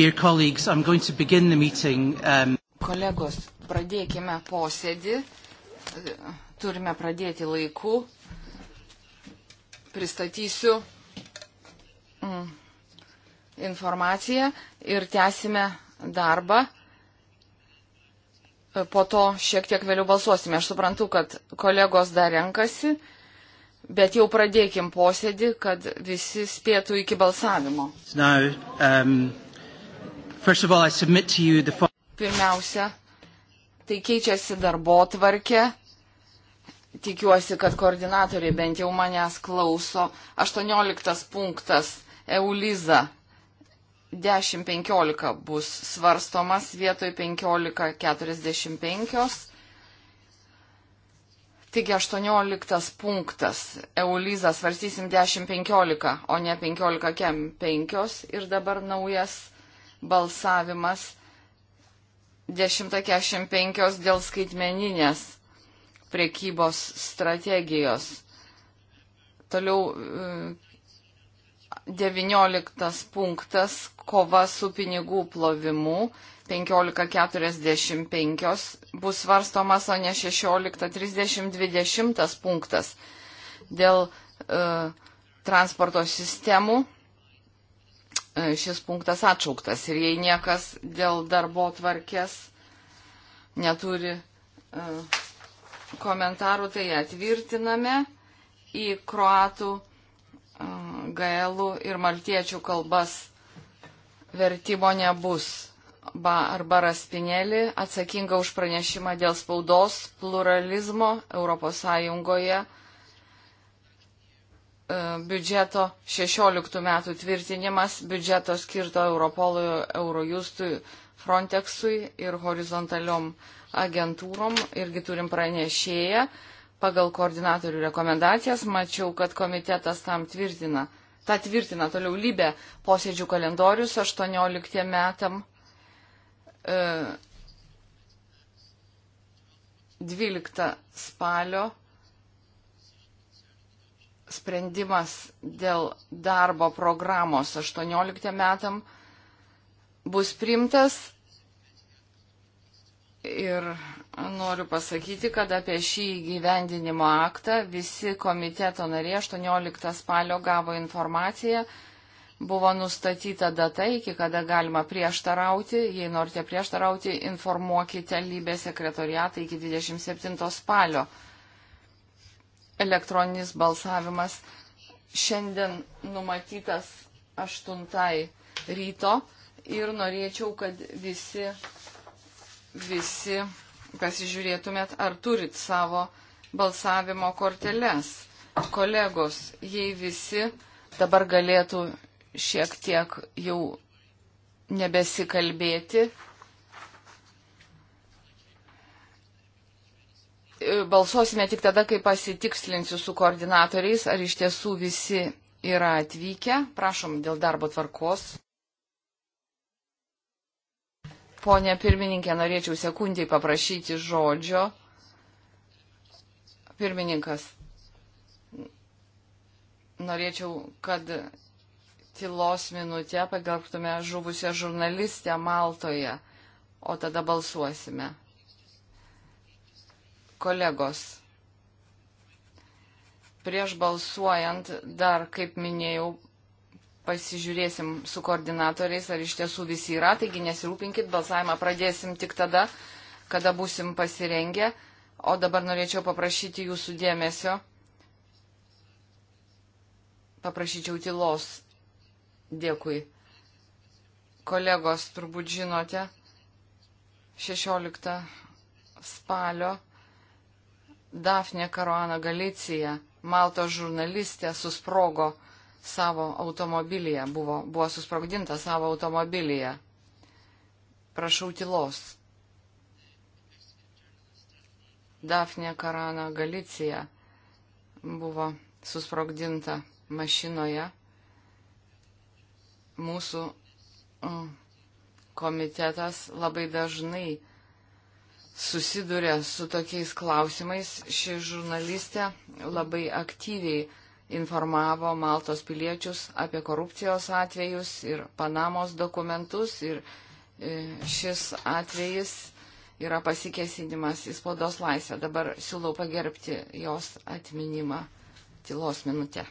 Dear colleagues, I'm going to begin the meeting. Um... Kolegos, pradėkime posėdį. Turime pradėti laiku. Pristatysiu mm, informaciją ir tęsime darbą. Po to šiek tiek vėliau balsuosime. Aš suprantu, kad kolegos dar renkasi, bet jau pradėkim posėdį, kad visi spėtų iki balsavimo. Now, um all, the... Pirmiausia, tai keičiasi darbo tvarkė. Tikiuosi, kad koordinatoriai bent jau manęs klauso. 18 punktas Euliza 10.15 bus svarstomas vietoj 15.45. Tik 18 punktas. Euliza svarstysim 10.15, o ne 15.5. Ir dabar naujas balsavimas 10.45 dėl skaitmeninės priekybos strategijos. Toliau 19 e, punktas - kova su pinigų plovimu. 15.45 bus svarstomas, o ne 16.30-20 punktas dėl e, transporto sistemų E, šis punktas atšauktas. Ir jei niekas dėl darbo tvarkės neturi e, komentarų, tai atvirtiname į kroatų, e, gaelų ir maltiečių kalbas vertimo nebus. Barbara Spinelį, atsakinga už pranešimą dėl spaudos pluralizmo Europos Sąjungoje E, biudžeto 16 metų tvirtinimas, biudžeto skirto Europolui, Eurojustui, Frontexui ir horizontaliom agentūrom. Irgi turim pranešėją pagal koordinatorių rekomendacijas. Mačiau, kad komitetas tam tvirtina. Ta tvirtina toliau lybė posėdžių kalendorius 18 metam. 12 e, spalio sprendimas dėl darbo programos 18 metam bus primtas. Ir noriu pasakyti, kad apie šį gyvendinimo aktą visi komiteto nariai 18 spalio gavo informaciją. Buvo nustatyta data, iki kada galima prieštarauti. Jei norite prieštarauti, informuokite lybės sekretoriatą iki 27 spalio elektroninis balsavimas šiandien numatytas 8 ryto ir norėčiau, kad visi, visi pasižiūrėtumėt, ar turit savo balsavimo korteles. Kolegos, jei visi dabar galėtų šiek tiek jau nebesikalbėti, balsuosime tik tada, kai pasitikslinsiu su koordinatoriais, ar iš tiesų visi yra atvykę. Prašom dėl darbo tvarkos. Pone pirmininkė, norėčiau sekundį paprašyti žodžio. Pirmininkas, norėčiau, kad tylos minutę pagerbtume žuvusią žurnalistę Maltoje, o tada balsuosime. Kolegos, prieš balsuojant dar, kaip minėjau, pasižiūrėsim su koordinatoriais, ar iš tiesų visi yra, taigi nesirūpinkit, balsavimą pradėsim tik tada, kada busim pasirengę. O dabar norėčiau paprašyti jūsų dėmesio. Paprašyčiau tylos. Dėkui. Kolegos, turbūt žinote, 16 spalio Dafne Karuana Galicija, Maltos žurnalistė, susprogo savo automobilyje, buvo, buvo susprogdinta savo automobilyje. Prašau tylos. Dafne Karana Galicija buvo susprogdinta mašinoje mūsų mm, komitetas labai dažnai susiduria su tokiais klausimais, ši žurnalistė labai aktyviai informavo Maltos piliečius apie korupcijos atvejus ir Panamos dokumentus. Ir e, šis atvejis yra pasikesinimas į spaudos laisvę. Dabar siūlau pagerbti jos atminimą tylos minutę.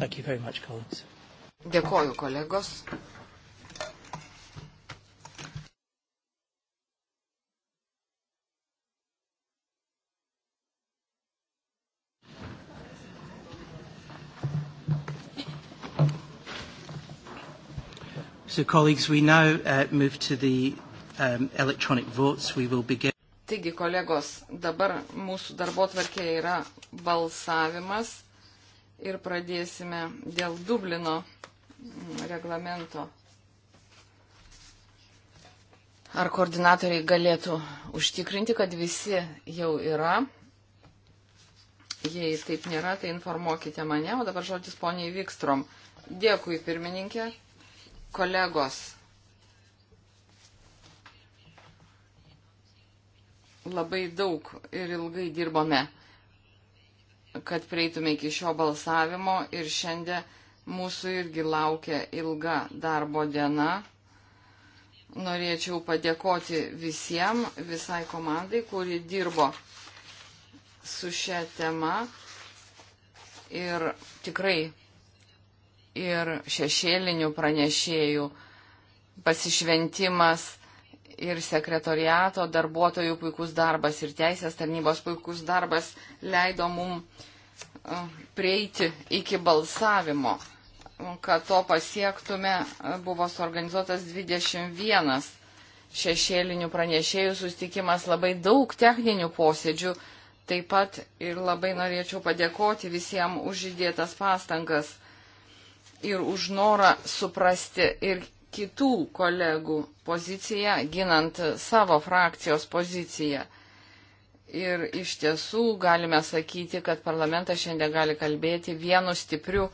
Much, Collins. Dėkoju, kolegos. So, colleagues, we now uh, move to the um, electronic votes. We will begin. Taigi, kolegos, dabar mūsų darbo tvarkėje yra balsavimas ir pradėsime dėl Dublino reglamento. Ar koordinatoriai galėtų užtikrinti, kad visi jau yra? Jei taip nėra, tai informuokite mane, o dabar žodis poniai Vikstrom. Dėkui, pirmininkė. Kolegos. Labai daug ir ilgai dirbome kad prieitume iki šio balsavimo ir šiandien mūsų irgi laukia ilga darbo diena. Norėčiau padėkoti visiems, visai komandai, kuri dirbo su šia tema. Ir tikrai ir šešėlinių pranešėjų pasišventimas ir sekretoriato darbuotojų puikus darbas ir teisės tarnybos puikus darbas leido mum e, prieiti iki balsavimo. Kad to pasiektume, e, buvo suorganizuotas 21 šešėlinių pranešėjų sustikimas, labai daug techninių posėdžių. Taip pat ir labai norėčiau padėkoti visiems už įdėtas pastangas ir už norą suprasti ir kitų kolegų poziciją, ginant savo frakcijos poziciją. Ir iš tiesų galime sakyti, kad parlamentas šiandien gali kalbėti vienu stipriu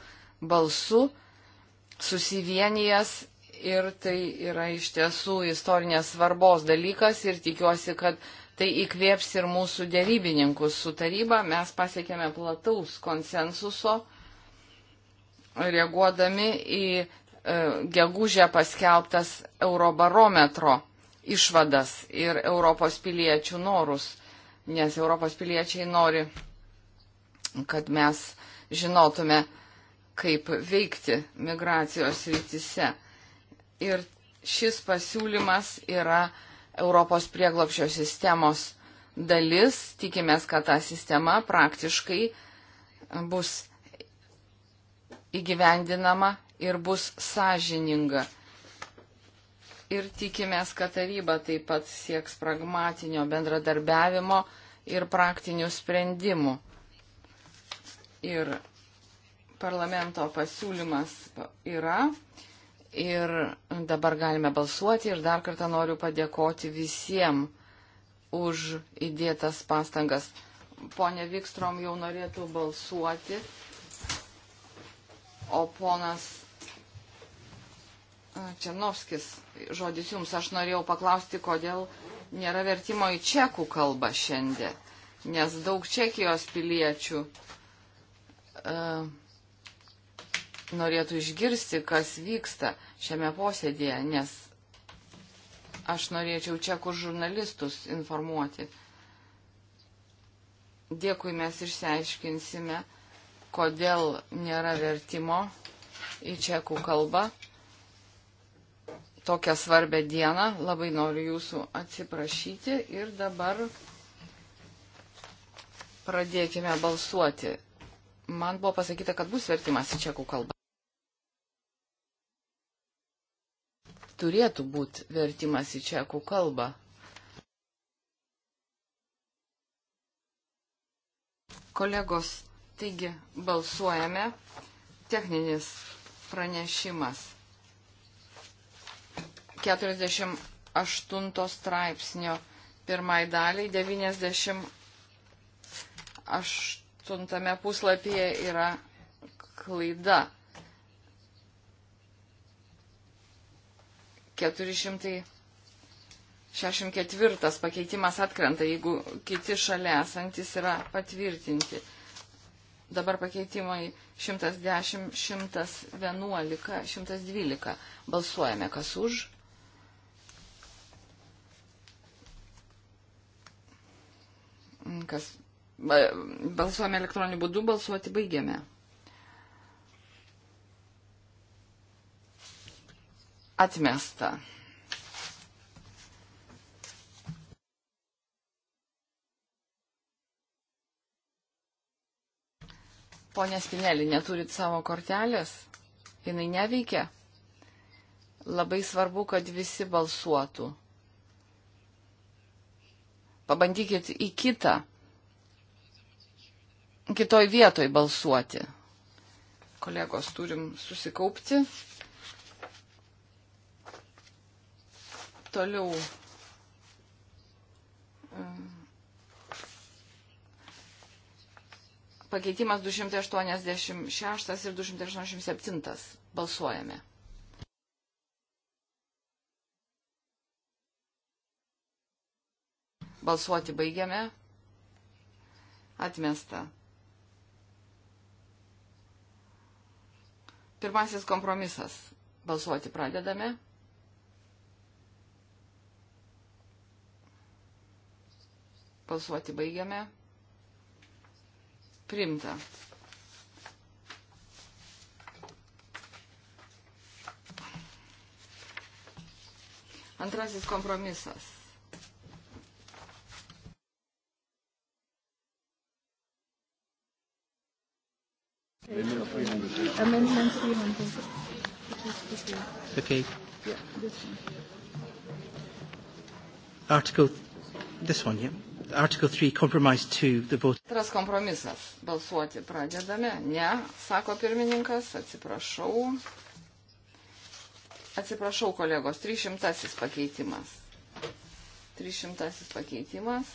balsu, susivienijas ir tai yra iš tiesų istorinės svarbos dalykas ir tikiuosi, kad tai įkvėps ir mūsų dėrybininkus su taryba. Mes pasiekėme plataus konsensuso reaguodami į E, gegužę paskelbtas Eurobarometro išvadas ir Europos piliečių norus, nes Europos piliečiai nori, kad mes žinotume, kaip veikti migracijos rytise. Ir šis pasiūlymas yra Europos prieglopšio sistemos dalis. Tikimės, kad ta sistema praktiškai bus įgyvendinama ir bus sąžininga. Ir tikimės, kad taryba taip pat sieks pragmatinio bendradarbiavimo ir praktinių sprendimų. Ir parlamento pasiūlymas yra. Ir dabar galime balsuoti ir dar kartą noriu padėkoti visiems už įdėtas pastangas. Pone Vikstrom jau norėtų balsuoti, o ponas Černovskis, žodis jums, aš norėjau paklausti, kodėl nėra vertimo į čekų kalbą šiandien, nes daug čekijos piliečių uh, norėtų išgirsti, kas vyksta šiame posėdėje, nes aš norėčiau čekų žurnalistus informuoti. Dėkui mes išsiaiškinsime, kodėl nėra vertimo į čekų kalbą tokią svarbę dieną. Labai noriu jūsų atsiprašyti ir dabar pradėkime balsuoti. Man buvo pasakyta, kad bus vertimas į čekų kalbą. Turėtų būti vertimas į čekų kalbą. Kolegos, taigi balsuojame. Techninis pranešimas. 48 straipsnio pirmai daliai 98 puslapyje yra klaida. 464 pakeitimas atkrenta, jeigu kiti šalia esantis yra patvirtinti. Dabar pakeitimai 110, 111, 112. Balsuojame, kas už, Kas balsuojame elektroniniu būdu, balsuoti baigiame. Atmesta. Pone Spinelį, neturit savo kortelės? Jinai neveikia? Labai svarbu, kad visi balsuotų. Pabandykit į kitą, kitoj vietoj balsuoti. Kolegos, turim susikaupti. Toliau. Pakeitimas 286 ir 287. Balsuojame. Balsuoti baigiame. Atmesta. Pirmasis kompromisas. Balsuoti pradedame. Balsuoti baigiame. Primta. Antrasis kompromisas. Amendment 300. Okay. Yeah, this one. Article, this one, yeah. Article 3, compromise 2, the vote. Antras kompromisas. Balsuoti pradedame. Ne, sako pirmininkas, atsiprašau. Atsiprašau, kolegos, 300 pakeitimas. 300 pakeitimas.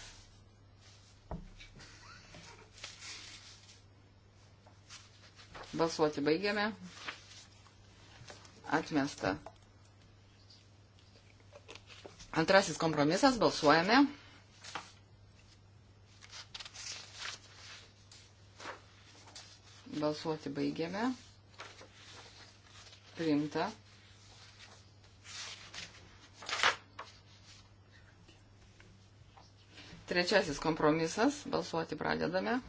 Balsuoti baigiame. Atmesta. Antrasis kompromisas. Balsuojame. Balsuoti baigiame. Priimta. Trečiasis kompromisas. Balsuoti pradedame.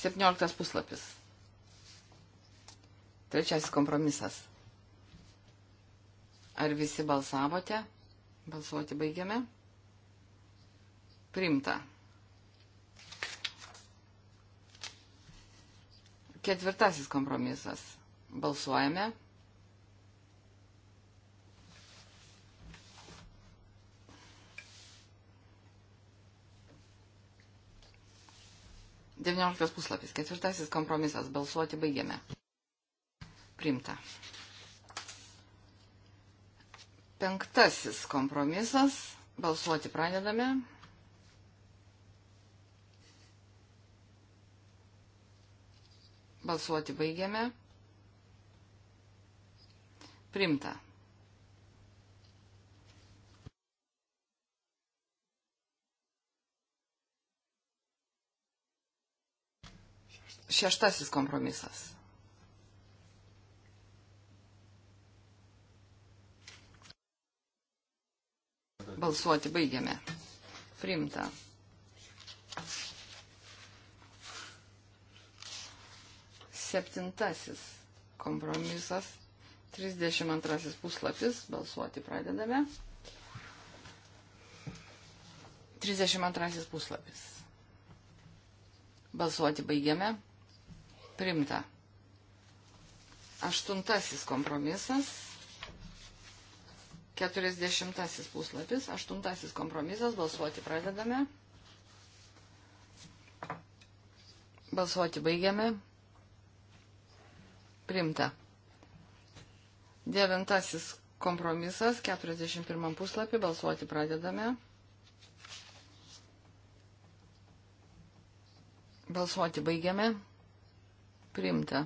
17 puslapis. Trečiasis kompromisas. Ar visi balsavote? Balsuoti baigiame. Primta. Ketvirtasis kompromisas. Balsuojame. 19 puslapis, ketvirtasis kompromisas, balsuoti baigiame. Primta. Penktasis kompromisas, balsuoti pradedame. Balsuoti baigiame. Primta. Šeštasis kompromisas. Balsuoti baigiame. Primta. Septintasis kompromisas. 32 puslapis. Balsuoti pradedame. 32 puslapis. Balsuoti baigiame. Primta. Aštuntasis kompromisas. Keturiasdešimtasis puslapis. Aštuntasis kompromisas. Balsuoti pradedame. Balsuoti baigiame. Primta. Devintasis kompromisas. 41 puslapį. Balsuoti pradedame. Balsuoti baigiame. Primta.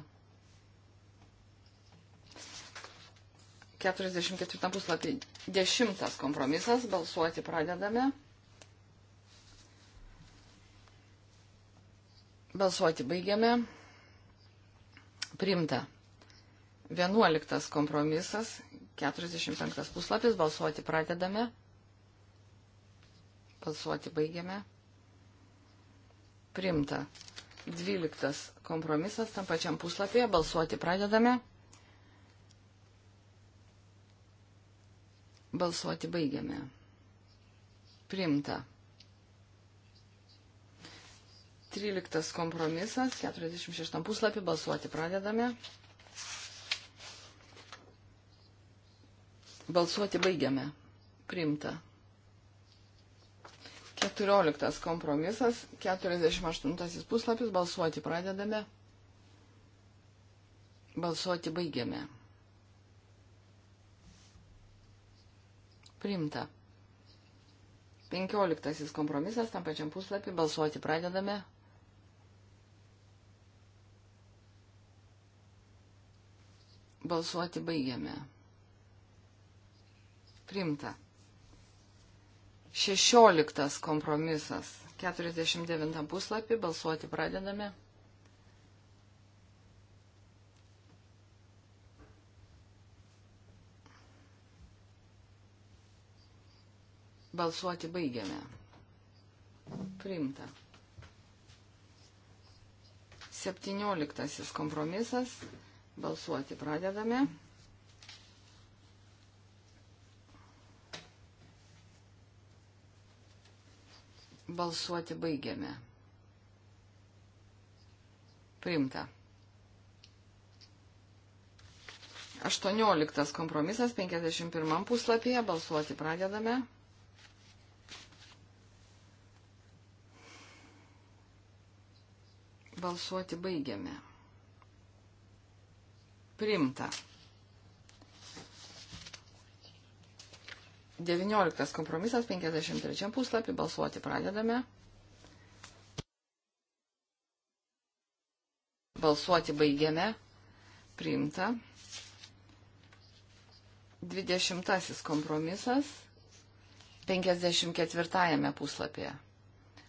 44 puslapį. Dešimtas kompromisas. Balsuoti pradedame. Balsuoti baigiame. Primta. 11 kompromisas. 45 puslapis. Balsuoti pradedame. Balsuoti baigiame. Primta. Dvyliktas kompromisas tam pačiam puslapyje. Balsuoti pradedame. Balsuoti baigiame. Primta. Tryliktas kompromisas. 46 puslapį. Balsuoti pradedame. Balsuoti baigiame. Primta. 14 kompromisas, 48 puslapis, balsuoti pradedame, balsuoti baigiame. Primta. 15 kompromisas, tam pačiam puslapį, balsuoti pradedame. Balsuoti baigiame. Primta. 16 kompromisas. 49 puslapį balsuoti pradedame. Balsuoti baigiame. Priimta. 17 kompromisas. Balsuoti pradedame. Balsuoti baigiame. Priimta. 18 kompromisas 51 puslapyje. Balsuoti pradedame. Balsuoti baigiame. Primta. 19 kompromisas 53 puslapį balsuoti pradedame. Balsuoti baigiame. Priimta. 20 kompromisas 54 puslapyje.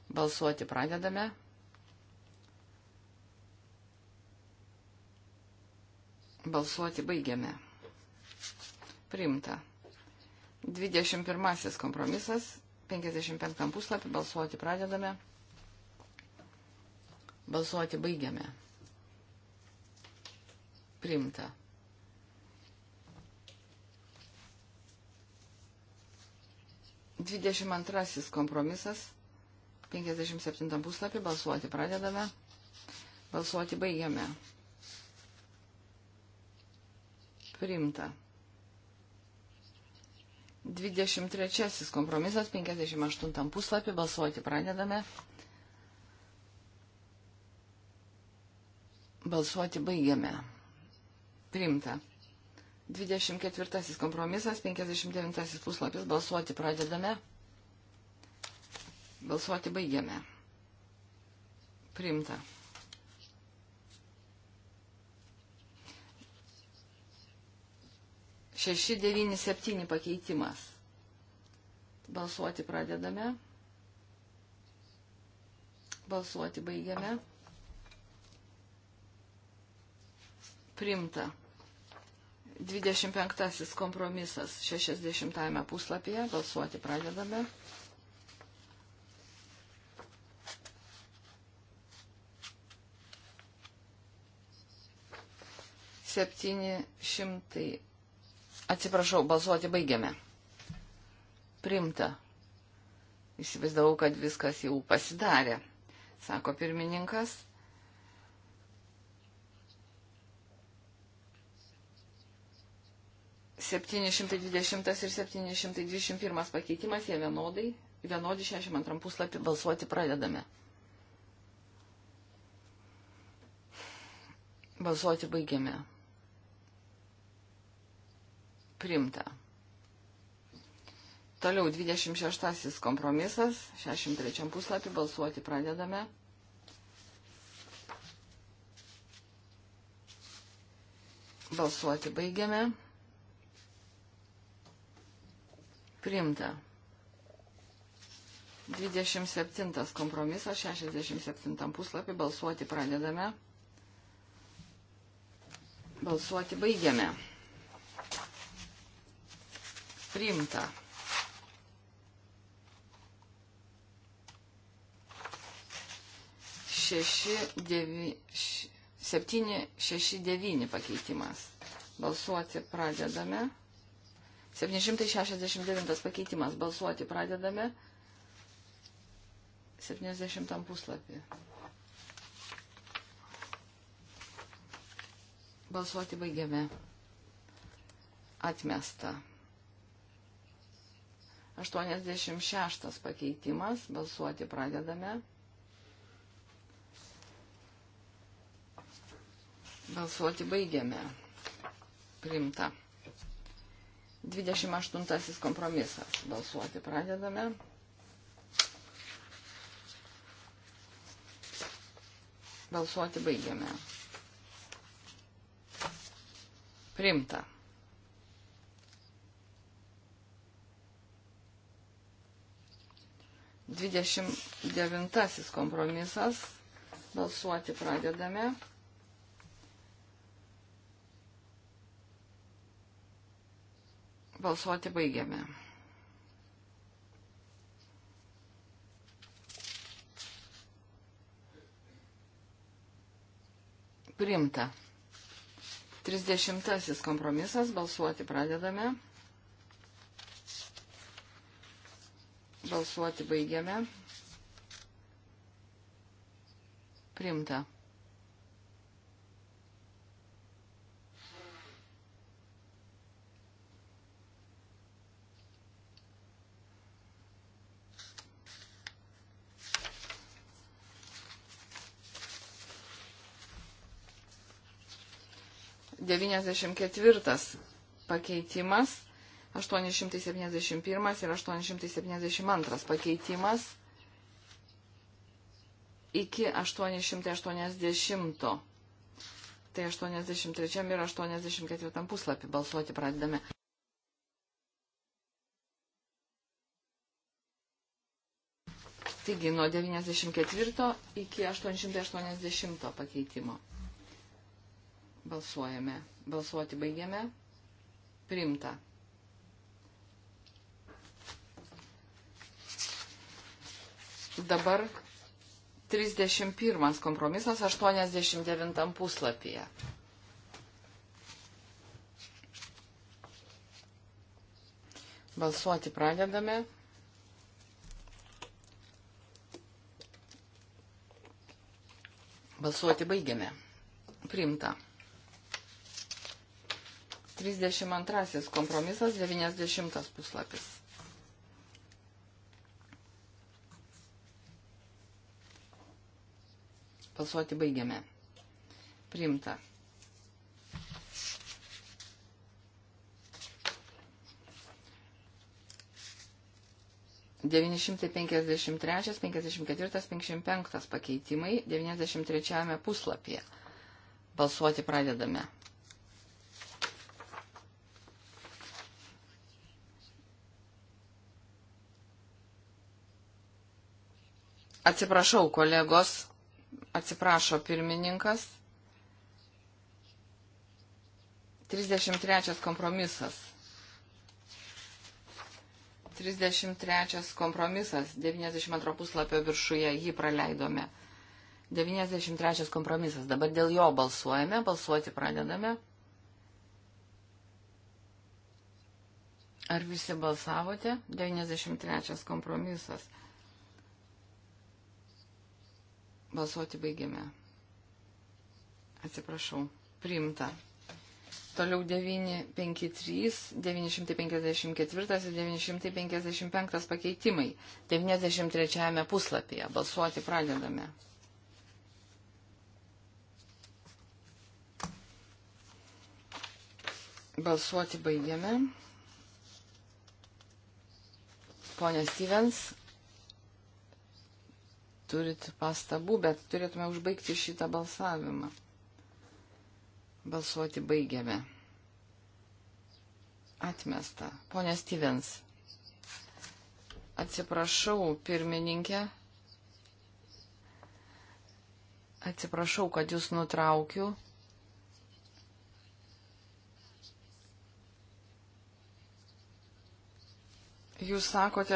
Balsuoti pradedame. Balsuoti baigiame. Priimta. 21 kompromisas, 55 puslapį, balsuoti pradedame, balsuoti baigiame. Primta. Dvidešimt antrasis kompromisas, 57 puslapį, balsuoti pradedame, balsuoti baigiame. Primta. 23 kompromisas, 58 puslapį, balsuoti pradedame. Balsuoti baigiame. Primta. 24 kompromisas, 59 puslapis, balsuoti pradedame. Balsuoti baigiame. Primta. 697 pakeitimas. Balsuoti pradedame. Balsuoti baigiame. Primta. 25 kompromisas 60 puslapyje. Balsuoti pradedame. Septyni šimtai Atsiprašau, balsuoti baigiame. Primta. Įsivaizdavau, kad viskas jau pasidarė, sako pirmininkas. Septynišimtai dvidešimtas ir septynišimtai dvidešimt pirmas pakeitimas, jie vienodai, vienodi šešimt antram puslapį balsuoti pradedame. Balsuoti baigiame. Primta. Toliau 26 kompromisas, 63 puslapį balsuoti pradedame. Balsuoti baigiame. Primta. 27 kompromisas, 67 puslapį balsuoti pradedame. Balsuoti baigiame priimta. Šeši, devi, š, septyni, šeši, devyni pakeitimas. Balsuoti pradedame. 769 pakeitimas. Balsuoti pradedame. 70 puslapį. Balsuoti baigiame. Atmesta. 86 pakeitimas. Balsuoti pradedame. Balsuoti baigiame. Primta. 28 kompromisas. Balsuoti pradedame. Balsuoti baigiame. Primta. 29 kompromisas. Balsuoti pradedame. Balsuoti baigiame. Primta. 30 kompromisas. Balsuoti pradedame. Balsuoti baigiame. Primta. Devyniasdešimt ketvirtas pakeitimas 871 ir 872 pakeitimas iki 880. Tai 83 ir 84 puslapį balsuoti pradedame. Taigi nuo 94 iki 880 pakeitimo. Balsuojame. Balsuoti baigiame. Primta. Dabar 31 kompromisas 89 puslapyje. Balsuoti pradedame. Balsuoti baigiame. Primta. 32 kompromisas 90 puslapis. Balsuoti baigiame. Priimta. Devynišimtai penkiasdešimt trečias, penkiasdešimt ketvirtas, penkiasdešimt penktas pakeitimai devyniasdešimt trečiajame puslapyje. Balsuoti pradedame. Atsiprašau, kolegos, Atsiprašo pirmininkas. 33 kompromisas. 33 kompromisas, 92 puslapio viršuje jį praleidome. 93 kompromisas, dabar dėl jo balsuojame, balsuoti pradedame. Ar visi balsavote? 93 kompromisas. Balsuoti baigiame. Atsiprašau, priimta. Toliau 953, 954 ir 955 pakeitimai. 93 puslapyje. Balsuoti pradedame. Balsuoti baigiame. Pone Stevens, turit pastabų, bet turėtume užbaigti šitą balsavimą. Balsuoti baigiame. Atmesta. Pone Stevens. Atsiprašau, pirmininkė. Atsiprašau, kad jūs nutraukiu. Jūs sakote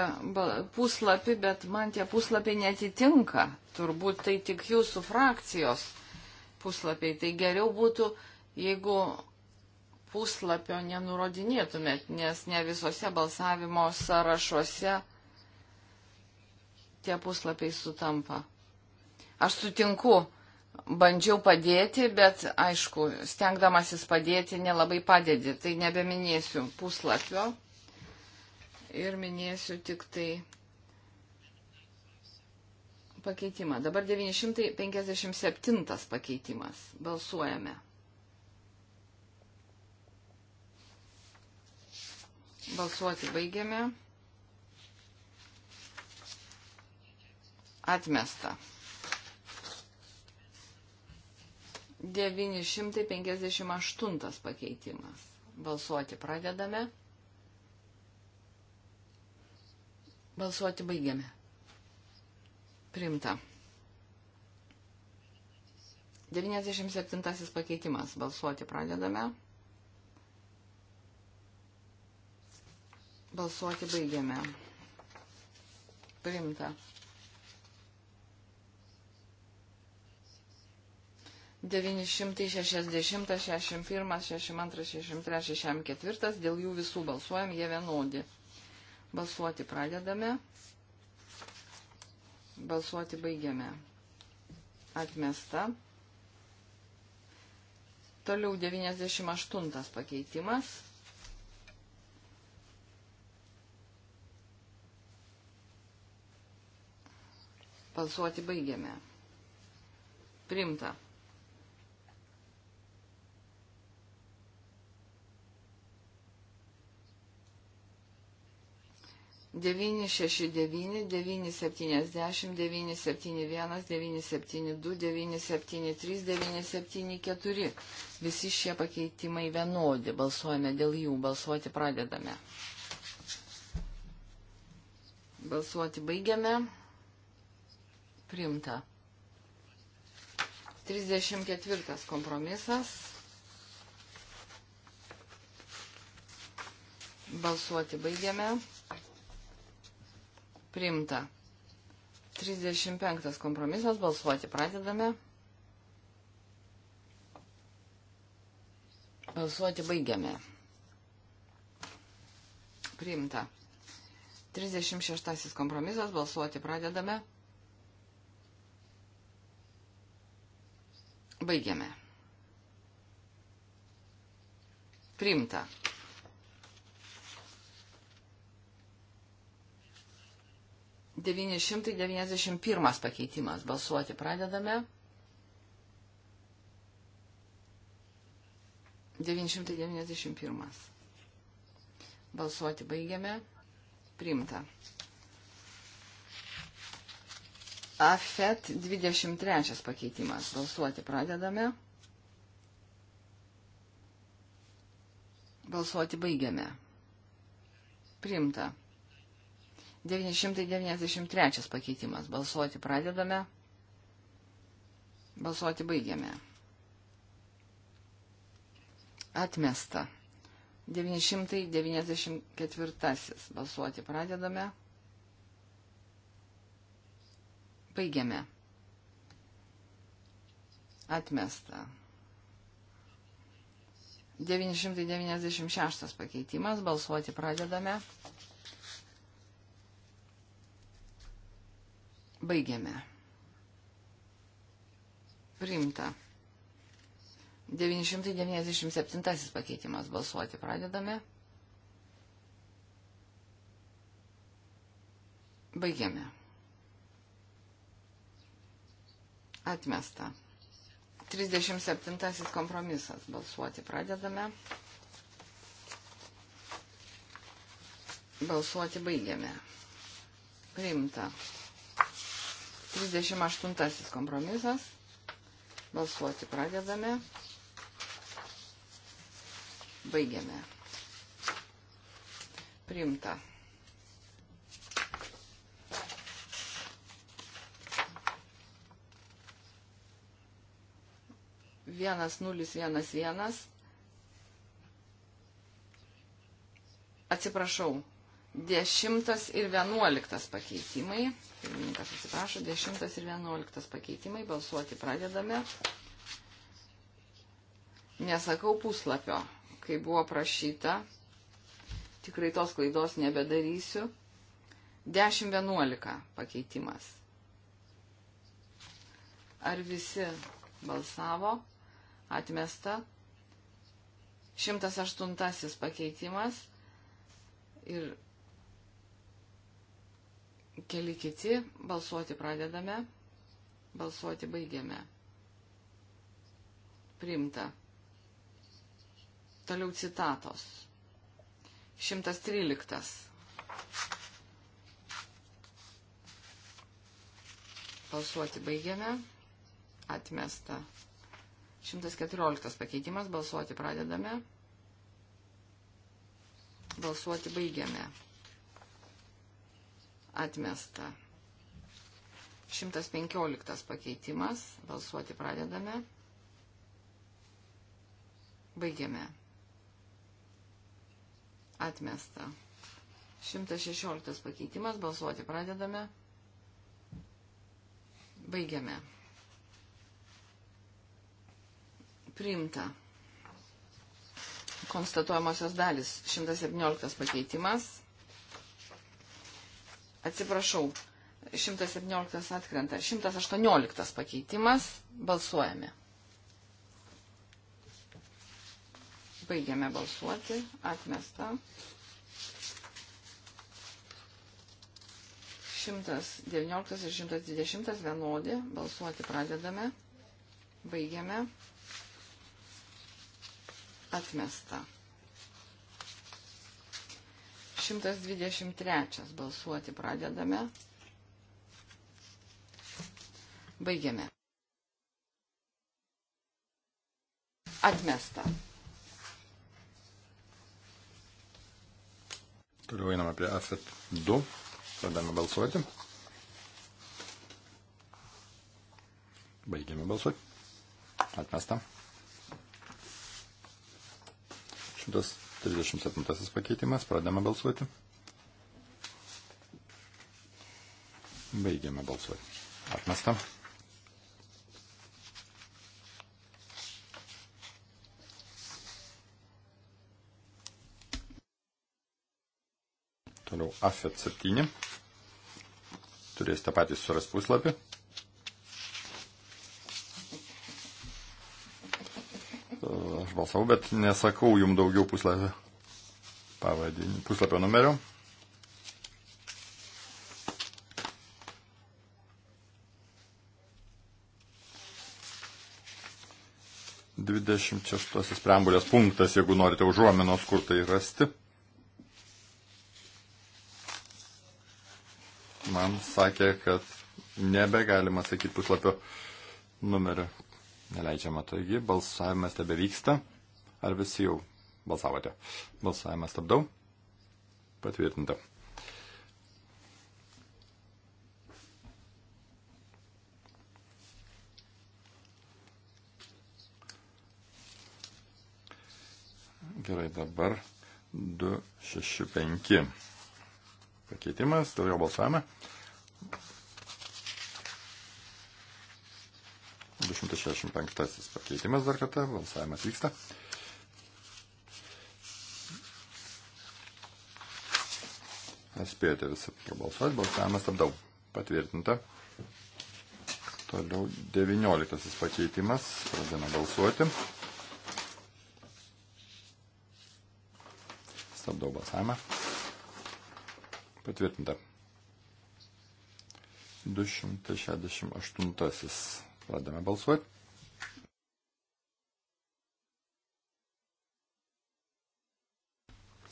puslapį, bet man tie puslapiai netitinka. Turbūt tai tik jūsų frakcijos puslapiai. Tai geriau būtų, jeigu puslapio nenurodinėtumėt, nes ne visose balsavimo sąrašuose tie puslapiai sutampa. Aš sutinku, bandžiau padėti, bet aišku, stengdamasis padėti nelabai padedi. Tai nebeminėsiu puslapio ir minėsiu tik tai pakeitimą. Dabar 957 pakeitimas. Balsuojame. Balsuoti baigiame. Atmesta. 958 pakeitimas. Balsuoti pradedame. Balsuoti baigiame. Primta. 97 pakeitimas. Balsuoti pradedame. Balsuoti baigiame. Primta. Devynišimtai šešiasdešimtas, šešimt pirmas, šešimt antras, šešimt trečias, šešimt ketvirtas, dėl jų visų balsuojam, jie vienodi. Balsuoti pradedame. Balsuoti baigiame. Atmesta. Toliau 98 pakeitimas. Balsuoti baigiame. Primta. 969, 970, 971, 972, 973, 974. Visi šie pakeitimai vienodi. Balsuojame dėl jų. Balsuoti pradedame. Balsuoti baigiame. Primta. 34 kompromisas. Balsuoti baigiame. Primta. 35 kompromisas. Balsuoti pradedame. Balsuoti baigiame. Priimta. 36 kompromisas. Balsuoti pradedame. Baigiame. Priimta. 991 pakeitimas. Balsuoti pradedame. 991. Balsuoti baigiame. Primta. AFET 23 pakeitimas. Balsuoti pradedame. Balsuoti baigiame. Primta. 993 pakeitimas. Balsuoti pradedame. Balsuoti baigiame. Atmesta. 994. Balsuoti pradedame. Baigiame. Atmesta. 996 pakeitimas. Balsuoti pradedame. Baigiame. Priimta. 997 pakeitimas balsuoti pradedame. Baigiame. Atmesta. 37 kompromisas balsuoti pradedame. Balsuoti baigiame. Priimta. 38 kompromisas. Balsuoti pradedame. Baigiame. Primta. Vienas nulis vienas vienas. Atsiprašau, 10 ir 11 pakeitimai. Pirmininkas atsiprašo, 10 ir 11 pakeitimai. Balsuoti pradedame. Nesakau puslapio, kai buvo prašyta. Tikrai tos klaidos nebedarysiu. 10-11 pakeitimas. Ar visi balsavo? Atmesta. 108 pakeitimas. Ir Keli kiti. Balsuoti pradedame. Balsuoti baigiame. Primta. Toliau citatos. 113. Balsuoti baigiame. Atmesta. 114 pakeitimas. Balsuoti pradedame. Balsuoti baigiame atmesta. 115 pakeitimas. Balsuoti pradedame. Baigiame. Atmesta. 116 pakeitimas. Balsuoti pradedame. Baigiame. Priimta. Konstatuojamosios dalis. 117 pakeitimas. Atsiprašau, 117 atkrenta. 118 pakeitimas. Balsuojame. Baigiame balsuoti. Atmesta. 119 ir 120 vienodi. Balsuoti pradedame. Baigiame. Atmesta. 123 balsuoti pradedame. Baigiame. Atmesta. Toliau einame prie AFET 2. Pradame balsuoti. Baigiame balsuoti. Atmesta. 100. 37 pakeitimas, pradame balsuoti. Baigiame balsuoti. Atmesta. Toliau AFET 7. Turėsite patys surasti puslapį. balsavau, bet nesakau jum daugiau puslapio, pavadinį, puslapio numerio. Dvidešimt šeštasis preambulės punktas, jeigu norite užuominos, kur tai rasti. Man sakė, kad nebegalima sakyti puslapio numerio neleidžiama. Taigi balsavimas tebe vyksta. Ar visi jau balsavote? Balsavimas stabdau. Patvirtinta. Gerai, dabar 265 pakeitimas, dėl jo balsavime. 265 pakeitimas dar kartą, balsavimas vyksta. Spėjote visi prabalsuoti, balsavimas stabdau. Patvirtinta. Toliau 19 pakeitimas, pradėjome balsuoti. Stabdau balsavimą. Patvirtinta. 268 Pradame balsuoti.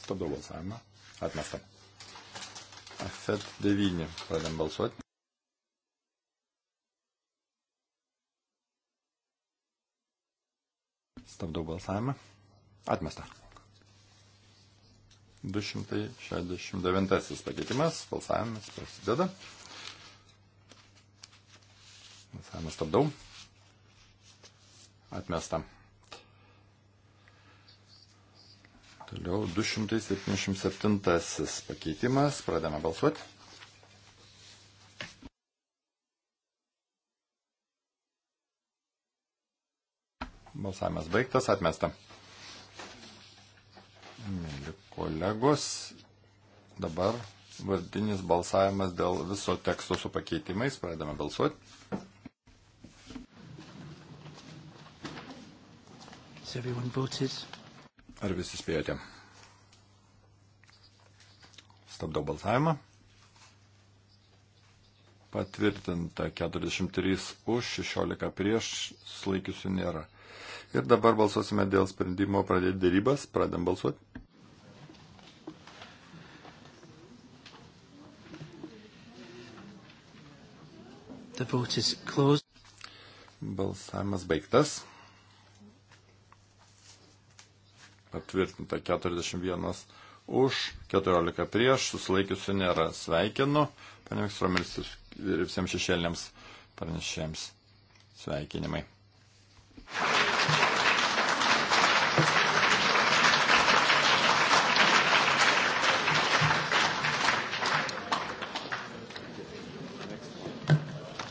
Stabdau balsavimą. Atmesta. Afet 9. Pradėm balsuoti. Stabdau balsavimą. Atmesta. 269 pakeitimas. Balsavimas prasideda. Balsavimą stabdau. Atmesta. Toliau 277 pakeitimas. Pradame balsuoti. Balsavimas baigtas, atmesta. Mėly kolegos, dabar vardinis balsavimas dėl viso teksto su pakeitimais. Pradame balsuoti. Ar visi spėjote? Stabdau balsavimą. Patvirtinta 43 už, 16 prieš, sulaikiusių nėra. Ir dabar balsuosime dėl sprendimo pradėti dėrybas. Pradėm balsuoti. Balsavimas baigtas. patvirtinta 41 už, 14 prieš, susilaikiusių nėra. Sveikinu, panėks Romelis ir visiems šešėlėms pranešėjams. Sveikinimai.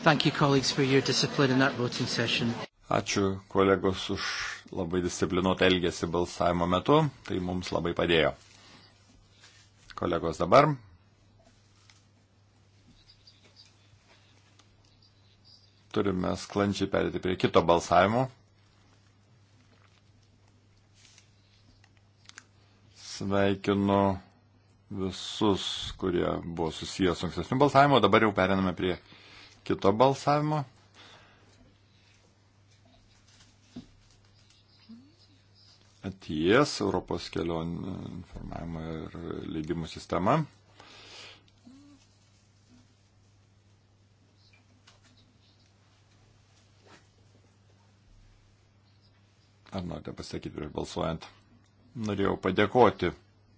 Thank you, colleagues, for your discipline in that voting session. Ačiū kolegos už labai disciplinuotą elgesį balsavimo metu, tai mums labai padėjo. Kolegos dabar. Turime sklančiai perėti prie kito balsavimo. Sveikinu visus, kurie buvo susijęs su ankstesniu balsavimu, dabar jau periname prie kito balsavimo. ETIES, Europos kelionių informavimo ir leidimų sistema. Ar norite pasakyti prieš balsuojant? Norėjau padėkoti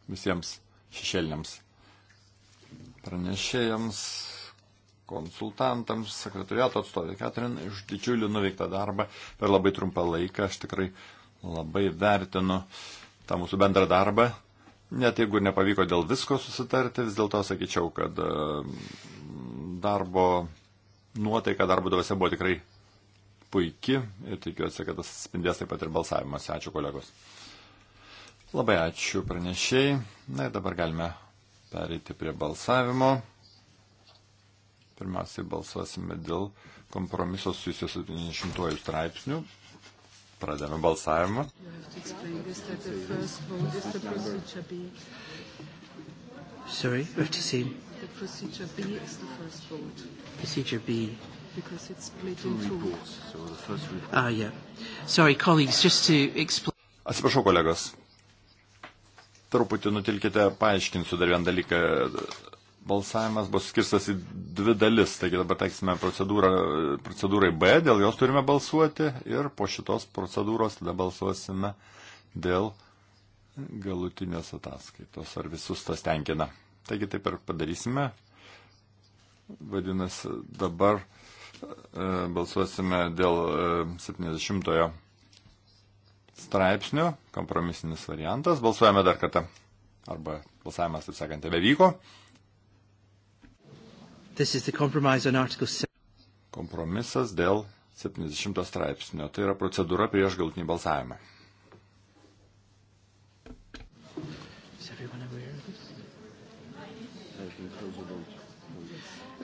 visiems šešėliniams pranešėjams, konsultantams, sekretariato atstovė Katrin už didžiulį nuveiktą darbą per labai trumpą laiką. Aš tikrai labai vertinu tą mūsų bendrą darbą. Net jeigu nepavyko dėl visko susitarti, vis dėlto sakyčiau, kad e, darbo nuotaika, darbo dvasia buvo tikrai puiki ir tikiuosi, kad tas spindės taip pat ir balsavimas. Ačiū kolegos. Labai ačiū pranešiai. Na ir dabar galime pereiti prie balsavimo. Pirmiausiai balsuosime dėl kompromiso susijusio su 90 straipsniu. Pradame balsavimą. Sorry, we have to see. The procedure B is the first vote. Procedure B. Because it's split in two. Reports, so the first report. Ah, yeah. Sorry, colleagues, just to explain. Atsiprašau, kolegos. Truputį nutilkite, paaiškinsiu dar vieną dalyką balsavimas bus skirstas į dvi dalis. Taigi dabar taiksime procedūrai B, dėl jos turime balsuoti ir po šitos procedūros tada balsuosime dėl galutinės ataskaitos, ar visus tas tenkina. Taigi taip ir padarysime. Vadinasi, dabar e, balsuosime dėl e, 70-ojo straipsnio, kompromisinis variantas. Balsuojame dar kartą. Arba balsavimas, taip sakant, tebevyko. vyko. Kompromisas dėl 70 straipsnio. Tai yra procedūra prieš galtinį balsavimą.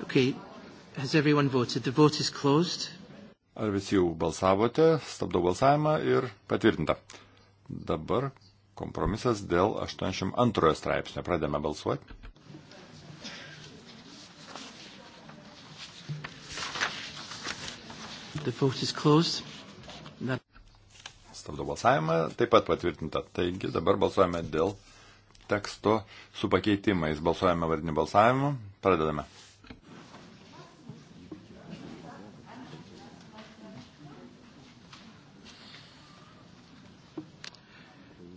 Okay. Ar visi jau balsavote? Stabdau balsavimą ir patvirtinta. Dabar kompromisas dėl 82 straipsnio. Pradėme balsuoti. Stabdo balsavimą, taip pat patvirtinta. Taigi dabar balsuojame dėl teksto su pakeitimais. Balsuojame vardiniu balsavimu. Pradedame.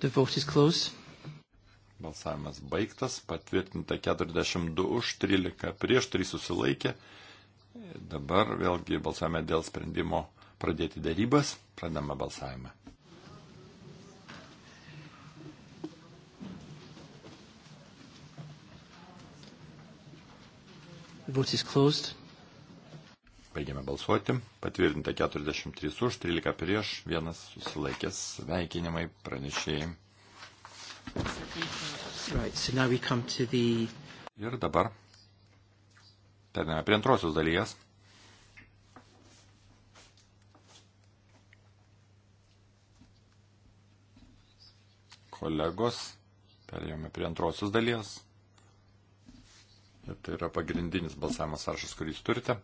The vote is closed. Balsavimas baigtas, patvirtinta 42 už, 13 prieš, 3 susilaikė. Dabar vėlgi balsuojame dėl sprendimo pradėti darybas. Pradame balsavimą. Baigėme balsuoti. Patvirtinta 43 už, 13 prieš, vienas susilaikęs. Sveikinimai pranešėjai. Right, so the... Ir dabar Periname prie antrosios dalies. Kolegos, perėjome prie antrosios dalies. Ir tai yra pagrindinis balsavimas sąrašas, kurį jūs turite.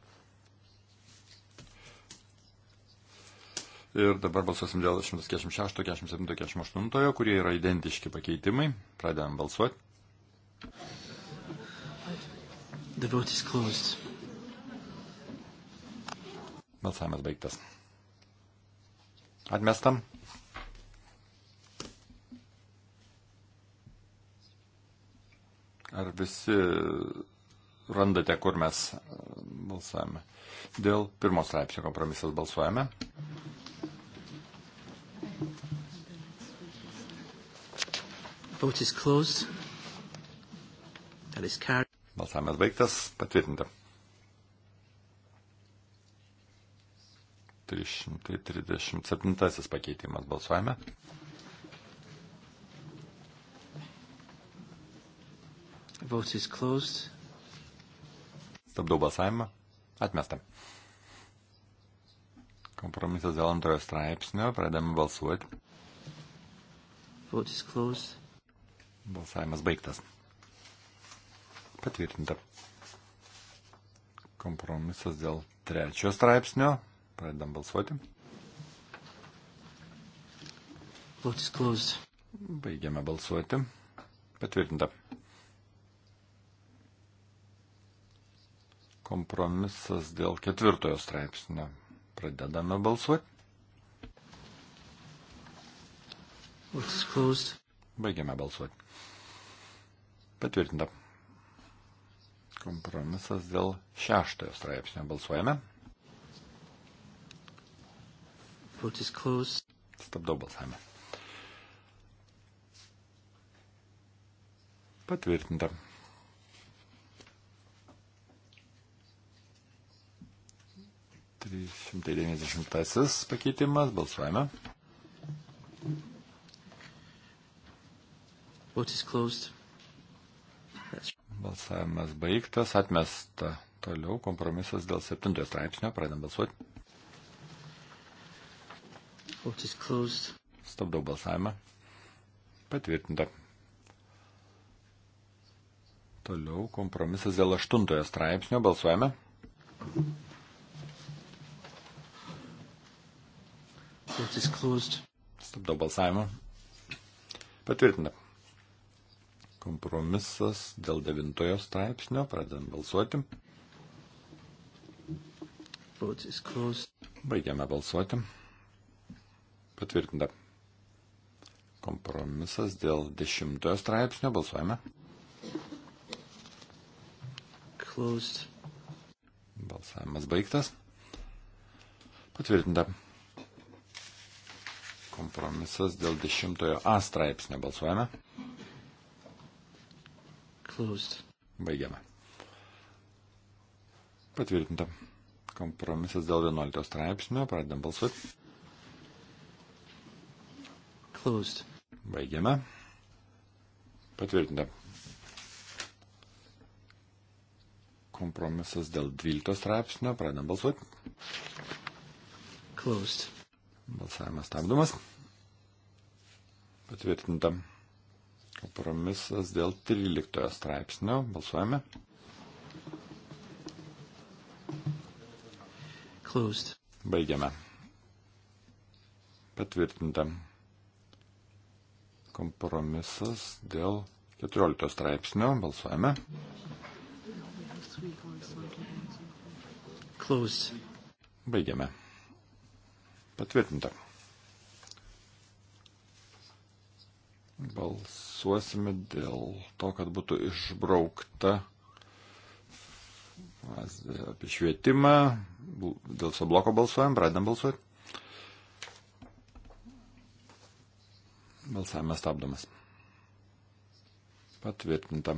Ir dabar balsuosim dėl 146, 47, 48, kurie yra identiški pakeitimai. Pradedam balsuoti. The vote is closed. Balsavimas baigtas. Atmestam. Ar visi randate, kur mes e, balsavome? Dėl pirmos straipsnio kompromisas balsuojame. Vote is closed. That is carried. Balsavimas baigtas, patvirtinta. 337 pakeitimas balsuojame. Vote is closed. Stabdau balsavimą. Atmesta. Kompromisas dėl antrojo straipsnio. Pradame balsuoti. Vote is closed. Balsavimas baigtas. Patvirtinta. Kompromisas dėl trečio straipsnio. Pradedam balsuoti. Baigiame balsuoti. Patvirtinta. Kompromisas dėl ketvirtojo straipsnio. Pradedame balsuoti. Baigiame balsuoti. Patvirtinta kompromisas dėl šeštojo straipsnio. Balsuojame. Stabdau balsavimą. Patvirtinta. Trys šimtai devyniasdešimtasis pakeitimas. Balsuojame. Vote is closed. That's Balsavimas baigtas, atmesta. Toliau kompromisas dėl septintojo straipsnio. Pradedam balsuoti. Stabdau balsavimą. Patvirtinta. Toliau kompromisas dėl aštuntojo straipsnio. Balsuojame. Stabdau balsavimą. Patvirtinta. Kompromisas dėl devintojo straipsnio. Pradedam balsuoti. Baigiame balsuoti. Patvirtinta. Kompromisas dėl dešimtojo straipsnio. Balsuojame. Closed. Balsavimas baigtas. Patvirtinta. Kompromisas dėl dešimtojo A straipsnio. Balsuojame. Closed. Baigiame. Patvirtinta. Kompromisas dėl 11 straipsnio. Pradedam balsuoti. Closed. Baigiame. Patvirtinta. Kompromisas dėl 12 straipsnio. Pradedam balsuoti. Closed. Balsavimas stabdomas. Patvirtinta. Kompromisas dėl 13 straipsnio. Balsuojame. Closed. Baigiame. Patvirtinta. Kompromisas dėl 14 straipsnio. Balsuojame. Closed. Baigiame. Patvirtinta. balsuosime dėl to, kad būtų išbraukta apie švietimą. Dėl viso bloko balsuojam, pradedam balsuoti. Balsavimas stabdomas. Patvirtinta.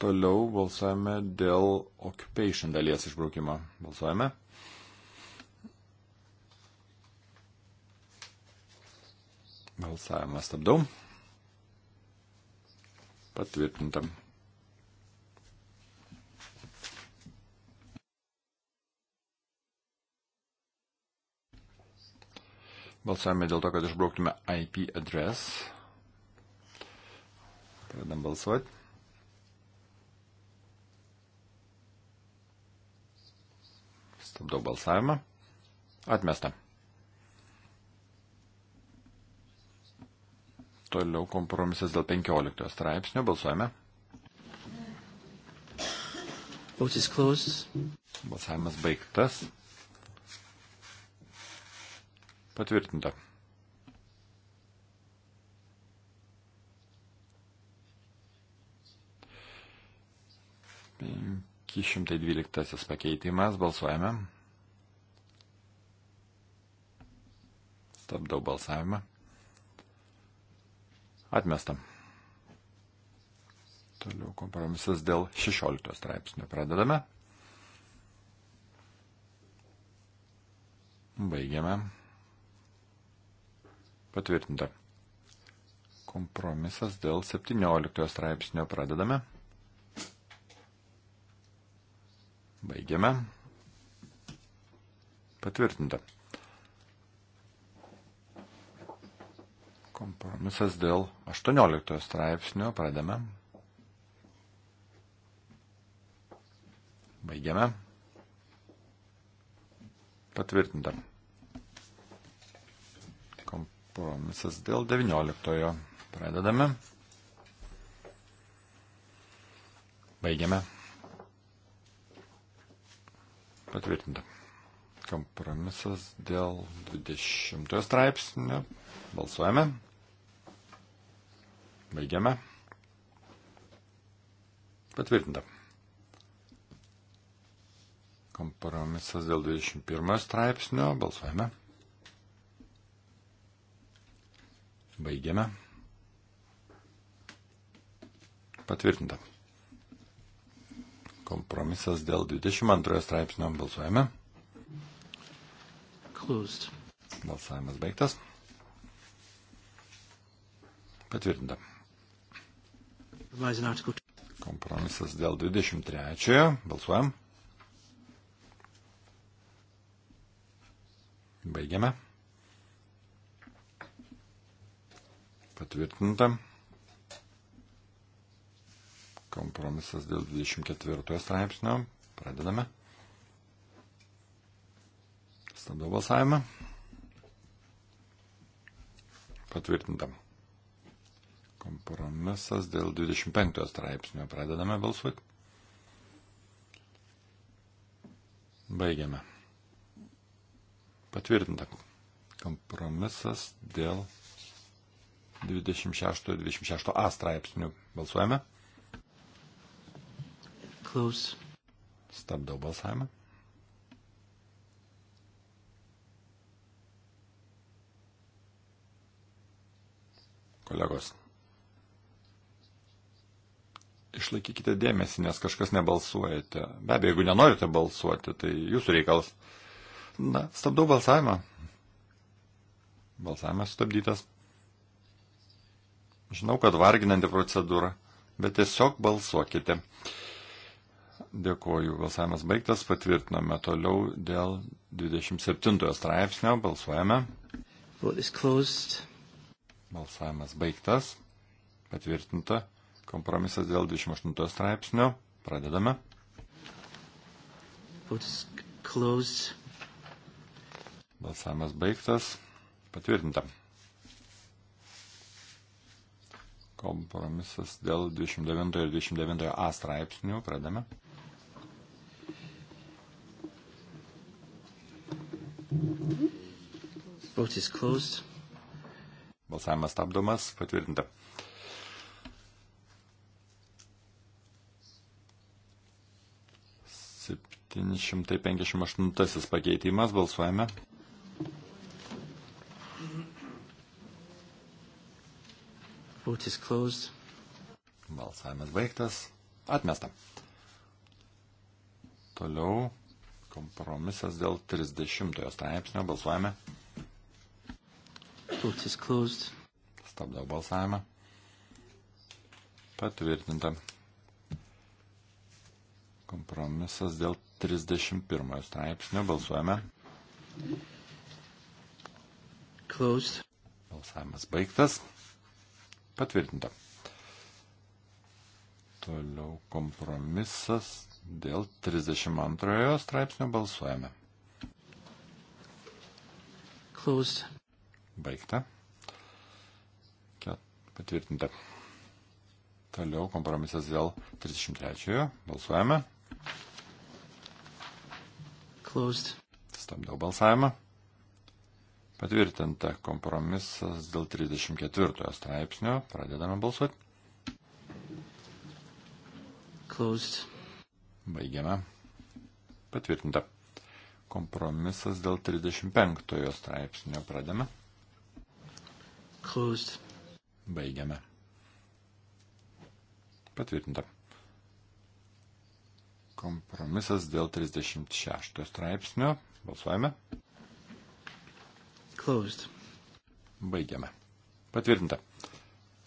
Toliau balsuojame dėl occupation dalies išbraukimo. Balsuojame. Balsavimą stabdau. Patvirtintam. Balsavime dėl to, kad išbrauktume IP address. Pradam balsuoti. Stabdau balsavimą. Atmesta. Toliau kompromisas dėl 15 straipsnio. Balsuojame. Balsavimas baigtas. Patvirtinta. Penki šimtai dvyliktasis pakeitimas. Balsuojame. Stabdau balsavimą. Atmesta. Toliau kompromisas dėl 16 straipsnio. Pradedame. Baigiame. Patvirtinta. Kompromisas dėl 17 straipsnio. Pradedame. Baigiame. Patvirtinta. Kompromisas dėl 18 straipsnio. Pradame. Baigiame. Patvirtinta. Kompromisas dėl 19. Pradedame. Baigiame. Patvirtinta. Kompromisas dėl 20 straipsnio. Balsuojame. Baigiame. Patvirtinta. Kompromisas dėl 21 straipsnio. Balsuojame. Baigiame. Patvirtinta. Kompromisas dėl 22 straipsnio. Balsuojame. Closed. Balsavimas baigtas. Patvirtinta. Kompromisas dėl 23. Balsuojam. Baigiame. Patvirtinta. Kompromisas dėl 24 straipsnio. Pradedame. Stabdau balsavimą. Patvirtinta. Kompromisas dėl 25 straipsnio. Pradedame balsuoti. Baigiame. Patvirtinta. Kompromisas dėl 26 ir 26a straipsnių. Balsuojame. Close. Stabdau balsavimą. Kolegos, išlaikykite dėmesį, nes kažkas nebalsuojate. Be abejo, jeigu nenorite balsuoti, tai jūsų reikalas. Na, stabdau balsavimą. Balsavimas stabdytas. Žinau, kad varginanti procedūra, bet tiesiog balsuokite. Dėkoju, balsavimas baigtas, patvirtiname toliau dėl 27 straipsnio, balsuojame. Balsavimas baigtas, patvirtinta. Kompromisas dėl 28 straipsnio. Pradedame. Balsavimas baigtas. Patvirtinta. Kompromisas dėl 29 ir 29a straipsnių. Pradame. Balsavimas stabdomas. Patvirtinta. 758 pakeitimas, balsuojame. Balsavimas baigtas, atmesta. Toliau kompromisas dėl 30 straipsnio, balsuojame. Stabdau balsavimą. Patvirtinta. Kompromisas dėl 31 straipsnio. Balsuojame. Closed. Balsavimas baigtas. Patvirtinta. Toliau kompromisas dėl 32 straipsnio balsuojame. Closed. Baigta. Patvirtinta. Toliau kompromisas dėl 33 balsuojame. Closed. Stabdau balsavimą. Patvirtinta kompromisas dėl 34 straipsnio. Pradedame balsuoti. Closed. Baigiame. Patvirtinta. Kompromisas dėl 35 straipsnio. Pradedame. Closed. Baigiame. Patvirtinta. Kompromisas dėl 36 straipsnio. Balsuojame. Closed. Baigiame. Patvirtinta.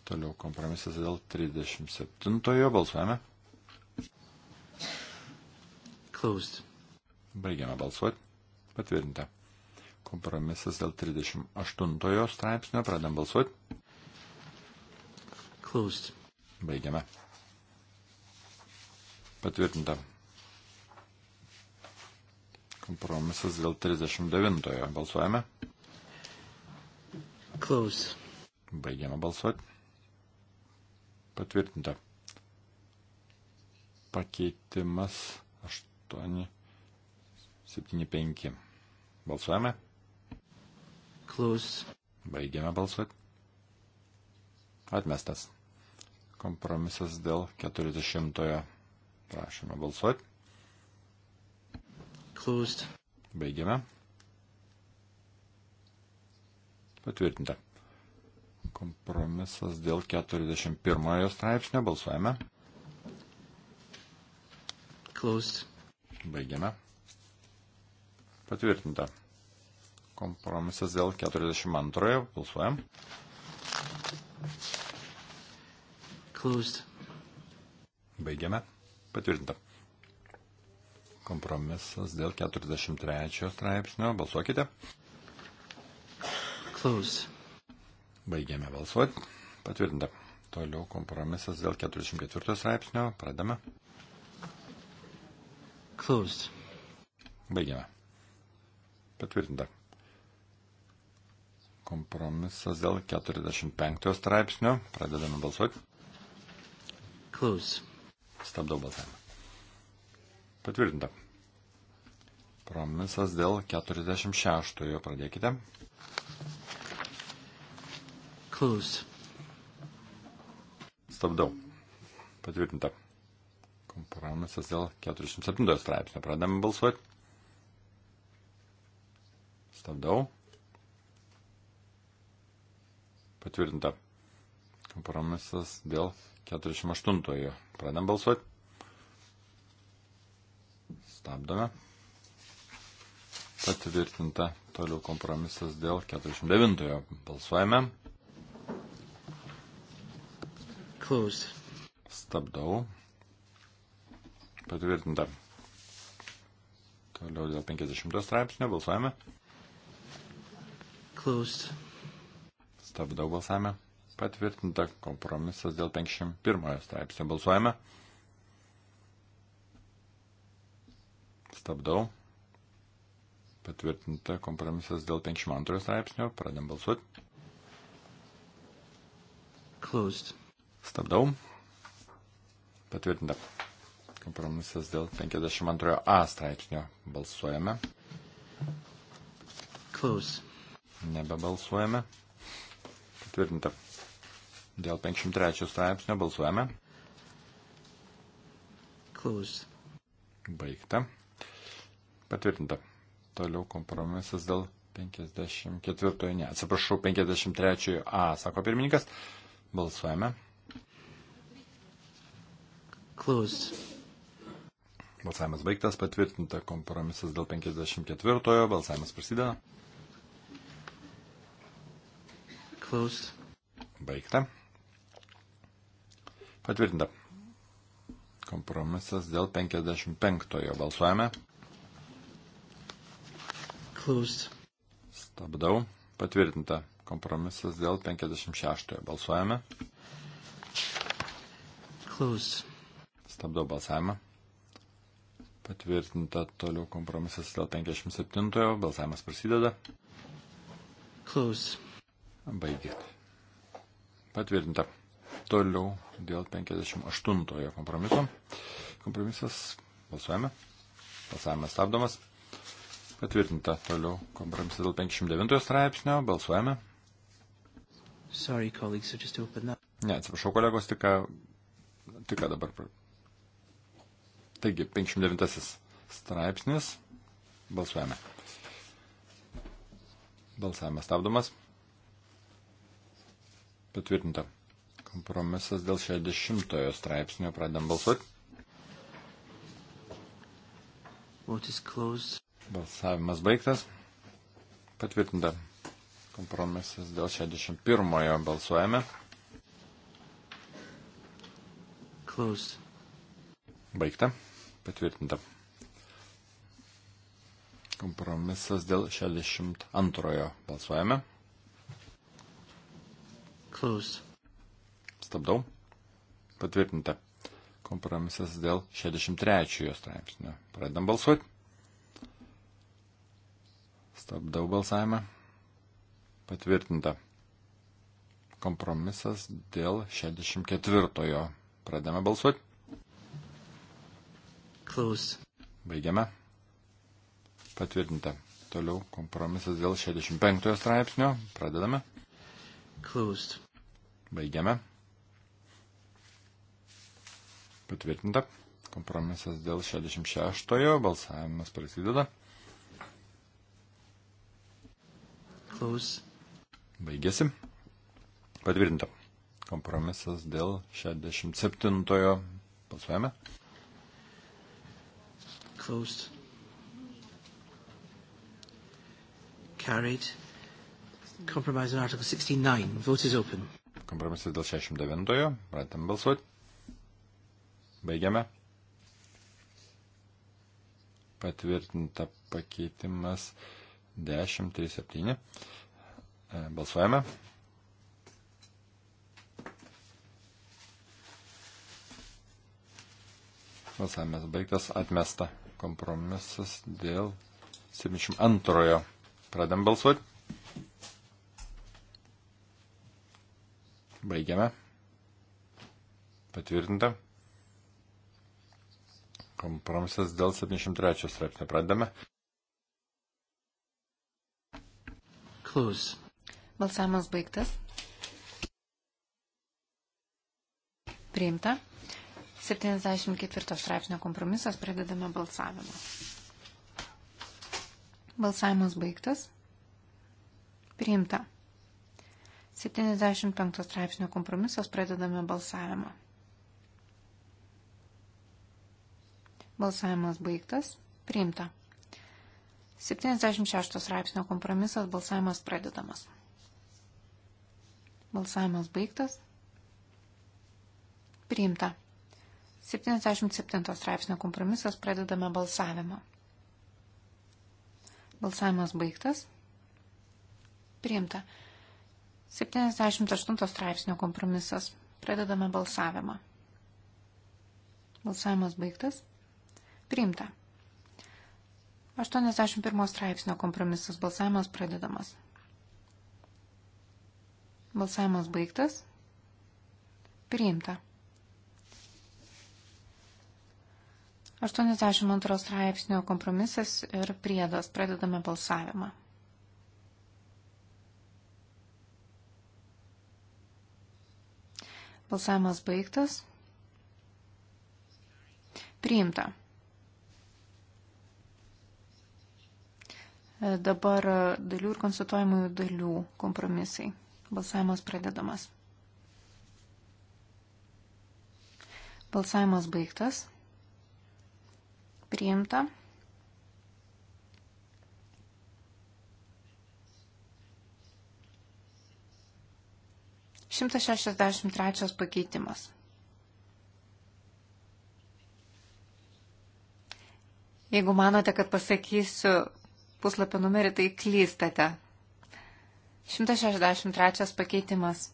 Toliau kompromisas dėl 37. Balsuojame. Closed. Baigiame balsuoti. Patvirtinta. Kompromisas dėl 38 straipsnio. Pradam balsuoti. Closed. Baigiame. Patvirtinta. Kompromisas dėl 39-ojo. Balsuojame. Close. Baigiame balsuoti. Patvirtinta. Pakeitimas 875. Balsuojame. Close. Baigiame balsuoti. Atmestas. Kompromisas dėl 40-ojo. Prašome balsuoti closed. Baigiame. Patvirtinta. Kompromisas dėl 41 straipsnio. Balsuojame. Closed. Baigiame. Patvirtinta. Kompromisas dėl 42. Balsuojam. Closed. Baigiame. Patvirtinta kompromisas dėl 43 straipsnio. Balsuokite. Close. Baigėme balsuoti. Patvirtinta. Toliau kompromisas dėl 44 straipsnio. Pradame. Closed. Baigėme. Patvirtinta. Kompromisas dėl 45 straipsnio. Pradedame balsuoti. Close. Stabdau balsavimą. Patvirtinta. Promisas dėl 46. Pradėkite. Closed. Stabdau. Patvirtinta. Kompromisas dėl 47 straipsnio. Pradame balsuoti. Stabdau. Patvirtinta. Kompromisas dėl 48. Pradame balsuoti. Stabdome. Patvirtinta toliau kompromisas dėl 49-ojo. Balsuojame. Close. Stabdau. Patvirtinta. Toliau dėl 50 straipsnio balsuojame. Closed. Stabdau balsavimą. Patvirtinta kompromisas dėl 51 straipsnio balsuojame. Stabdau. Patvirtinta kompromisas dėl 52 straipsnio. Pradėm balsuoti. Closed. Stabdau. Patvirtinta kompromisas dėl 52 A straipsnio. Balsuojame. Close. Nebebalsuojame. Patvirtinta. Dėl 53 straipsnio balsuojame. Close. Baigta. Patvirtinta. Toliau kompromisas dėl 54, ne, atsiprašau, 53 A, sako pirmininkas. Balsuojame. Closed. Balsavimas baigtas, patvirtinta kompromisas dėl 54-ojo, balsavimas prasideda. Closed. Baigta. Patvirtinta. Kompromisas dėl 55-ojo, balsuojame. Closed. Stabdau. Patvirtinta. Kompromisas dėl 56. Balsuojame. Closed. Stabdau balsavimą. Patvirtinta toliau kompromisas dėl 57. Balsavimas prasideda. Closed. Baigit. Patvirtinta. Toliau dėl 58 kompromiso. Kompromisas. Balsuojame. Balsavimas stabdomas. Patvirtinta. Toliau kompromisas dėl 59 straipsnio. Balsuojame. Sorry, colleagues, so just open that. Ne, atsiprašau, kolegos, tik, tik dabar. Taigi, 59 straipsnis. Balsuojame. Balsavimas stabdomas. Patvirtinta. Kompromisas dėl 60 straipsnio. Pradedam balsuoti. Vote is closed. Balsavimas baigtas. Patvirtinta. Kompromisas dėl 61-ojo balsuojame. Closed. Baigta. Patvirtinta. Kompromisas dėl 62-ojo balsuojame. Closed. Stabdau. Patvirtinta. Kompromisas dėl 63-ojo straipsnio. Pradedam balsuoti. Stabdau balsavimą. Patvirtinta. Kompromisas dėl 64-ojo. Pradėme balsuoti. Closed. Baigiame. Patvirtinta. Toliau kompromisas dėl 65 straipsnio. Pradedame. Closed. Baigiame. Patvirtinta. Kompromisas dėl 66. Balsavimas prasideda. Close. Baigėsi. Patvirtinta. Kompromisas dėl 67-ojo. Pasuojame. Closed. Carried. Compromise on Article 69. Vote is open. Kompromisas dėl 69-ojo. Pradėm balsuoti. Baigiame patvirtinta pakeitimas 1037. E, balsuojame. Balsavimas baigtas, atmesta kompromisas dėl 72. Pradam balsuoti. Baigiame. Patvirtinta. Kompromisas dėl 73 straipsnio. Pradame. closed. Balsavimas baigtas. Priimta. 74 straipsnio kompromisas pradedame balsavimą. Balsavimas baigtas. Priimta. 75 straipsnio kompromisas pradedame balsavimą. Balsavimas baigtas. Priimta. 76 straipsnio kompromisas balsavimas pradedamas. Balsavimas baigtas. Priimta. 77 straipsnio kompromisas pradedame balsavimą. Balsavimas baigtas. Priimta. 78 straipsnio kompromisas pradedame balsavimą. Balsavimas baigtas. Priimta. 81 straipsnio kompromisas balsavimas pradedamas. Balsavimas baigtas. Priimta. 82 straipsnio kompromisas ir priedas. Pradedame balsavimą. Balsavimas baigtas. Priimta. E, dabar dalių ir konstatuojamųjų dalių kompromisai. Balsavimas pradedamas. Balsavimas baigtas. Priimta. Šimtas šešiasdešimt trečias pakeitimas. Jeigu manote, kad pasakysiu puslapio numerį, tai klystate. 163 pakeitimas.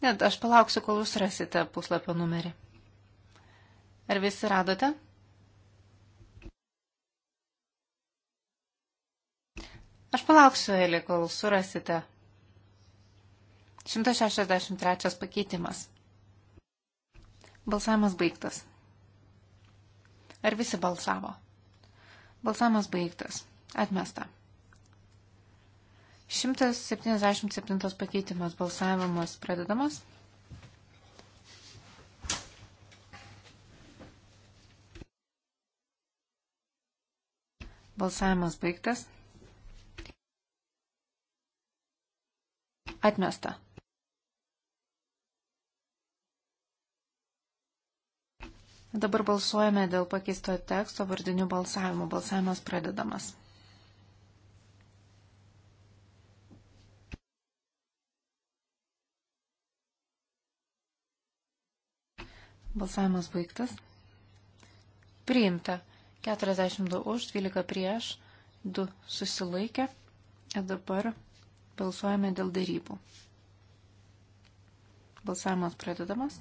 Net aš palauksiu, kol jūs rasite puslapio numerį. Ar visi radote? Aš palauksiu, Eli, kol surasite. 163 pakeitimas. Balsavimas baigtas. Ar visi balsavo? Balsavimas baigtas. Atmesta. 177 pakeitimas balsavimas pradedamas. Balsavimas baigtas. Atmesta. Dabar balsuojame dėl pakeisto teksto vardinių balsavimų. Balsavimas pradedamas. Balsavimas baigtas. Priimta. 42 už, 12 prieš, 2 susilaikė. Ir dabar balsuojame dėl darybų. Balsavimas pradedamas.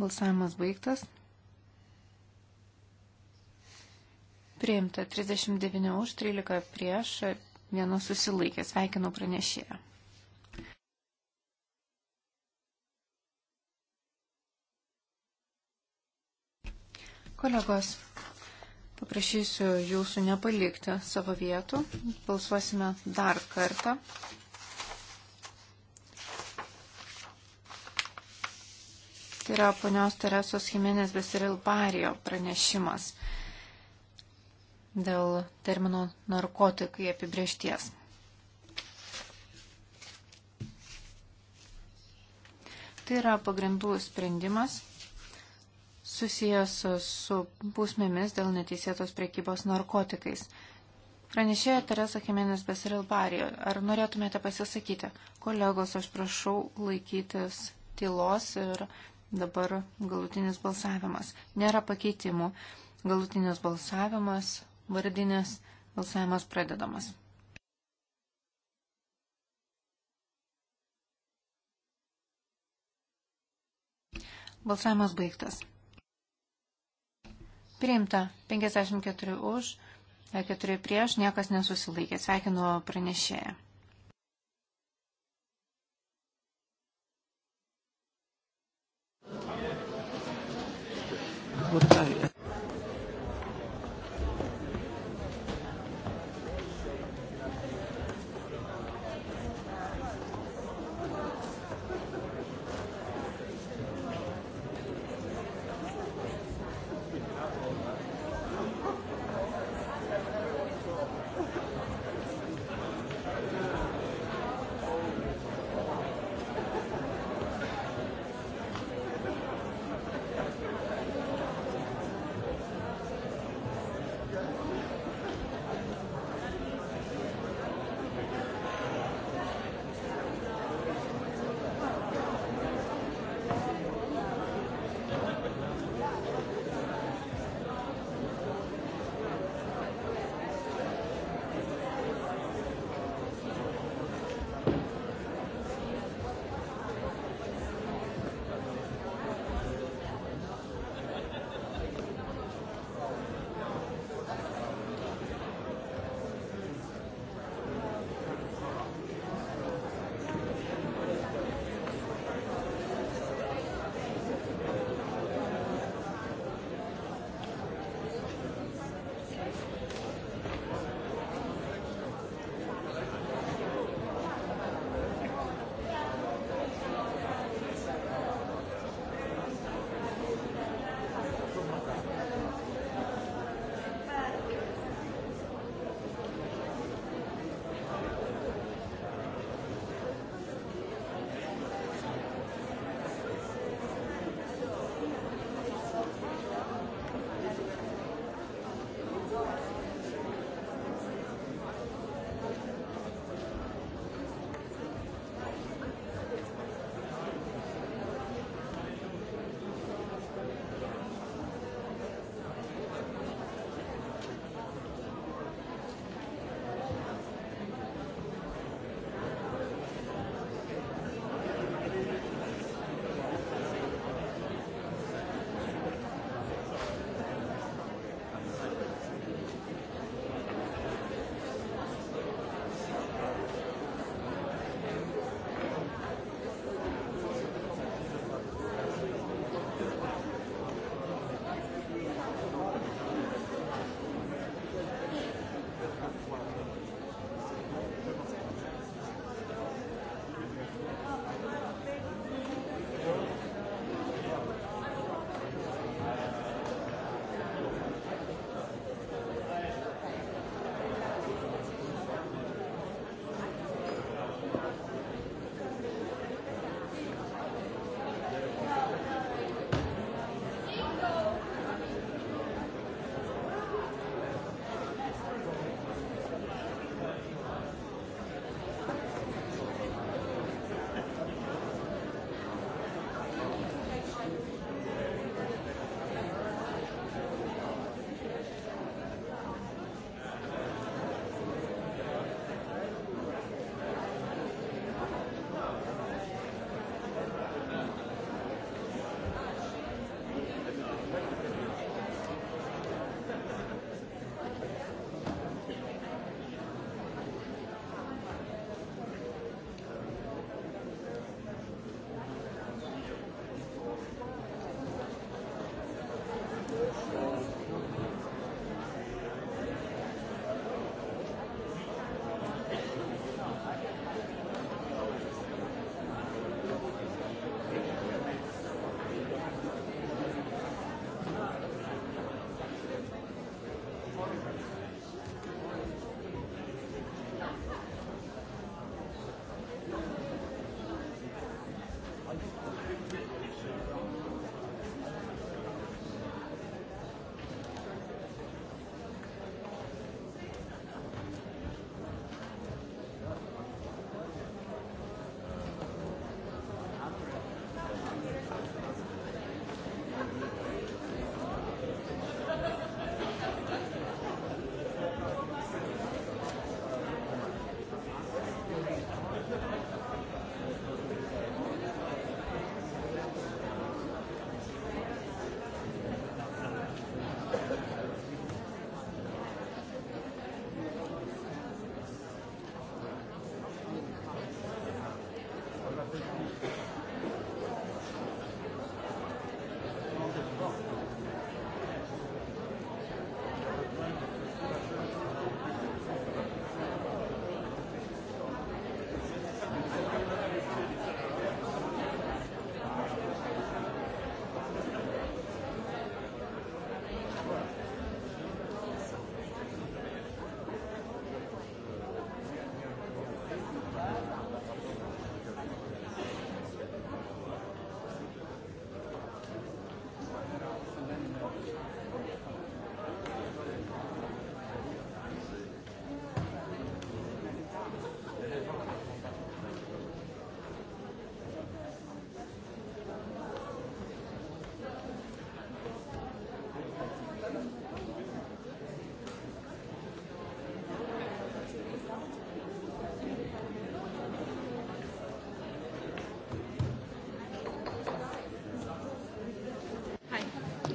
Balsavimas baigtas. Priimta 39 už, 13 prieš, vienas susilaikė. Sveikinu pranešėją. Kolegos, paprašysiu jūsų nepalikti savo vietų. Balsuosime dar kartą. Tai yra ponios Teresos Jimenės Besiril Barijo pranešimas dėl termino narkotikai apibriešties. Tai yra pagrindų sprendimas susijęs su būsmėmis dėl neteisėtos priekybos narkotikais. Pranešėja Teresa Jimenez Besirilbarijo, ar norėtumėte pasisakyti? Kolegos, aš prašau laikytis tylos ir dabar galutinis balsavimas. Nėra pakeitimų. Galutinis balsavimas, vardinis balsavimas pradedamas. Balsavimas baigtas. Priimta 54 už, 4 e, prieš, niekas nesusilaikė. Sveikinu pranešėją. What about it?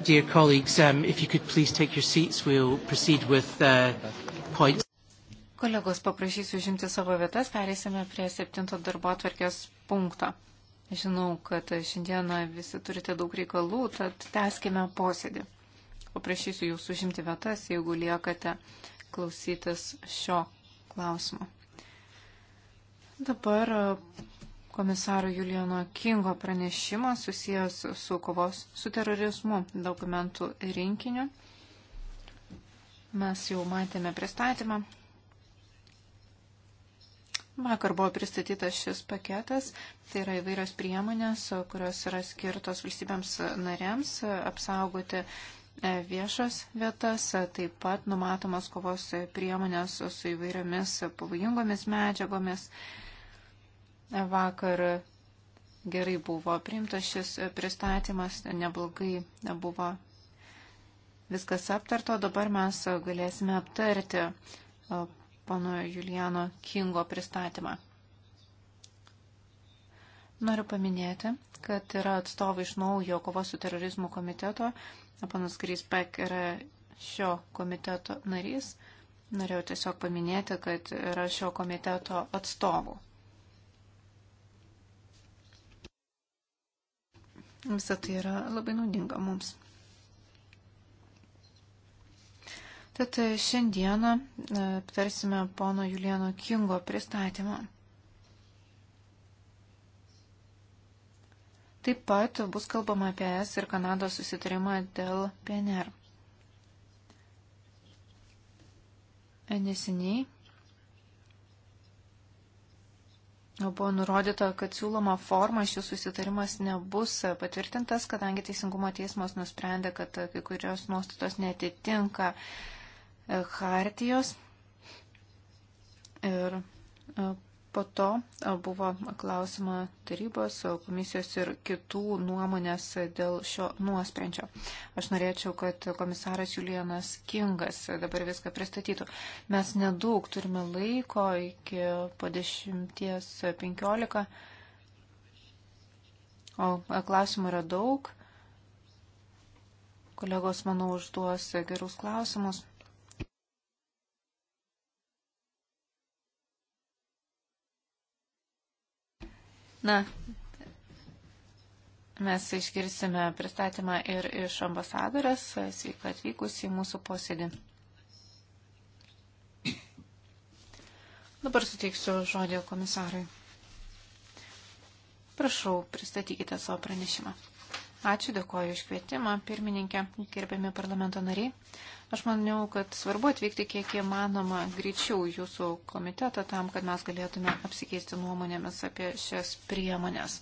dear colleagues, um, if you could please take your seats, we'll proceed with uh, point. Kolegos, paprašysiu žimti savo vietas, perėsime prie septinto darbo atvarkės punkto. Žinau, kad šiandieną visi turite daug reikalų, tad tęskime posėdį. Paprašysiu jūsų žimti vietas, jeigu liekate klausytis šio klausimo. Dabar komisaro Juliano Kingo pranešimą susijęs su kovos su terorizmu dokumentų rinkiniu. Mes jau matėme pristatymą. Vakar buvo pristatytas šis paketas, tai yra įvairios priemonės, kurios yra skirtos valstybėms narėms apsaugoti e, viešas vietas, taip pat numatomos kovos priemonės su įvairiomis pavojingomis medžiagomis. medžiagomis Vakar gerai buvo priimtas šis pristatymas, neblogai buvo viskas aptarto. Dabar mes galėsime aptarti pano Juliano Kingo pristatymą. Noriu paminėti, kad yra atstovai iš naujo kovos su terorizmu komiteto. Panas Grisbek yra šio komiteto narys. Norėjau tiesiog paminėti, kad yra šio komiteto atstovų. Visą tai yra labai naudinga mums. Tad šiandieną e, aptarsime pono Juliano Kingo pristatymą. Taip pat bus kalbama apie ES ir Kanados susitarimą dėl PNR. Neseniai Buvo nurodyta, kad siūloma forma šis susitarimas nebus patvirtintas, kadangi Teisingumo teismas nusprendė, kad kai kurios nuostatos netitinka e, hartijos. Ir e, Po to buvo klausimo tarybos, komisijos ir kitų nuomonės dėl šio nuosprendžio. Aš norėčiau, kad komisaras Julianas Kingas dabar viską pristatytų. Mes nedaug turime laiko iki po 10.15, o klausimų yra daug. Kolegos, manau, užduos gerus klausimus. Na, mes išgirsime pristatymą ir iš ambasadorės. Sveika atvykus į mūsų posėdį. Dabar suteiksiu žodį komisarui. Prašau, pristatykite savo pranešimą. Ačiū, dėkoju iš kvietimą, pirmininkė, gerbiami parlamento nariai. Aš maniau, kad svarbu atvykti kiek įmanoma greičiau jūsų komitetą tam, kad mes galėtume apsikeisti nuomonėmis apie šias priemonės.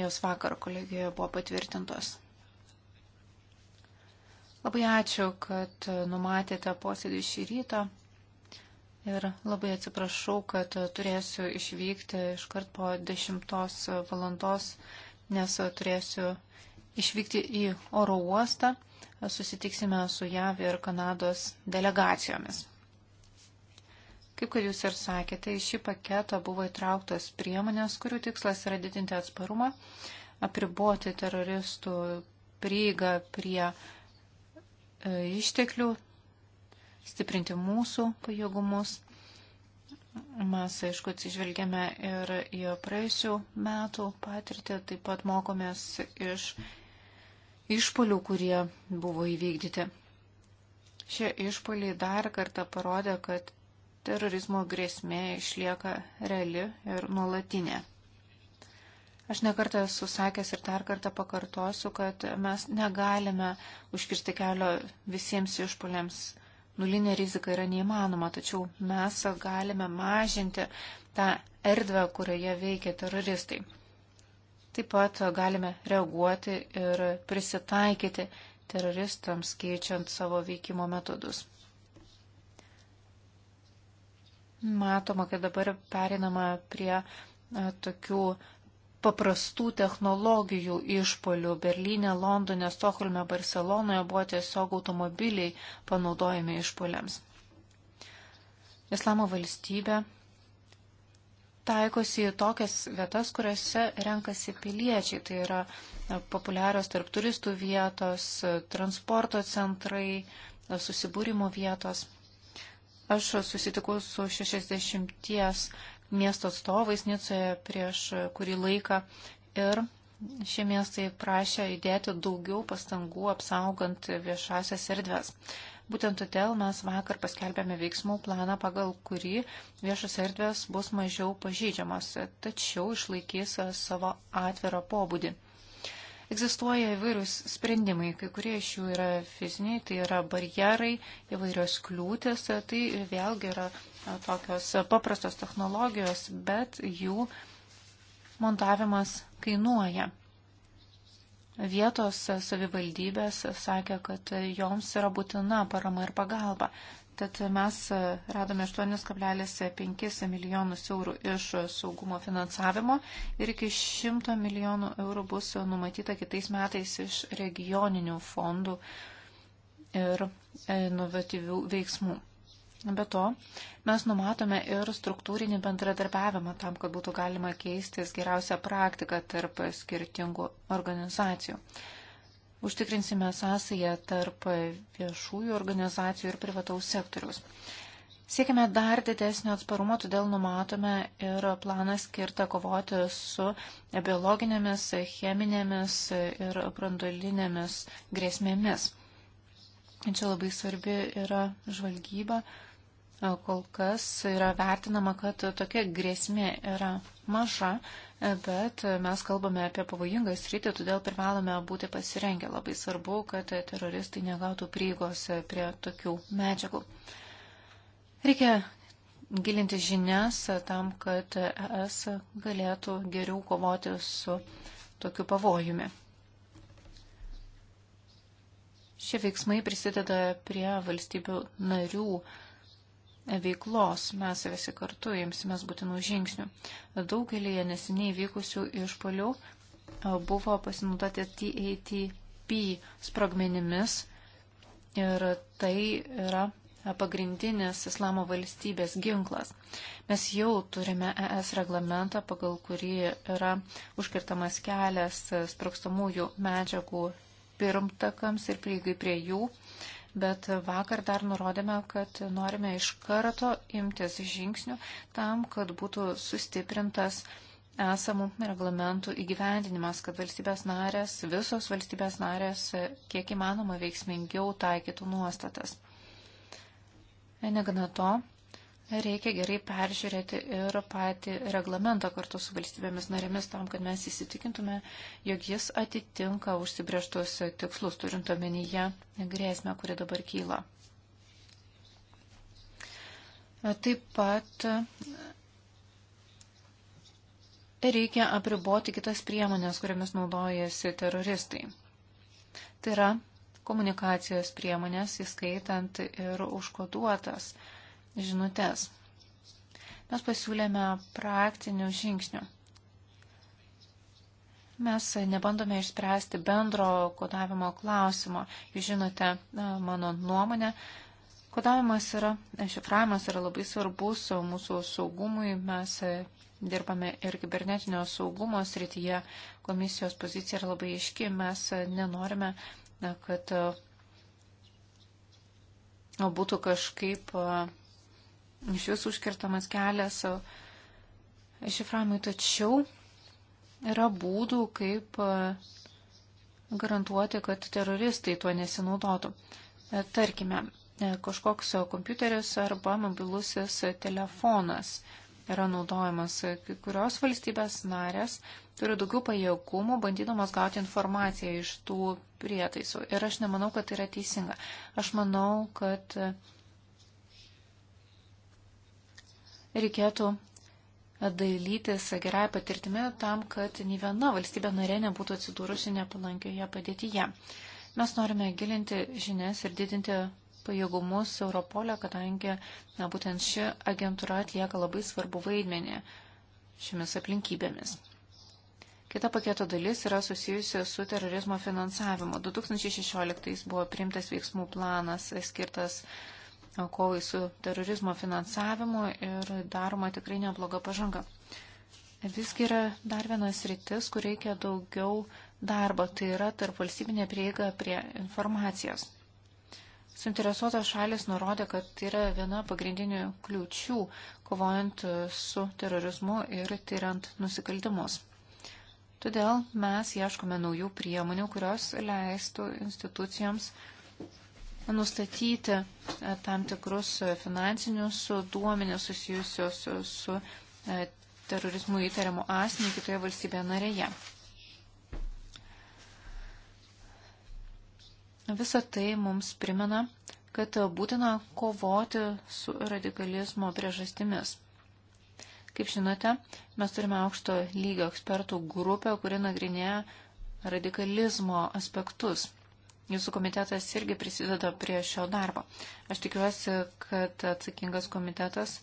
Jos vakar kolegijoje buvo patvirtintos. Labai ačiū, kad numatėte posėdį šį rytą ir labai atsiprašau, kad turėsiu išvykti iškart po 10 valandos, nes turėsiu išvykti į oro uostą susitiksime su JAV ir Kanados delegacijomis. Kaip kad jūs ir sakėte, į šį paketą buvo įtrauktos priemonės, kurių tikslas yra didinti atsparumą, apriboti teroristų prieigą prie e, išteklių, stiprinti mūsų pajėgumus. Mes, aišku, atsižvelgiame ir į praėjusių metų patirtį, taip pat mokomės iš išpolių, kurie buvo įvykdyti. Šie išpoliai dar kartą parodė, kad terorizmo grėsmė išlieka reali ir nuolatinė. Aš nekartą esu sakęs ir dar kartą pakartosiu, kad mes negalime užkirsti kelio visiems išpoliams. Nulinė rizika yra neįmanoma, tačiau mes galime mažinti tą erdvę, kurioje veikia teroristai. Taip pat galime reaguoti ir prisitaikyti teroristams, keičiant savo veikimo metodus. Matoma, kad dabar perinama prie e, tokių paprastų technologijų išpolių. Berlyne, Londone, Stokholme, Barcelonoje buvo tiesiog automobiliai panaudojami išpoliams. Islamo valstybė taikosi į tokias vietas, kuriuose renkasi piliečiai. Tai yra populiarios tarp turistų vietos, transporto centrai, susibūrimo vietos. Aš susitikau su 60 miesto atstovais Nicoje prieš kurį laiką ir šie miestai prašė įdėti daugiau pastangų apsaugant viešasias erdves. Būtent todėl mes vakar paskelbėme veiksmų planą, pagal kurį viešos erdvės bus mažiau pažydžiamas, tačiau išlaikys savo atvirą pobūdį. Egzistuoja įvairūs sprendimai, kai kurie iš jų yra fiziniai, tai yra barjerai, įvairios kliūtis, tai vėlgi yra tokios paprastos technologijos, bet jų montavimas kainuoja. Vietos savivaldybės sakė, kad joms yra būtina parama ir pagalba. Tad mes radome 8,5 milijonus eurų iš saugumo finansavimo ir iki 100 milijonų eurų bus numatyta kitais metais iš regioninių fondų ir inovatyvių veiksmų. Be to, mes numatome ir struktūrinį bendradarbiavimą tam, kad būtų galima keistis geriausią praktiką tarp skirtingų organizacijų. Užtikrinsime sąsają tarp viešųjų organizacijų ir privataus sektoriaus. Siekime dar didesnio atsparumo, todėl numatome ir planą skirtą kovoti su biologinėmis, cheminėmis ir brandolinėmis grėsmėmis. Čia labai svarbi yra žvalgyba kol kas yra vertinama, kad tokia grėsmė yra maža, bet mes kalbame apie pavojingą sritį, todėl privalome būti pasirengę. Labai svarbu, kad teroristai negautų prieigos prie tokių medžiagų. Reikia gilinti žinias tam, kad ES galėtų geriau kovoti su tokiu pavojumi. Šie veiksmai prisideda prie valstybių narių veiklos. Mes visi kartu imsimės būtinų žingsnių. Daugelį neseniai vykusių išpolių e, buvo pasinaudoti TATP sprogmenimis ir tai yra pagrindinis islamo valstybės ginklas. Mes jau turime ES reglamentą, pagal kurį yra užkirtamas kelias e, sprokstamųjų medžiagų pirmtakams ir prieigai prie jų bet vakar dar nurodėme, kad norime iš karto imtis žingsnių tam, kad būtų sustiprintas esamų reglamentų įgyvendinimas, kad valstybės narės, visos valstybės narės, kiek įmanoma veiksmingiau taikytų nuostatas. Negana to, reikia gerai peržiūrėti ir patį reglamentą kartu su valstybėmis narėmis tam, kad mes įsitikintume, jog jis atitinka užsibrieštus tikslus, turint omenyje grėsmę, kuri dabar kyla. Taip pat reikia apriboti kitas priemonės, kuriamis naudojasi teroristai. Tai yra komunikacijos priemonės, įskaitant ir užkoduotas žinutės. Mes pasiūlėme praktinių žingsnių. Mes nebandome išspręsti bendro kodavimo klausimo. Jūs žinote mano nuomonę. Kodavimas yra, šifravimas yra labai svarbus mūsų saugumui. Mes dirbame ir kibernetinio saugumo srityje. Komisijos pozicija yra labai iški. Mes nenorime, kad būtų kažkaip iš vis užkirtamas kelias šifravimui, tačiau yra būdų, kaip e, garantuoti, kad teroristai tuo nesinaudotų. E, tarkime, e, kažkoks kompiuteris arba mobilusis telefonas yra naudojamas. Kai kurios valstybės narės turi daugiau pajėgumų, bandydamas gauti informaciją iš tų prietaisų. Ir aš nemanau, kad tai yra teisinga. Aš manau, kad reikėtų dailytis gerąją patirtimį tam, kad nė viena valstybė narė nebūtų atsidūrusi nepalankioje padėtyje. Mes norime gilinti žinias ir didinti pajėgumus Europolė, kadangi na, būtent ši agentūra atlieka labai svarbu vaidmenį šiomis aplinkybėmis. Kita paketo dalis yra susijusi su terorizmo finansavimu. 2016 buvo priimtas veiksmų planas skirtas kovai su terorizmo finansavimu ir daroma tikrai nebloga pažanga. Visgi yra dar vienas rytis, kur reikia daugiau darbo, tai yra tarp valstybinė prieiga prie informacijos. Suinteresuotos šalis nurodė, kad tai yra viena pagrindinių kliūčių kovojant su terorizmu ir tyriant nusikaltimus. Todėl mes ieškome naujų priemonių, kurios leistų institucijoms nustatyti e, tam tikrus e, finansinius duomenis susijusios e, su terorizmu įtariamu asmenį kitoje valstybėje narėje. Visa tai mums primena, kad būtina kovoti su radikalizmo priežastimis. Kaip žinote, mes turime aukšto lygio ekspertų grupę, kuri nagrinėja radikalizmo aspektus. Jūsų komitetas irgi prisideda prie šio darbo. Aš tikiuosi, kad atsakingas komitetas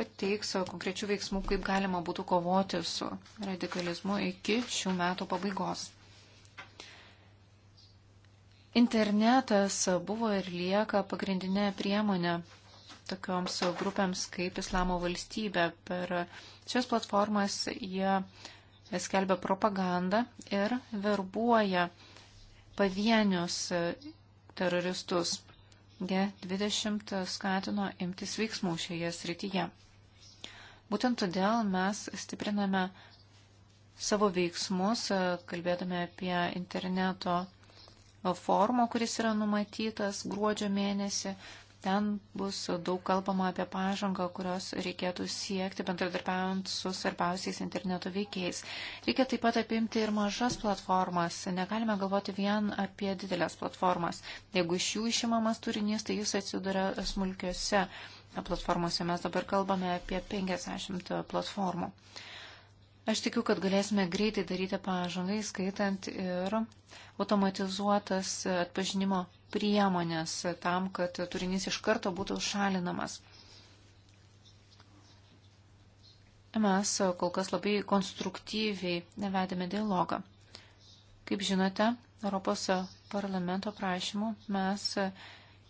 pateiks konkrečių veiksmų, kaip galima būtų kovoti su radikalizmu iki šių metų pabaigos. Internetas buvo ir lieka pagrindinė priemonė tokioms grupėms kaip Islamo valstybė. Per šias platformas jie skelbia propagandą ir verbuoja pavienius e, teroristus. G20 skatino imtis veiksmų šioje srityje. Būtent todėl mes stipriname savo veiksmus, e, kalbėdami apie interneto e, formą, kuris yra numatytas gruodžio mėnesį, Ten bus daug kalbama apie pažangą, kurios reikėtų siekti bendradarbiaujant su svarbiausiais interneto veikiais. Reikia taip pat apimti ir mažas platformas. Negalime galvoti vien apie didelės platformas. Jeigu iš jų išimamas turinys, tai jis atsiduria smulkiuose platformose. Mes dabar kalbame apie 50 platformų. Aš tikiu, kad galėsime greitai daryti pažangą, skaitant ir automatizuotas atpažinimo priemonės tam, kad turinys iš karto būtų šalinamas. Mes kol kas labai konstruktyviai vedėme dialogą. Kaip žinote, Europos parlamento prašymu mes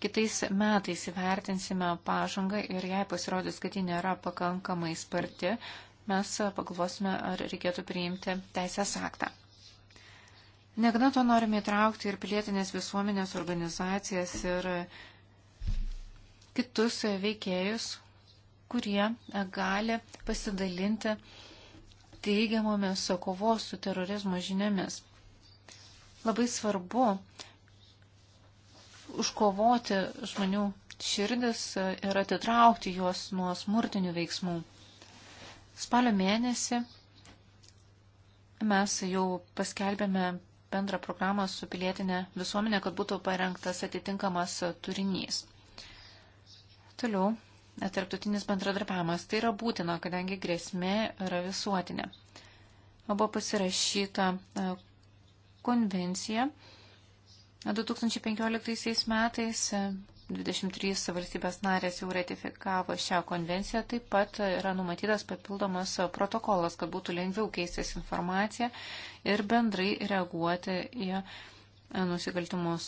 kitais metais įvertinsime pažangą ir jei pasirodys, kad ji nėra pakankamai sparti, mes pagalvosime, ar reikėtų priimti teisės aktą. Negana to norime įtraukti ir pilietinės visuomenės organizacijas ir kitus veikėjus, kurie gali pasidalinti teigiamomis kovos su terorizmo žiniomis. Labai svarbu užkovoti žmonių širdis ir atitraukti juos nuo smurtinių veiksmų. Spalio mėnesį mes jau paskelbėme bendrą programą su pilietinė visuomenė, kad būtų parengtas atitinkamas turinys. Toliau, tarptautinis bendradarbiavimas. Tai yra būtina, kadangi grėsmė yra visuotinė. Buvo pasirašyta e, konvencija 2015 metais e, 23 valstybės narės jau ratifikavo šią konvenciją, taip pat yra numatytas papildomas protokolas, kad būtų lengviau keistis informaciją ir bendrai reaguoti į nusikaltimus.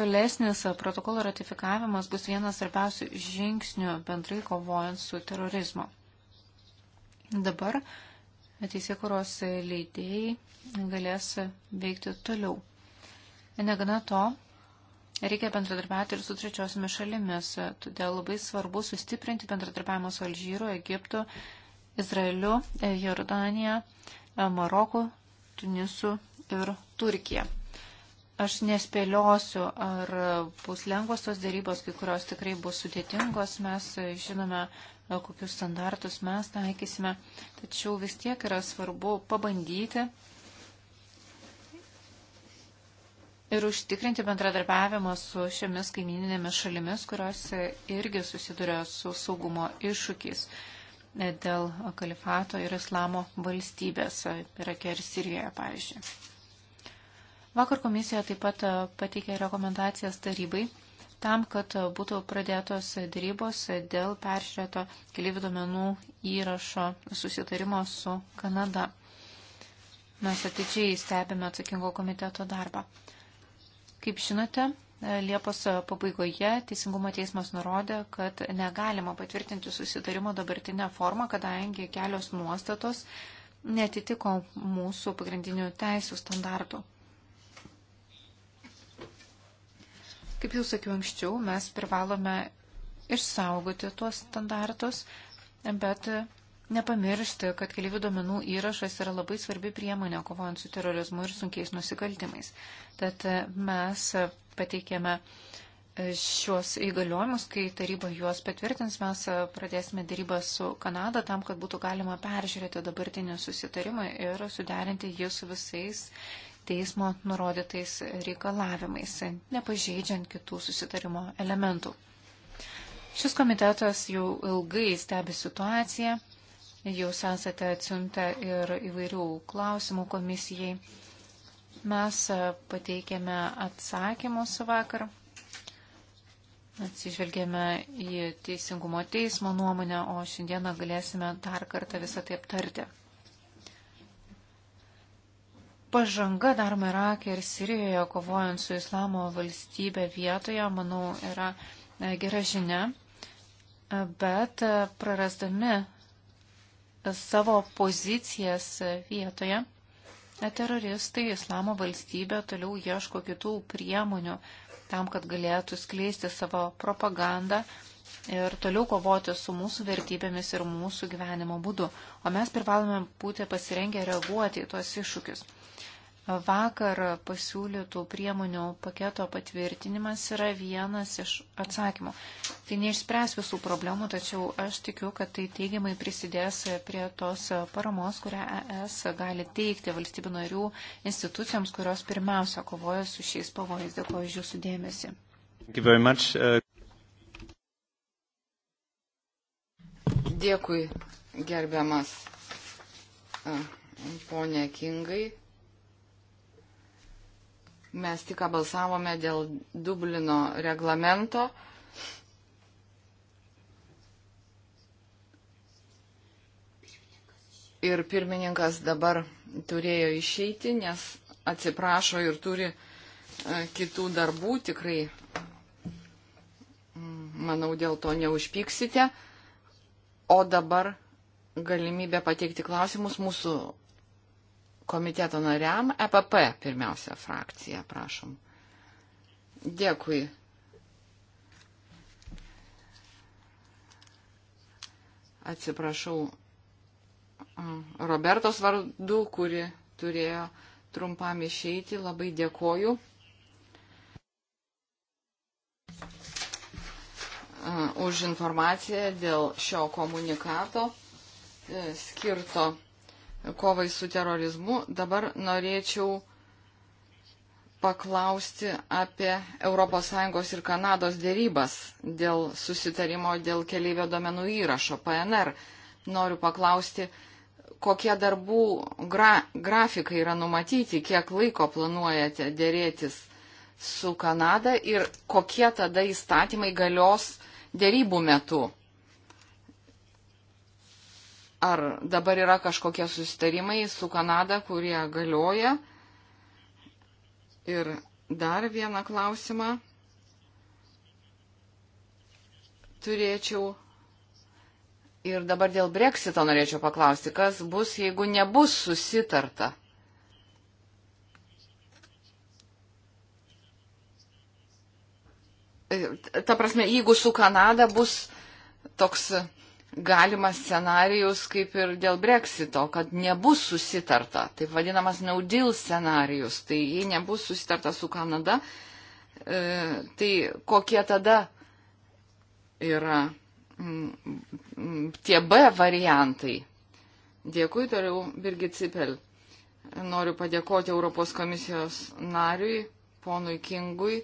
Tolesnis protokolo ratifikavimas bus vienas svarbiausių žingsnių bendrai kovojant su terorizmu. Dabar teisėkuros leidėjai galės veikti toliau. Negana to, reikia bendradarbiauti ir su trečiosiomis šalimis, todėl labai svarbu sustiprinti bendradarbiavimą su Alžyru, Egiptu, Izraeliu, Jordanija, Maroku, Tunisu ir Turkija. Aš nespėliosiu, ar bus lengvos tos dėrybos, kai kurios tikrai bus sudėtingos, mes žinome, kokius standartus mes taikysime, tačiau vis tiek yra svarbu pabandyti ir užtikrinti bendradarbiavimą su šiomis kaimininėmis šalimis, kurios irgi susiduria su saugumo iššūkiais dėl kalifato ir islamo valstybės, Irake ir Sirijoje, pavyzdžiui. Vakar komisija taip pat pateikė rekomendacijas tarybai tam, kad būtų pradėtos dėrybos dėl peržiūrėto keliaivių duomenų įrašo susitarimo su Kanada. Mes atidžiai stebime atsakingo komiteto darbą. Kaip žinote, Liepos pabaigoje Teisingumo teismas nurodė, kad negalima patvirtinti susitarimo dabartinę formą, kadangi kelios nuostatos netitiko mūsų pagrindinių teisų standartų. Kaip jau sakiau anksčiau, mes privalome išsaugoti tuos standartus, bet nepamiršti, kad keliaivių duomenų įrašas yra labai svarbi priemonė kovojant su terorizmu ir sunkiais nusikaltimais. Tad e, mes pateikėme e, šios įgaliojimus, kai taryba juos patvirtins, mes e, pradėsime dėrybą su Kanada tam, kad būtų galima peržiūrėti dabartinį susitarimą ir suderinti jį su visais teismo nurodytais reikalavimais, nepažeidžiant kitų susitarimo elementų. Šis komitetas jau ilgai stebi situaciją Jūs esate atsiuntę ir įvairių klausimų komisijai. Mes e, pateikėme atsakymus vakar. Atsižvelgėme į Teisingumo teismo nuomonę, o šiandieną galėsime dar kartą visą tai aptarti. Pažanga daroma Irake ir Sirijoje, kovojant su Islamo valstybė vietoje, manau, yra e, gera žinia, e, bet prarasdami savo pozicijas vietoje, teroristai Islamo valstybė toliau ieško kitų priemonių tam, kad galėtų skleisti savo propagandą ir toliau kovoti su mūsų vertybėmis ir mūsų gyvenimo būdu. O mes privalome būti pasirengę reaguoti į tuos iššūkius vakar pasiūlytų priemonių paketo patvirtinimas yra vienas iš atsakymų. Tai neišspręs visų problemų, tačiau aš tikiu, kad tai teigiamai prisidės prie tos paramos, kurią ES gali teikti valstybių narių institucijoms, kurios pirmiausia kovoja su šiais pavojais. Dėkuoju iš jūsų dėmesį. Uh Dėkui, gerbiamas uh, ponė Kingai. Mes tik balsavome dėl Dublino reglamento. Ir pirmininkas dabar turėjo išeiti, nes atsiprašo ir turi e, kitų darbų. Tikrai, mm, manau, dėl to neužpiksite. O dabar galimybė pateikti klausimus mūsų komiteto nariam. EPP pirmiausia frakcija, prašom. Dėkui. Atsiprašau mm, Robertos vardu, kuri turėjo trumpam išeiti. Labai dėkoju. Mm, už informaciją dėl šio komunikato e, skirto kovai su terorizmu, dabar norėčiau paklausti apie ES ir Kanados dėrybas dėl susitarimo dėl keliaivio domenų įrašo PNR. Noriu paklausti, kokie darbų gra, grafikai yra numatyti, kiek laiko planuojate dėrėtis su Kanada ir kokie tada įstatymai galios dėrybų metu. Ar dabar yra kažkokie susitarimai su Kanada, kurie galioja? Ir dar vieną klausimą turėčiau. Ir dabar dėl breksito norėčiau paklausti, kas bus, jeigu nebus susitarta. E, ta prasme, jeigu su Kanada bus toks galimas scenarijus kaip ir dėl breksito, kad nebus susitarta, taip vadinamas naudil scenarijus, tai jei nebus susitarta su Kanada, e, tai kokie tada yra m, mm, m, mm, tie B variantai. Dėkui toliau, Birgit Cipel. Noriu padėkoti Europos komisijos nariui, ponui Kingui.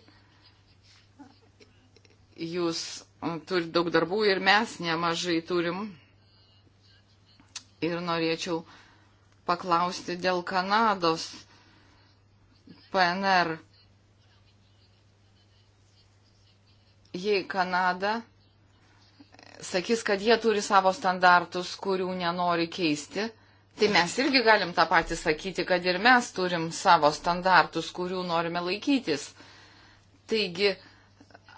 Jūs Mm, turi daug darbų ir mes nemažai turim. Ir norėčiau paklausti dėl Kanados PNR. Jei Kanada sakys, kad jie turi savo standartus, kurių nenori keisti, tai mes irgi galim tą patį sakyti, kad ir mes turim savo standartus, kurių norime laikytis. Taigi,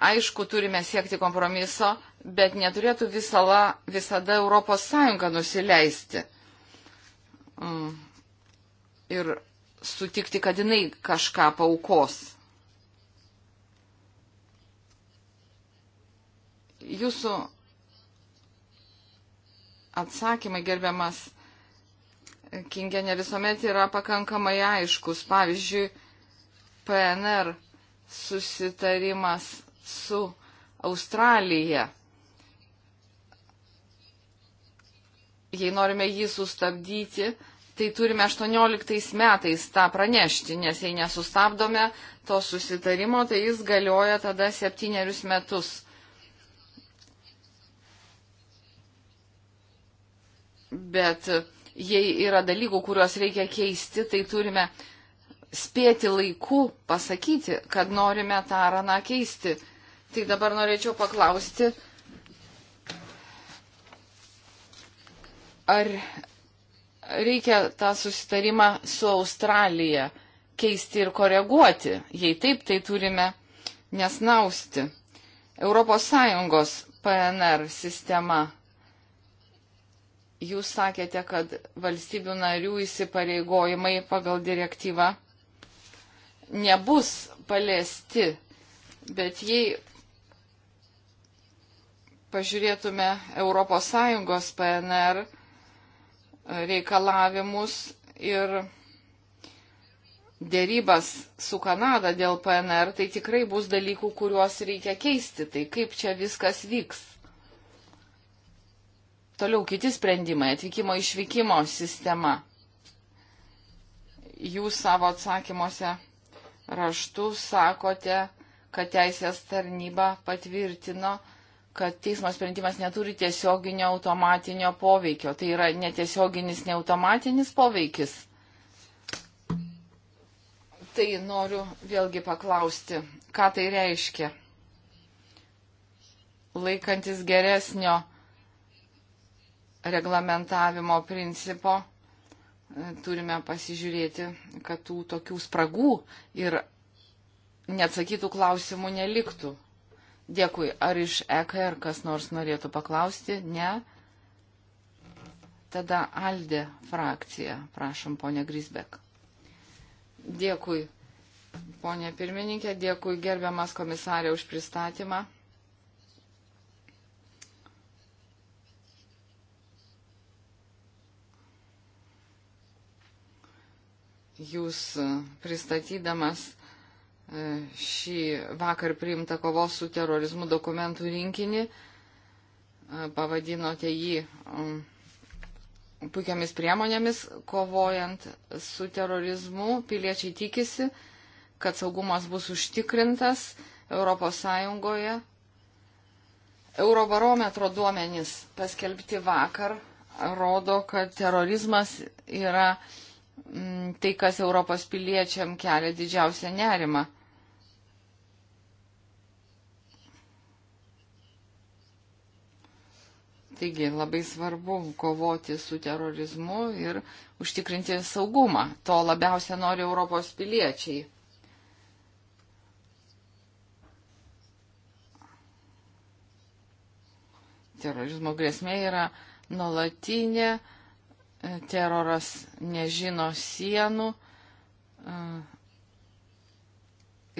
Aišku, turime siekti kompromiso, bet neturėtų visala, visada Europos Sąjunga nusileisti. Mm. Ir sutikti, kad jinai kažką paukos. Jūsų atsakymai, gerbiamas Kingė, ne visuomet yra pakankamai aiškus. Pavyzdžiui, PNR susitarimas su Australija. Jei norime jį sustabdyti, tai turime 18 metais tą pranešti, nes jei nesustabdome to susitarimo, tai jis galioja tada septynerius metus. Bet jei yra dalykų, kuriuos reikia keisti, tai turime spėti laiku pasakyti, kad norime tą raną keisti. Tai dabar norėčiau paklausti, ar reikia tą susitarimą su Australija keisti ir koreguoti. Jei taip, tai turime nesnausti. ES PNR sistema. Jūs sakėte, kad valstybių narių įsipareigojimai pagal direktyvą nebus paliesti, bet jei pažiūrėtume ES PNR e, reikalavimus ir dėrybas su Kanada dėl PNR, tai tikrai bus dalykų, kuriuos reikia keisti. Tai kaip čia viskas vyks? Toliau kiti sprendimai - atvykimo išvykimo sistema. Jūs savo atsakymuose raštu sakote, kad teisės tarnyba patvirtino, kad teismo sprendimas neturi tiesioginio automatinio poveikio. Tai yra netiesioginis, neautomatinis poveikis. Tai noriu vėlgi paklausti, ką tai reiškia. Laikantis geresnio reglamentavimo principo, turime pasižiūrėti, kad tų tokių spragų ir neatsakytų klausimų neliktų. Dėkui. Ar iš EKR kas nors norėtų paklausti? Ne. Tada Aldė frakcija. Prašom, ponė Grisbek. Dėkui, ponė pirmininkė. Dėkui, gerbiamas komisarė, už pristatymą. Jūs pristatydamas šį vakar priimtą kovos su terorizmu dokumentų rinkinį. Pavadinote jį um, puikiamis priemonėmis kovojant su terorizmu. Piliečiai tikisi, kad saugumas bus užtikrintas ES. Eurobarometro duomenys paskelbti vakar rodo, kad terorizmas yra Mm, tai, kas Europos piliečiam kelia didžiausią nerimą. Taigi labai svarbu kovoti su terorizmu ir užtikrinti saugumą. To labiausia nori Europos piliečiai. Terorizmo grėsmė yra nuolatinė teroras nežino sienų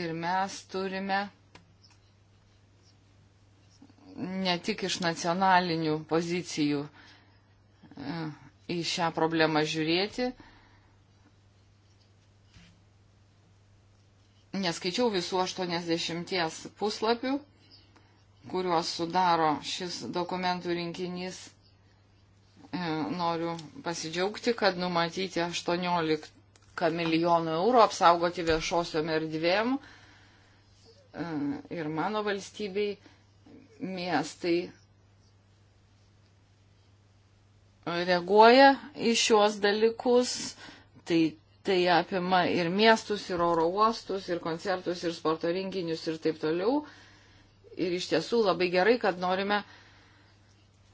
ir mes turime ne tik iš nacionalinių pozicijų į šią problemą žiūrėti. Neskaičiau visų 80 puslapių, kuriuos sudaro šis dokumentų rinkinys E, noriu pasidžiaugti, kad numatyti 18 milijonų eurų apsaugoti viešosiom erdvėm e, ir mano valstybei miestai reaguoja į šiuos dalykus. Tai, tai apima ir miestus, ir oro uostus, ir koncertus, ir sporto renginius, ir taip toliau. Ir iš tiesų labai gerai, kad norime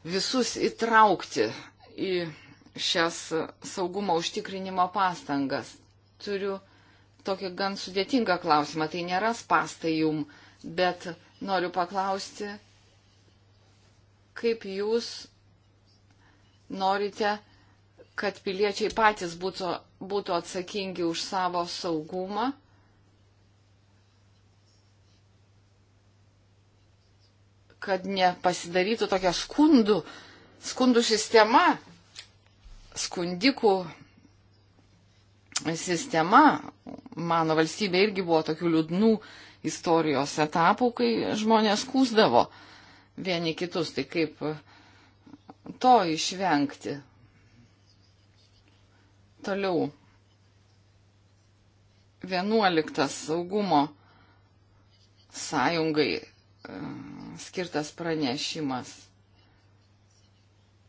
visus įtraukti į šias saugumo užtikrinimo pastangas. Turiu tokį gan sudėtingą klausimą, tai nėra spastai jum, bet noriu paklausti, kaip jūs norite, kad piliečiai patys būtų, būtų atsakingi už savo saugumą. kad nepasidarytų tokia skundų, skundų sistema, skundikų sistema, mano valstybė irgi buvo tokių liūdnų istorijos etapų, kai žmonės kūsdavo vieni kitus, tai kaip to išvengti. Toliau. 11. Saugumo sąjungai e, skirtas pranešimas.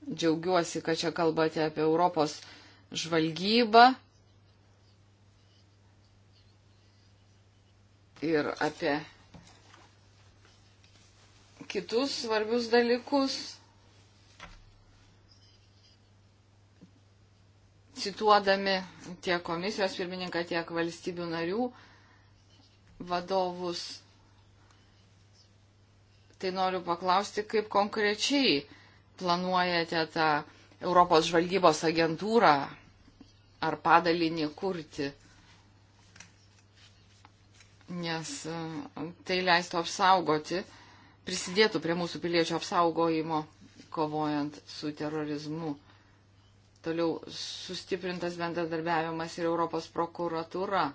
Džiaugiuosi, kad čia kalbate apie Europos žvalgybą ir apie kitus svarbius dalykus. Cituodami tiek komisijos pirmininką, tiek valstybių narių vadovus, tai noriu paklausti, kaip konkrečiai planuojate tą Europos žvalgybos agentūrą ar padalinį kurti? Nes e, tai leistų apsaugoti, prisidėtų prie mūsų piliečių apsaugojimo, kovojant su terorizmu. Toliau sustiprintas bendradarbiavimas ir Europos prokuratūra.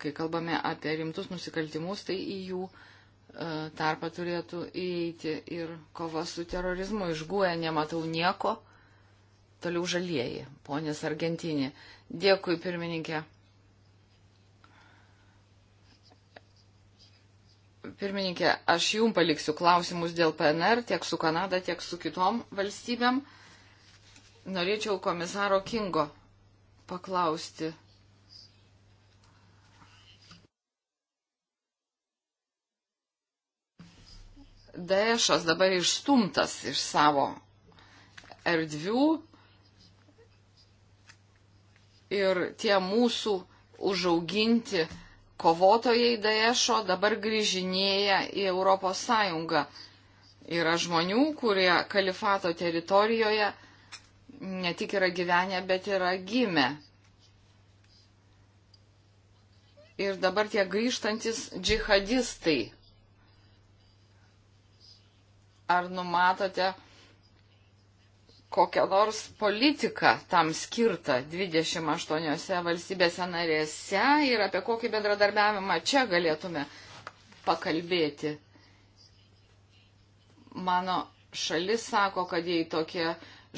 kai kalbame apie rimtus nusikaltimus, tai į jų E, tarpą turėtų įeiti ir kova su terorizmu. Išguoja, nematau nieko. Toliau žalieji, ponės Argentinė. Dėkui, pirmininkė. Pirmininkė, aš jum paliksiu klausimus dėl PNR tiek su Kanada, tiek su kitom valstybėm. Norėčiau komisaro Kingo paklausti Daešas dabar išstumtas iš savo erdvių ir tie mūsų užauginti kovotojai Daešo dabar grįžinėja į Europos Sąjungą. Yra žmonių, kurie kalifato teritorijoje ne tik yra gyvenę, bet yra gimę. Ir dabar tie grįžtantis džihadistai ar numatote kokią nors politiką tam skirtą 28 valstybėse narėse ir apie kokį bendradarbiavimą čia galėtume pakalbėti. Mano šalis sako, kad jei tokie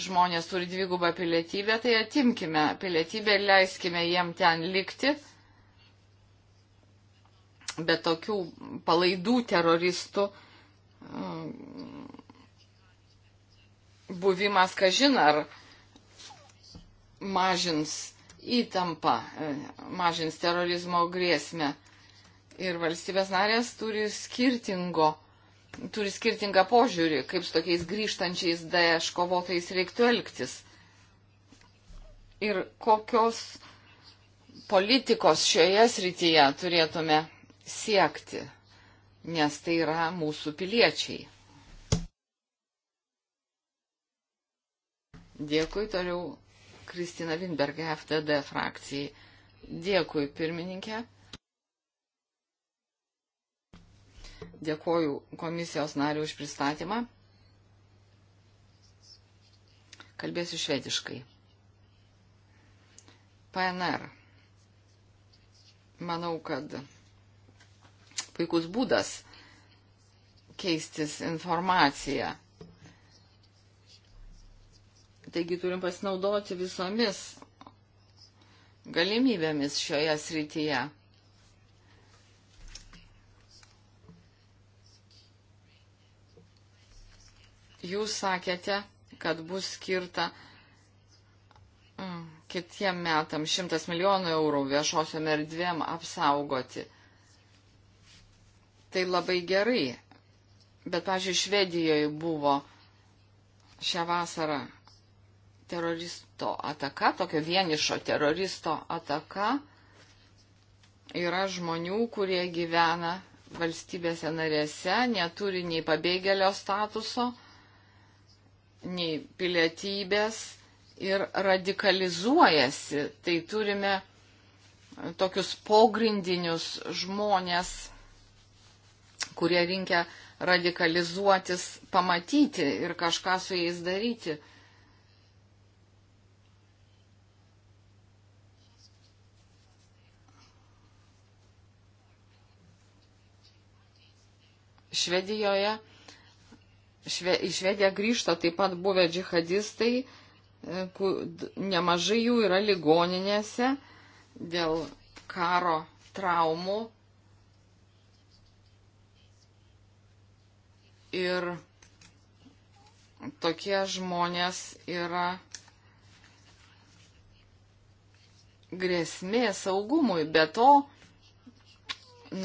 žmonės turi dvigubą pilietybę, tai atimkime pilietybę ir leiskime jiem ten likti. Bet tokių palaidų teroristų buvimas, ką žin, ar mažins įtampą, e, mažins terorizmo grėsmę. Ir valstybės narės turi, skirtingo, turi skirtingą požiūrį, kaip su tokiais grįžtančiais DŠ kovotojais reiktų elgtis. Ir kokios politikos šioje srityje turėtume siekti, nes tai yra mūsų piliečiai. Dėkui toliau Kristina Lindberg, FTD frakcijai. Dėkui pirmininkė. Dėkoju komisijos nariu už pristatymą. Kalbėsiu švediškai. PNR. Manau, kad puikus būdas keistis informaciją Taigi turim pasinaudoti visomis galimybėmis šioje srityje. Jūs sakėte, kad bus skirta mm, kitiem metam 100 milijonų eurų viešosiom erdvėm apsaugoti. Tai labai gerai. Bet, pažiūrėjau, Švedijoje buvo šią vasarą teroristo ataka, tokio vienišo teroristo ataka yra žmonių, kurie gyvena valstybėse narėse, neturi nei pabėgėlio statuso, nei pilietybės ir radikalizuojasi. Tai turime tokius pogrindinius žmonės, kurie rinkia radikalizuotis, pamatyti ir kažką su jais daryti. Švedijoje. Šve, į Švediją grįžta taip pat buvę džihadistai, e, kur, nemažai jų yra ligoninėse dėl karo traumų. Ir tokie žmonės yra grėsmė saugumui. Be to,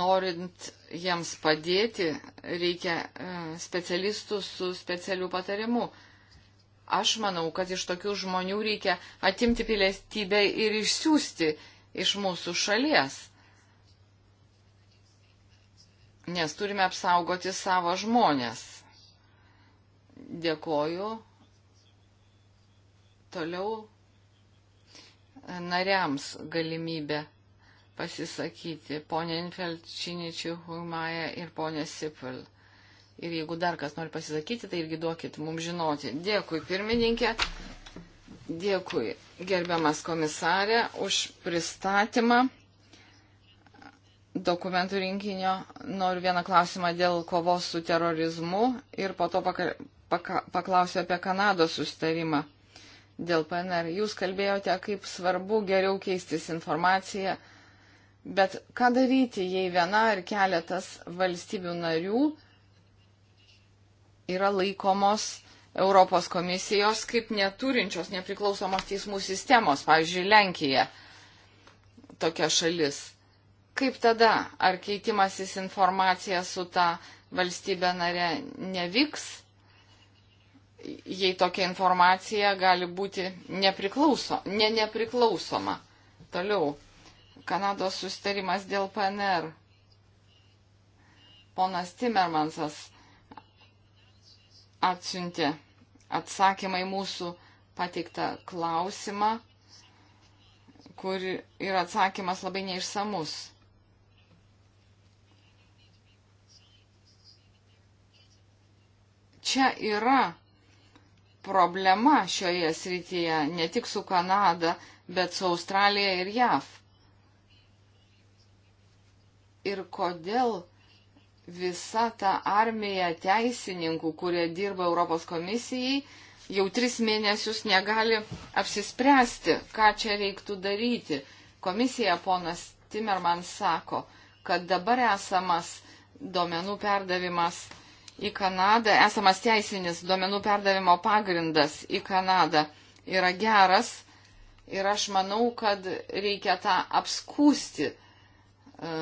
norint jiems padėti, reikia e, specialistų su specialiu patarimu. Aš manau, kad iš tokių žmonių reikia atimti piliestybę ir išsiųsti iš mūsų šalies. Nes turime apsaugoti savo žmonės. Dėkoju. Toliau e, nariams galimybę pasisakyti, ponė Infelčiničių, Humaja ir ponė Sipil. Ir jeigu dar kas nori pasisakyti, tai irgi duokit mums žinoti. Dėkui, pirmininkė. Dėkui, gerbiamas komisarė, už pristatymą dokumentų rinkinio. Noriu vieną klausimą dėl kovos su terorizmu ir po to paka, paka, paklausiu apie Kanados sustarimą dėl PNR. Jūs kalbėjote, kaip svarbu geriau keistis informaciją Bet ką daryti, jei viena ar keletas valstybių narių yra laikomos Europos komisijos kaip neturinčios nepriklausomos teismų sistemos, pavyzdžiui, Lenkija tokia šalis. Kaip tada, ar keitimasis informacija su ta valstybė narė nevyks, jei tokia informacija gali būti nepriklauso, ne nepriklausoma? Toliau Kanados sustarimas dėl PNR. Ponas Timermansas atsiuntė atsakymą į mūsų pateiktą klausimą, kur yra atsakymas labai neišsamus. Čia yra problema šioje srityje ne tik su Kanada, bet su Australija ir JAV ir kodėl visa ta armija teisininkų, kurie dirba Europos komisijai, jau tris mėnesius negali apsispręsti, ką čia reiktų daryti. Komisija ponas Timerman sako, kad dabar esamas duomenų perdavimas į Kanadą, esamas teisinis duomenų perdavimo pagrindas į Kanadą yra geras ir aš manau, kad reikia tą apskūsti. E,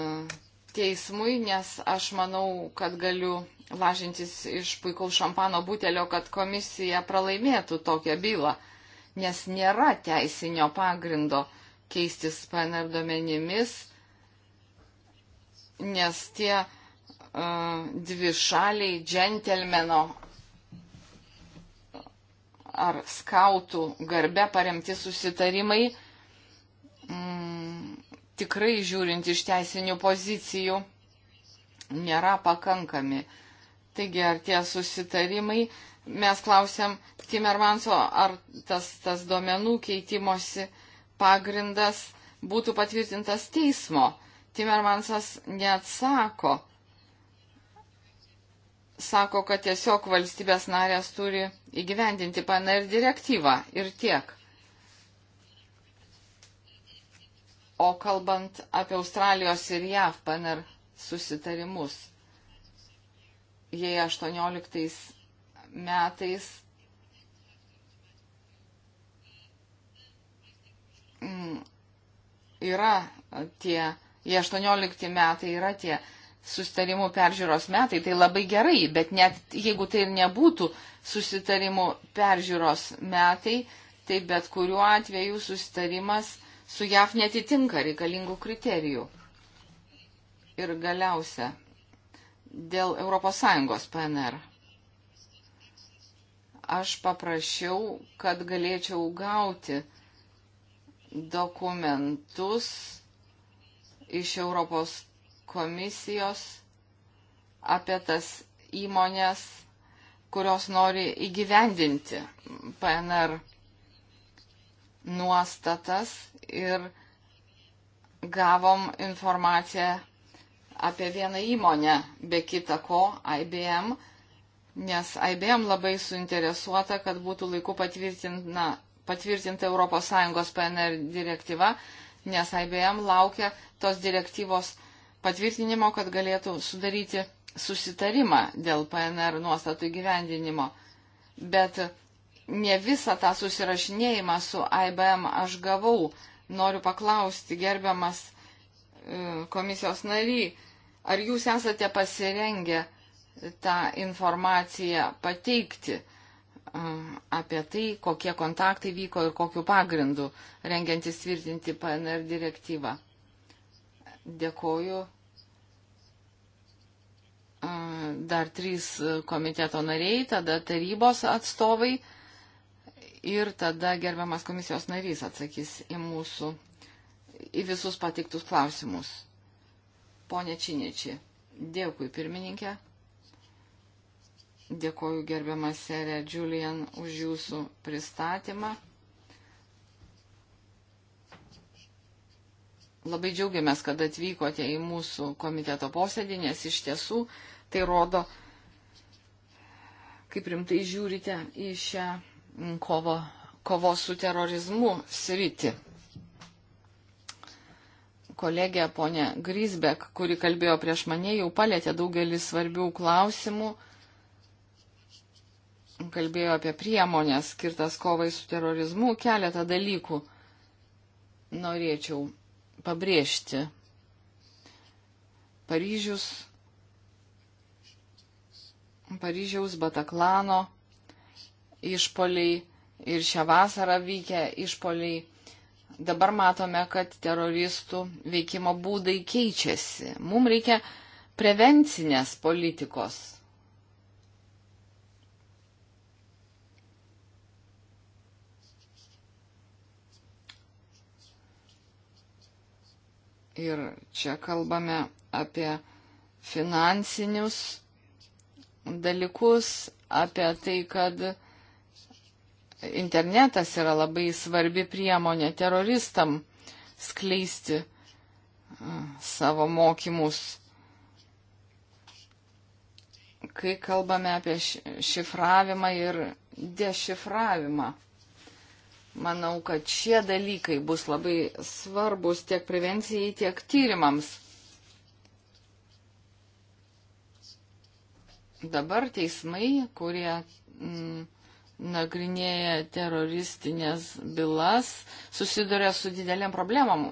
teismui, nes aš manau, kad galiu lažintis iš puikaus šampano butelio, kad komisija pralaimėtų tokią bylą, nes nėra teisinio pagrindo keistis PNR duomenimis, nes tie uh, dvi šaliai džentelmeno ar skautų garbe paremti susitarimai mm, tikrai žiūrint iš teisinių pozicijų nėra pakankami. Taigi, ar tie susitarimai, mes klausiam Timermanso, ar tas, tas duomenų keitimosi pagrindas būtų patvirtintas teismo. Timermansas neatsako. Sako, kad tiesiog valstybės narės turi įgyvendinti PNR direktyvą ir tiek. O kalbant apie Australijos ir JAV PNR susitarimus, jei 18 metais mm, yra tie, jei 18 metai yra tie susitarimų peržiūros metai, tai labai gerai, bet net jeigu tai ir nebūtų susitarimų peržiūros metai, tai bet kuriuo atveju susitarimas su JAV netitinka reikalingų kriterijų. Ir galiausia, dėl ES PNR. Aš paprašiau, kad galėčiau gauti dokumentus iš Europos komisijos apie tas įmonės, kurios nori įgyvendinti PNR nuostatas ir gavom informaciją apie vieną įmonę, be kita ko, IBM, nes IBM labai suinteresuota, kad būtų laiku patvirtinta, patvirtinta ES PNR direktyva, nes IBM laukia tos direktyvos patvirtinimo, kad galėtų sudaryti susitarimą dėl PNR nuostatų gyvendinimo. Bet ne visą tą susirašinėjimą su IBM aš gavau noriu paklausti, gerbiamas e, komisijos nary, ar jūs esate pasirengę tą informaciją pateikti e, apie tai, kokie kontaktai vyko ir kokiu pagrindu rengiantis tvirtinti PNR direktyvą. Dėkoju. E, dar trys komiteto nariai, tada tarybos atstovai ir tada gerbiamas komisijos narys atsakys į mūsų, į visus patiktus klausimus. Pone Činiečiai, dėkui pirmininkė. Dėkoju gerbiamas serė Julian už jūsų pristatymą. Labai džiaugiamės, kad atvykote į mūsų komiteto posėdį, nes iš tiesų tai rodo, kaip rimtai žiūrite į šią kovo, kovos su terorizmu sritį. Kolegė ponė Grisbek, kuri kalbėjo prieš mane, jau palėtė daugelį svarbių klausimų. Kalbėjo apie priemonės skirtas kovai su terorizmu. Keletą dalykų norėčiau pabrėžti. Paryžius, Paryžiaus Bataklano išpoliai ir šią vasarą vykę išpoliai. Dabar matome, kad teroristų veikimo būdai keičiasi. Mums reikia prevencinės politikos. Ir čia kalbame apie finansinius dalykus, apie tai, kad internetas yra labai svarbi priemonė teroristam skleisti savo mokymus. Kai kalbame apie šifravimą ir dešifravimą, manau, kad šie dalykai bus labai svarbus tiek prevencijai, tiek tyrimams. Dabar teismai, kurie mm, nagrinėja teroristinės bylas, susiduria su dideliam problemam,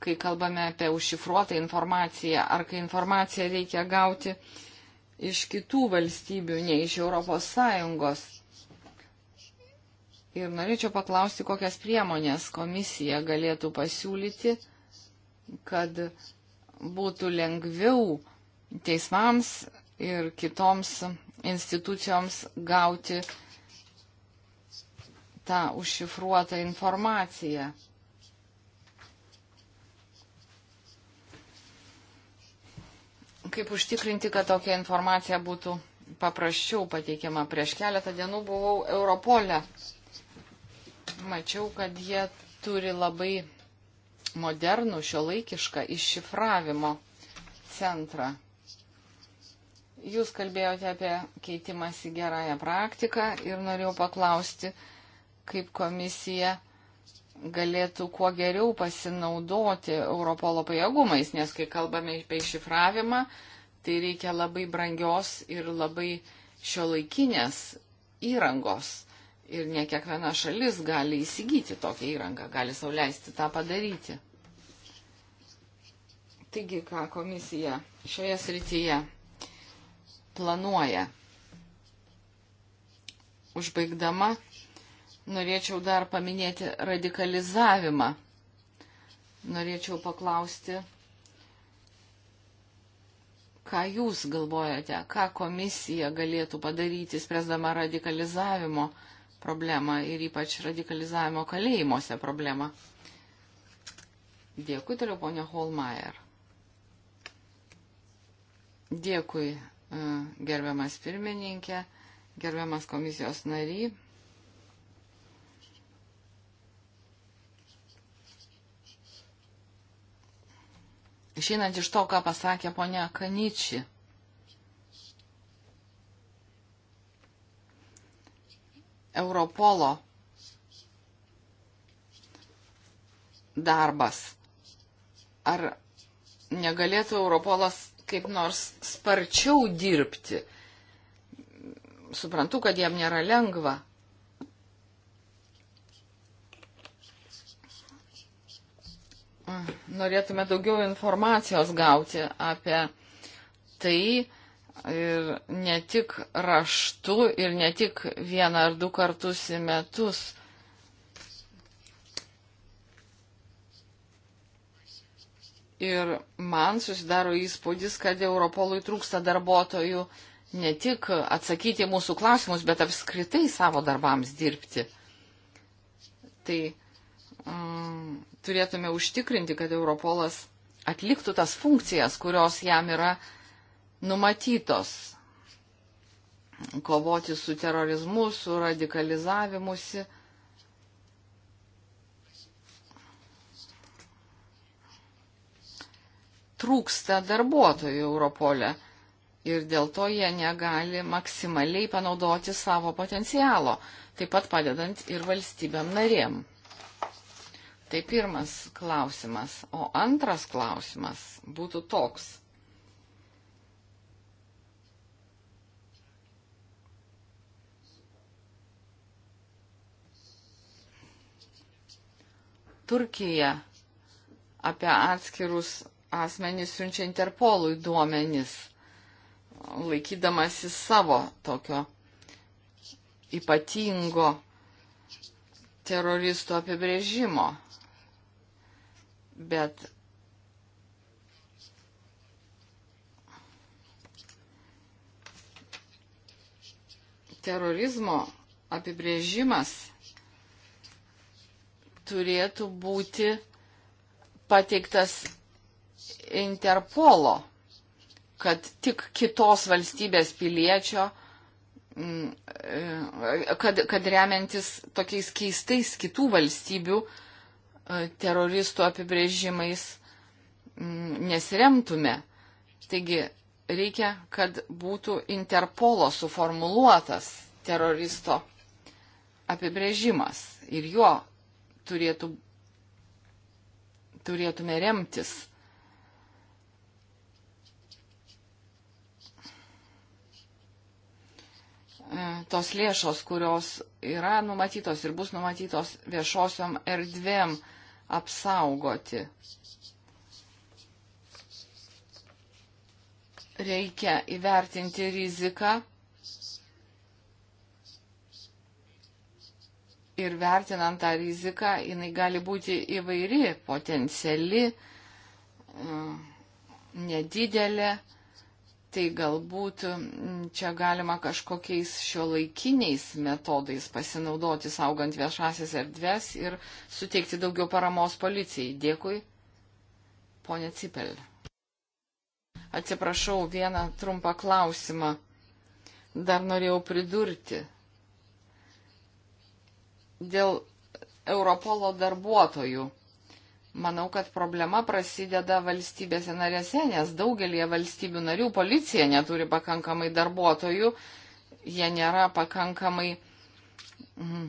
kai kalbame apie užšifruotą informaciją, ar kai informaciją reikia gauti iš kitų valstybių, ne iš Europos Sąjungos. Ir norėčiau paklausti, kokias priemonės komisija galėtų pasiūlyti, kad būtų lengviau teismams ir kitoms institucijoms gauti tą užšifruotą informaciją. Kaip užtikrinti, kad tokia informacija būtų paprasčiau pateikiama. Prieš keletą dienų buvau Europolė. Mačiau, kad jie turi labai modernų šio laikišką iššifravimo centrą. Jūs kalbėjote apie keitimąsi gerąją praktiką ir norėjau paklausti, kaip komisija galėtų kuo geriau pasinaudoti Europolo pajėgumais, nes kai kalbame apie iššifravimą, tai reikia labai brangios ir labai šio laikinės įrangos. Ir ne kiekviena šalis gali įsigyti tokią įrangą, gali sauliaisti tą padaryti. Taigi, ką komisija šioje srityje planuoja. Užbaigdama, norėčiau dar paminėti radikalizavimą. Norėčiau paklausti, ką jūs galvojate, ką komisija galėtų padaryti, spręsdama radikalizavimo problemą ir ypač radikalizavimo kalėjimuose problemą. Dėkui, toliau ponia Holmeier. Dėkui, Mm, gerbiamas pirmininkė, gerbiamas komisijos nary. Išinant iš to, ką pasakė ponia Kaniči. Europolo darbas. Ar negalėtų Europolas kaip nors sparčiau dirbti. Suprantu, kad jam nėra lengva. Norėtume daugiau informacijos gauti apie tai ir ne tik raštu ir ne tik vieną ar du kartus į metus Ir man susidaro įspūdis, kad Europolui trūksta darbuotojų ne tik atsakyti mūsų klausimus, bet apskritai savo darbams dirbti. Tai mm, turėtume užtikrinti, kad Europolas atliktų tas funkcijas, kurios jam yra numatytos. Kovoti su terorizmu, su radikalizavimusi. trūksta darbuotojų Europolė ir dėl to jie negali maksimaliai panaudoti savo potencialo, taip pat padedant ir valstybėm narėm. Tai pirmas klausimas. O antras klausimas būtų toks. Turkija apie atskirus asmenys siunčia Interpolui duomenis, laikydamasi savo tokio ypatingo teroristo apibrėžimo. Bet terorizmo apibrėžimas turėtų būti pateiktas Interpolo, kad tik kitos valstybės piliečio, mm, e, kad, kad remiantis tokiais keistais kitų valstybių e, teroristų apibrėžimais mm, nesiremtume. Taigi reikia, kad būtų Interpolo suformuluotas teroristo apibrėžimas ir juo turėtų, turėtume remtis. E, tos lėšos, kurios yra numatytos ir bus numatytos viešosiom erdvėm apsaugoti. Reikia įvertinti riziką ir vertinant tą riziką, jinai gali būti įvairi, potenciali, e, nedidelė tai galbūt mm, čia galima kažkokiais šio laikiniais metodais pasinaudoti, saugant viešasias erdves ir suteikti daugiau paramos policijai. Dėkui, ponė Cipel. Atsiprašau, vieną trumpą klausimą dar norėjau pridurti. Dėl Europolo darbuotojų Manau, kad problema prasideda valstybėse narėse, nes daugelie valstybių narių policija neturi pakankamai darbuotojų, jie nėra pakankamai mm,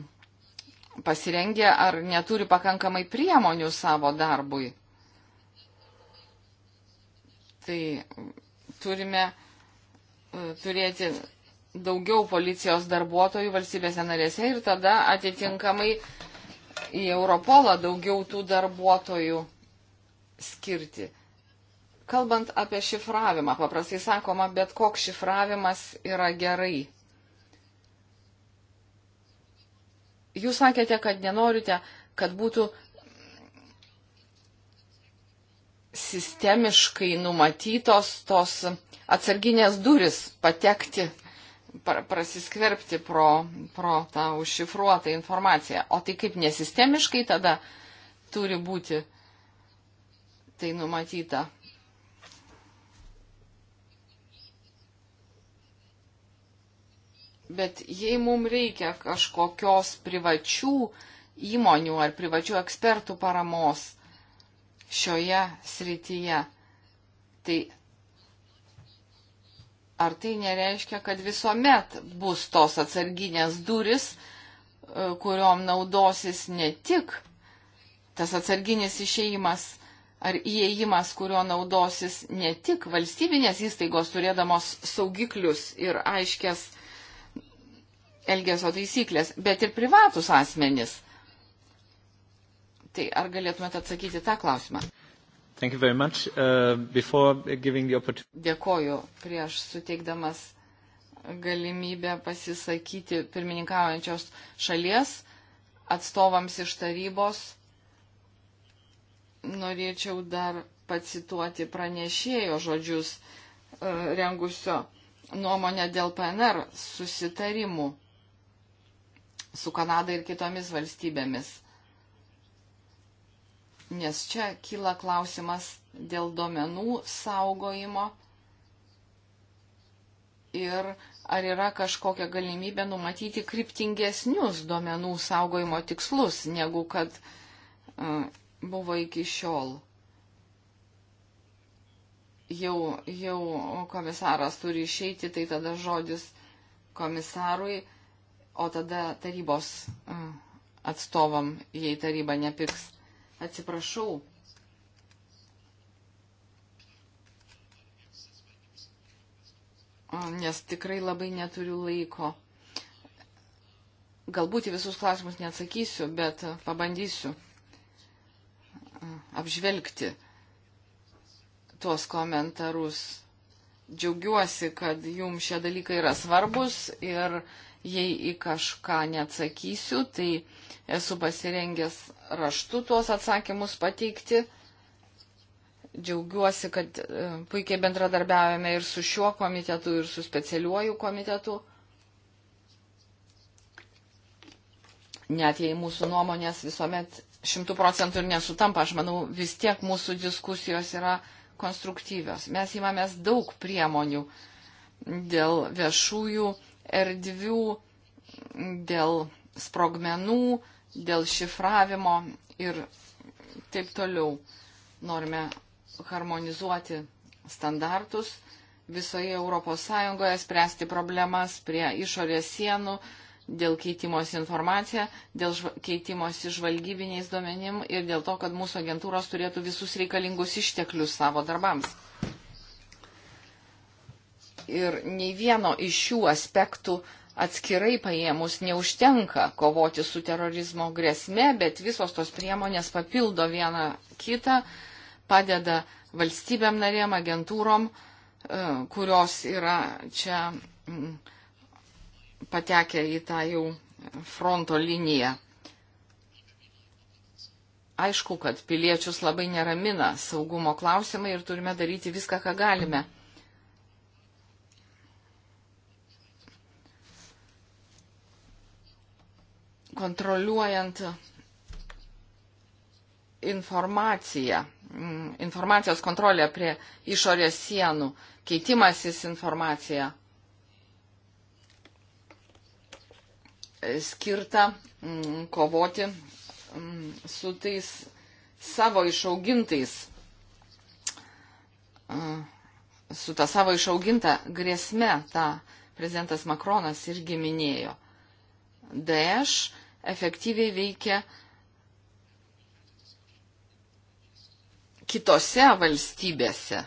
pasirengę ar neturi pakankamai priemonių savo darbui. Tai turime e, turėti daugiau policijos darbuotojų valstybėse narėse ir tada atitinkamai uh, į Europolą daugiau tų darbuotojų skirti. Kalbant apie šifravimą, paprastai sakoma, bet koks šifravimas yra gerai. Jūs sakėte, kad nenorite, kad būtų sistemiškai numatytos tos atsarginės duris patekti prasiskverbti pro, pro tą užšifruotą informaciją. O tai kaip nesistemiškai tada turi būti tai numatyta. Bet jei mums reikia kažkokios privačių įmonių ar privačių ekspertų paramos šioje srityje, tai Ar tai nereiškia, kad visuomet bus tos atsarginės duris, e, kuriuom naudosis ne tik tas atsarginis išėjimas ar įėjimas, kurio naudosis ne tik valstybinės įstaigos turėdamos saugiklius ir aiškias elgesio taisyklės, bet ir privatus asmenys. Tai ar galėtumėte atsakyti tą klausimą? Thank you very much. Uh, before giving the opportunity. Dėkoju prieš suteikdamas galimybę pasisakyti pirmininkaujančios šalies atstovams iš tarybos. Norėčiau dar pacituoti pranešėjo žodžius uh, rengusio nuomonę dėl PNR susitarimų su Kanada ir kitomis valstybėmis nes čia kyla klausimas dėl duomenų saugojimo ir ar yra kažkokia galimybė numatyti kryptingesnius duomenų saugojimo tikslus, negu kad uh, buvo iki šiol. Jau, jau komisaras turi išeiti, tai tada žodis komisarui, o tada tarybos uh, atstovam, jei taryba nepiks. Atsiprašau. Nes tikrai labai neturiu laiko. Galbūt į visus klausimus neatsakysiu, bet pabandysiu apžvelgti tuos komentarus. Džiaugiuosi, kad jums šie dalykai yra svarbus ir uh, Jei į kažką neatsakysiu, tai esu pasirengęs raštu tuos atsakymus pateikti. Džiaugiuosi, kad e, puikiai bendradarbiavame ir su šiuo komitetu, ir su specialiuoju komitetu. Net jei mūsų nuomonės visuomet šimtų procentų ir nesutampa, aš manau, vis tiek mūsų diskusijos yra konstruktyvios. Mes įmamės daug priemonių dėl viešųjų erdvių, dėl sprogmenų, dėl šifravimo ir taip toliau. Norime harmonizuoti standartus visoje ES, spręsti problemas prie išorės sienų, dėl keitimos informacija, dėl keitimos žvalgybiniais duomenim ir dėl to, kad mūsų agentūros turėtų visus reikalingus išteklius savo darbams ir nei vieno iš šių aspektų atskirai paėmus neužtenka kovoti su terorizmo grėsme, bet visos tos priemonės papildo vieną kitą, padeda valstybėm narėm, agentūrom, e, kurios yra čia mm, patekę į tą jau fronto liniją. Aišku, kad piliečius labai neramina saugumo klausimai ir turime daryti viską, ką galime kontroliuojant informaciją, mm, informacijos kontrolė prie išorės sienų, keitimasis informacija skirta mm, kovoti mm, su tais savo išaugintais, su ta savo išauginta grėsme, tą prezidentas Makronas irgi minėjo. Daesh efektyviai veikia kitose valstybėse.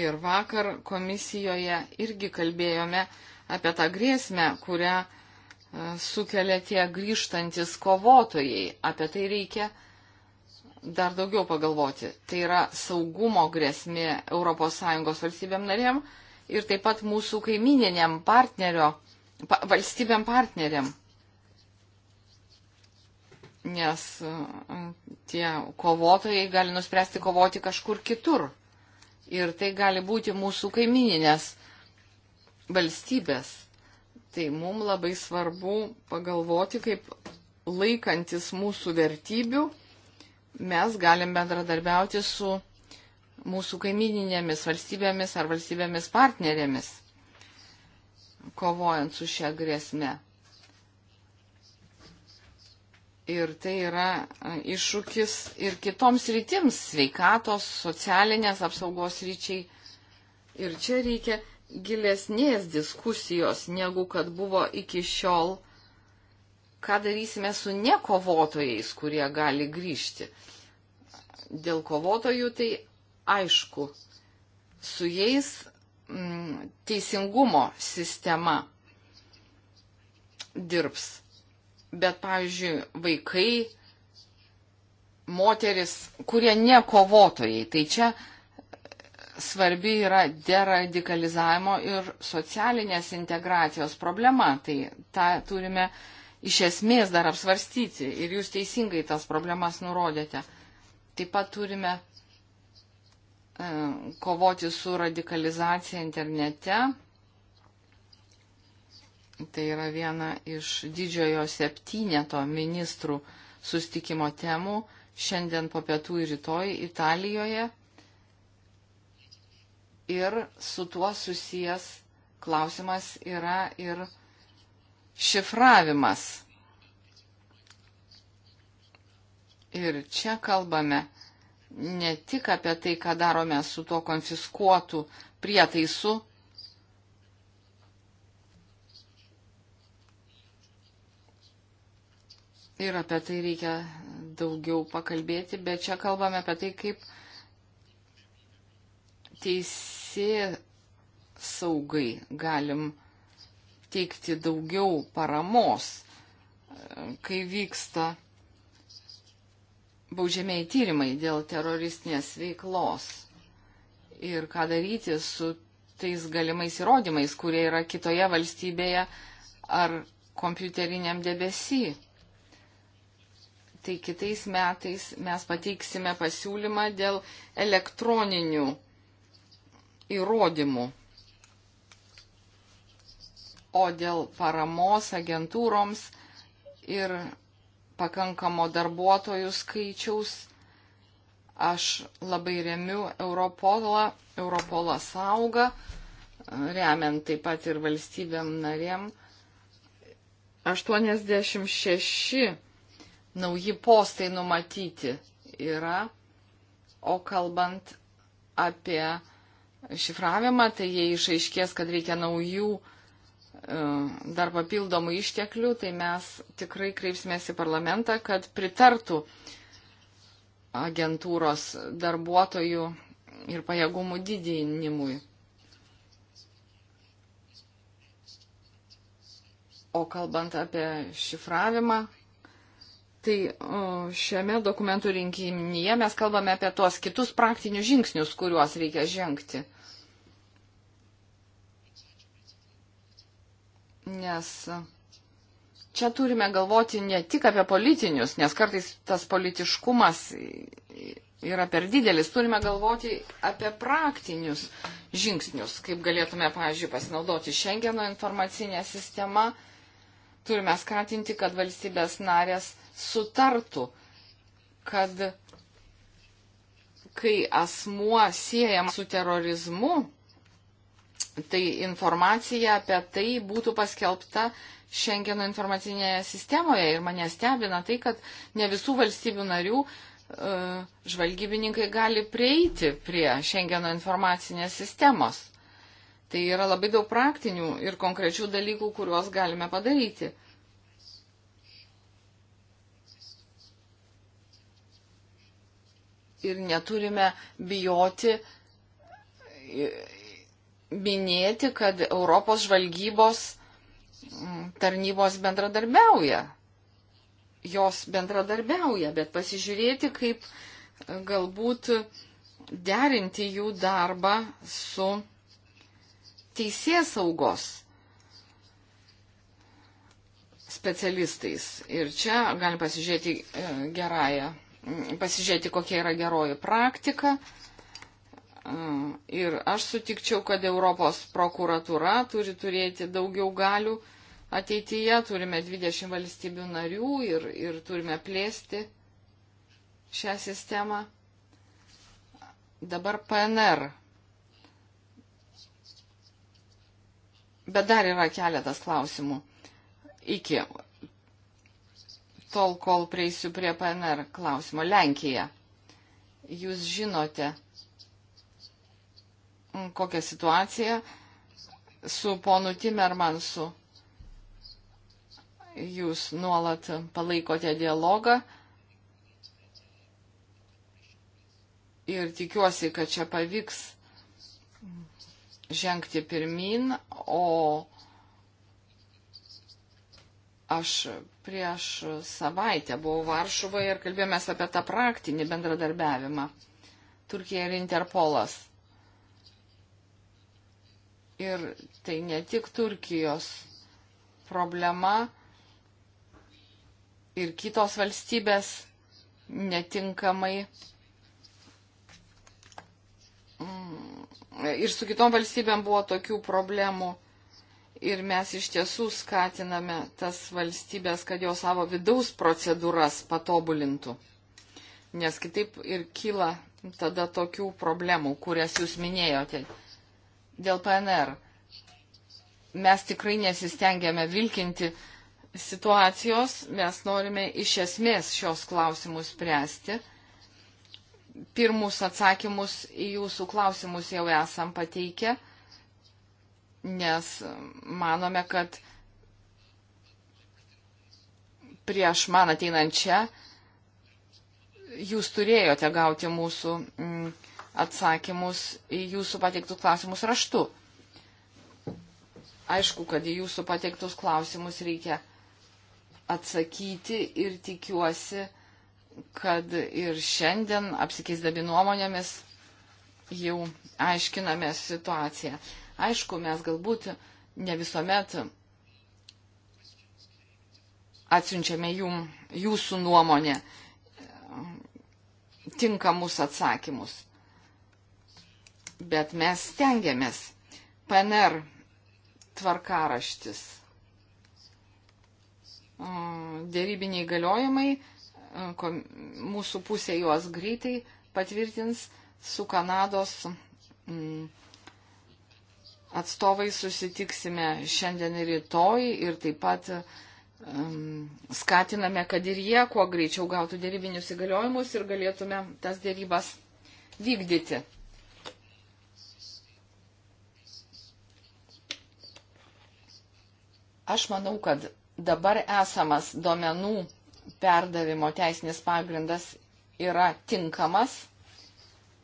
Ir vakar komisijoje irgi kalbėjome apie tą grėsmę, kurią e, sukelia tie grįžtantis kovotojai. Apie tai reikia dar daugiau pagalvoti. Tai yra saugumo grėsmė ES valstybėm narėm ir taip pat mūsų kaimininėm partnerio, pa, valstybėm partneriam nes e, tie kovotojai gali nuspręsti kovoti kažkur kitur. Ir tai gali būti mūsų kaimininės valstybės. Tai mums labai svarbu pagalvoti, kaip laikantis mūsų vertybių mes galim bendradarbiauti su mūsų kaimininėmis valstybėmis ar valstybėmis partnerėmis, kovojant su šia grėsme. Ir tai yra iššūkis ir kitoms rytims - sveikatos, socialinės apsaugos ryčiai. Ir čia reikia gilesnės diskusijos, negu kad buvo iki šiol, ką darysime su nekovotojais, kurie gali grįžti. Dėl kovotojų tai aišku, su jais mm, teisingumo sistema dirbs bet, pavyzdžiui, vaikai, moteris, kurie ne kovotojai, tai čia svarbi yra deradikalizavimo ir socialinės integracijos problema. Tai tą turime iš esmės dar apsvarstyti ir jūs teisingai tas problemas nurodėte. Taip pat turime e, kovoti su radikalizacija internete Tai yra viena iš didžiojo septyneto ministrų sustikimo temų šiandien po pietų ir rytoj Italijoje. Ir su tuo susijęs klausimas yra ir šifravimas. Ir čia kalbame ne tik apie tai, ką darome su tuo konfiskuotu prietaisu, ir apie tai reikia daugiau pakalbėti, bet čia kalbame apie tai, kaip teisė saugai galim teikti daugiau paramos, kai vyksta baudžiamiai tyrimai dėl teroristinės veiklos ir ką daryti su tais galimais įrodymais, kurie yra kitoje valstybėje ar kompiuteriniam debesy tai kitais metais mes pateiksime pasiūlymą dėl elektroninių įrodymų. O dėl paramos agentūroms ir pakankamo darbuotojų skaičiaus aš labai remiu Europolą, Europolą saugą, remiant taip pat ir valstybėm narėm. 86 nauji postai numatyti yra. O kalbant apie šifravimą, tai jei išaiškės, kad reikia naujų e, dar papildomų išteklių, tai mes tikrai kreipsimės į parlamentą, kad pritartų agentūros darbuotojų ir pajėgumų didinimui. O kalbant apie šifravimą, Tai o, šiame dokumentų rinkinyje mes kalbame apie tuos kitus praktinius žingsnius, kuriuos reikia žengti. Nes čia turime galvoti ne tik apie politinius, nes kartais tas politiškumas yra per didelis. Turime galvoti apie praktinius žingsnius, kaip galėtume, pavyzdžiui, pasinaudoti Šengeno informacinę sistemą turime skatinti, kad valstybės narės sutartų, kad kai asmuo siejama su terorizmu, tai informacija apie tai būtų paskelbta Šengeno informacinėje sistemoje. Ir mane stebina tai, kad ne visų valstybių narių e, žvalgybininkai gali prieiti prie Šengeno informacinės sistemos. Tai yra labai daug praktinių ir konkrečių dalykų, kuriuos galime padaryti. Ir neturime bijoti minėti, kad Europos žvalgybos mm, tarnybos bendradarbiauja. Jos bendradarbiauja, bet pasižiūrėti, kaip e, galbūt derinti jų darbą su teisės saugos specialistais. Ir čia galim pasižiūrėti e, gerąją, pasižiūrėti, kokia yra geroji praktika. E, ir aš sutikčiau, kad Europos prokuratura turi turėti daugiau galių ateityje. Turime 20 valstybių narių ir, ir turime plėsti šią sistemą. Dabar PNR Bet dar yra keletas klausimų. Iki tol, kol prieisiu prie PNR klausimo. Lenkija. Jūs žinote, mm, kokią situaciją su ponu Timermansu. Jūs nuolat palaikote dialogą ir tikiuosi, kad čia pavyks žengti pirmin, o aš prieš savaitę buvau Varšuvoje ir kalbėjomės apie tą praktinį bendradarbiavimą. Turkija ir Interpolas. Ir tai ne tik Turkijos problema ir kitos valstybės netinkamai ir su kitom valstybėm buvo tokių problemų. Ir mes iš tiesų skatiname tas valstybės, kad jo savo vidaus procedūras patobulintų. Nes kitaip ir kyla tada tokių problemų, kurias jūs minėjote. Dėl PNR mes tikrai nesistengiame vilkinti situacijos, mes norime iš esmės šios klausimus spręsti pirmus atsakymus į jūsų klausimus jau esam pateikę, nes manome, kad prieš man ateinant čia jūs turėjote gauti mūsų mm, atsakymus į jūsų pateiktus klausimus raštu. Aišku, kad į jūsų pateiktus klausimus reikia atsakyti ir tikiuosi, kad ir šiandien apsikeisdami nuomonėmis jau aiškiname situaciją. Aišku, mes galbūt ne visuomet atsiunčiame jum, jūsų nuomonę tinkamus atsakymus. Bet mes stengiamės. PNR tvarkaraštis. Mm, dėrybiniai galiojimai mūsų pusė juos greitai patvirtins su Kanados mm, atstovai susitiksime šiandien ir rytoj ir taip pat um, skatiname, kad ir jie kuo greičiau gautų dėrybinius įgaliojimus ir galėtume tas dėrybas vykdyti. Aš manau, kad dabar esamas duomenų perdavimo teisinis pagrindas yra tinkamas,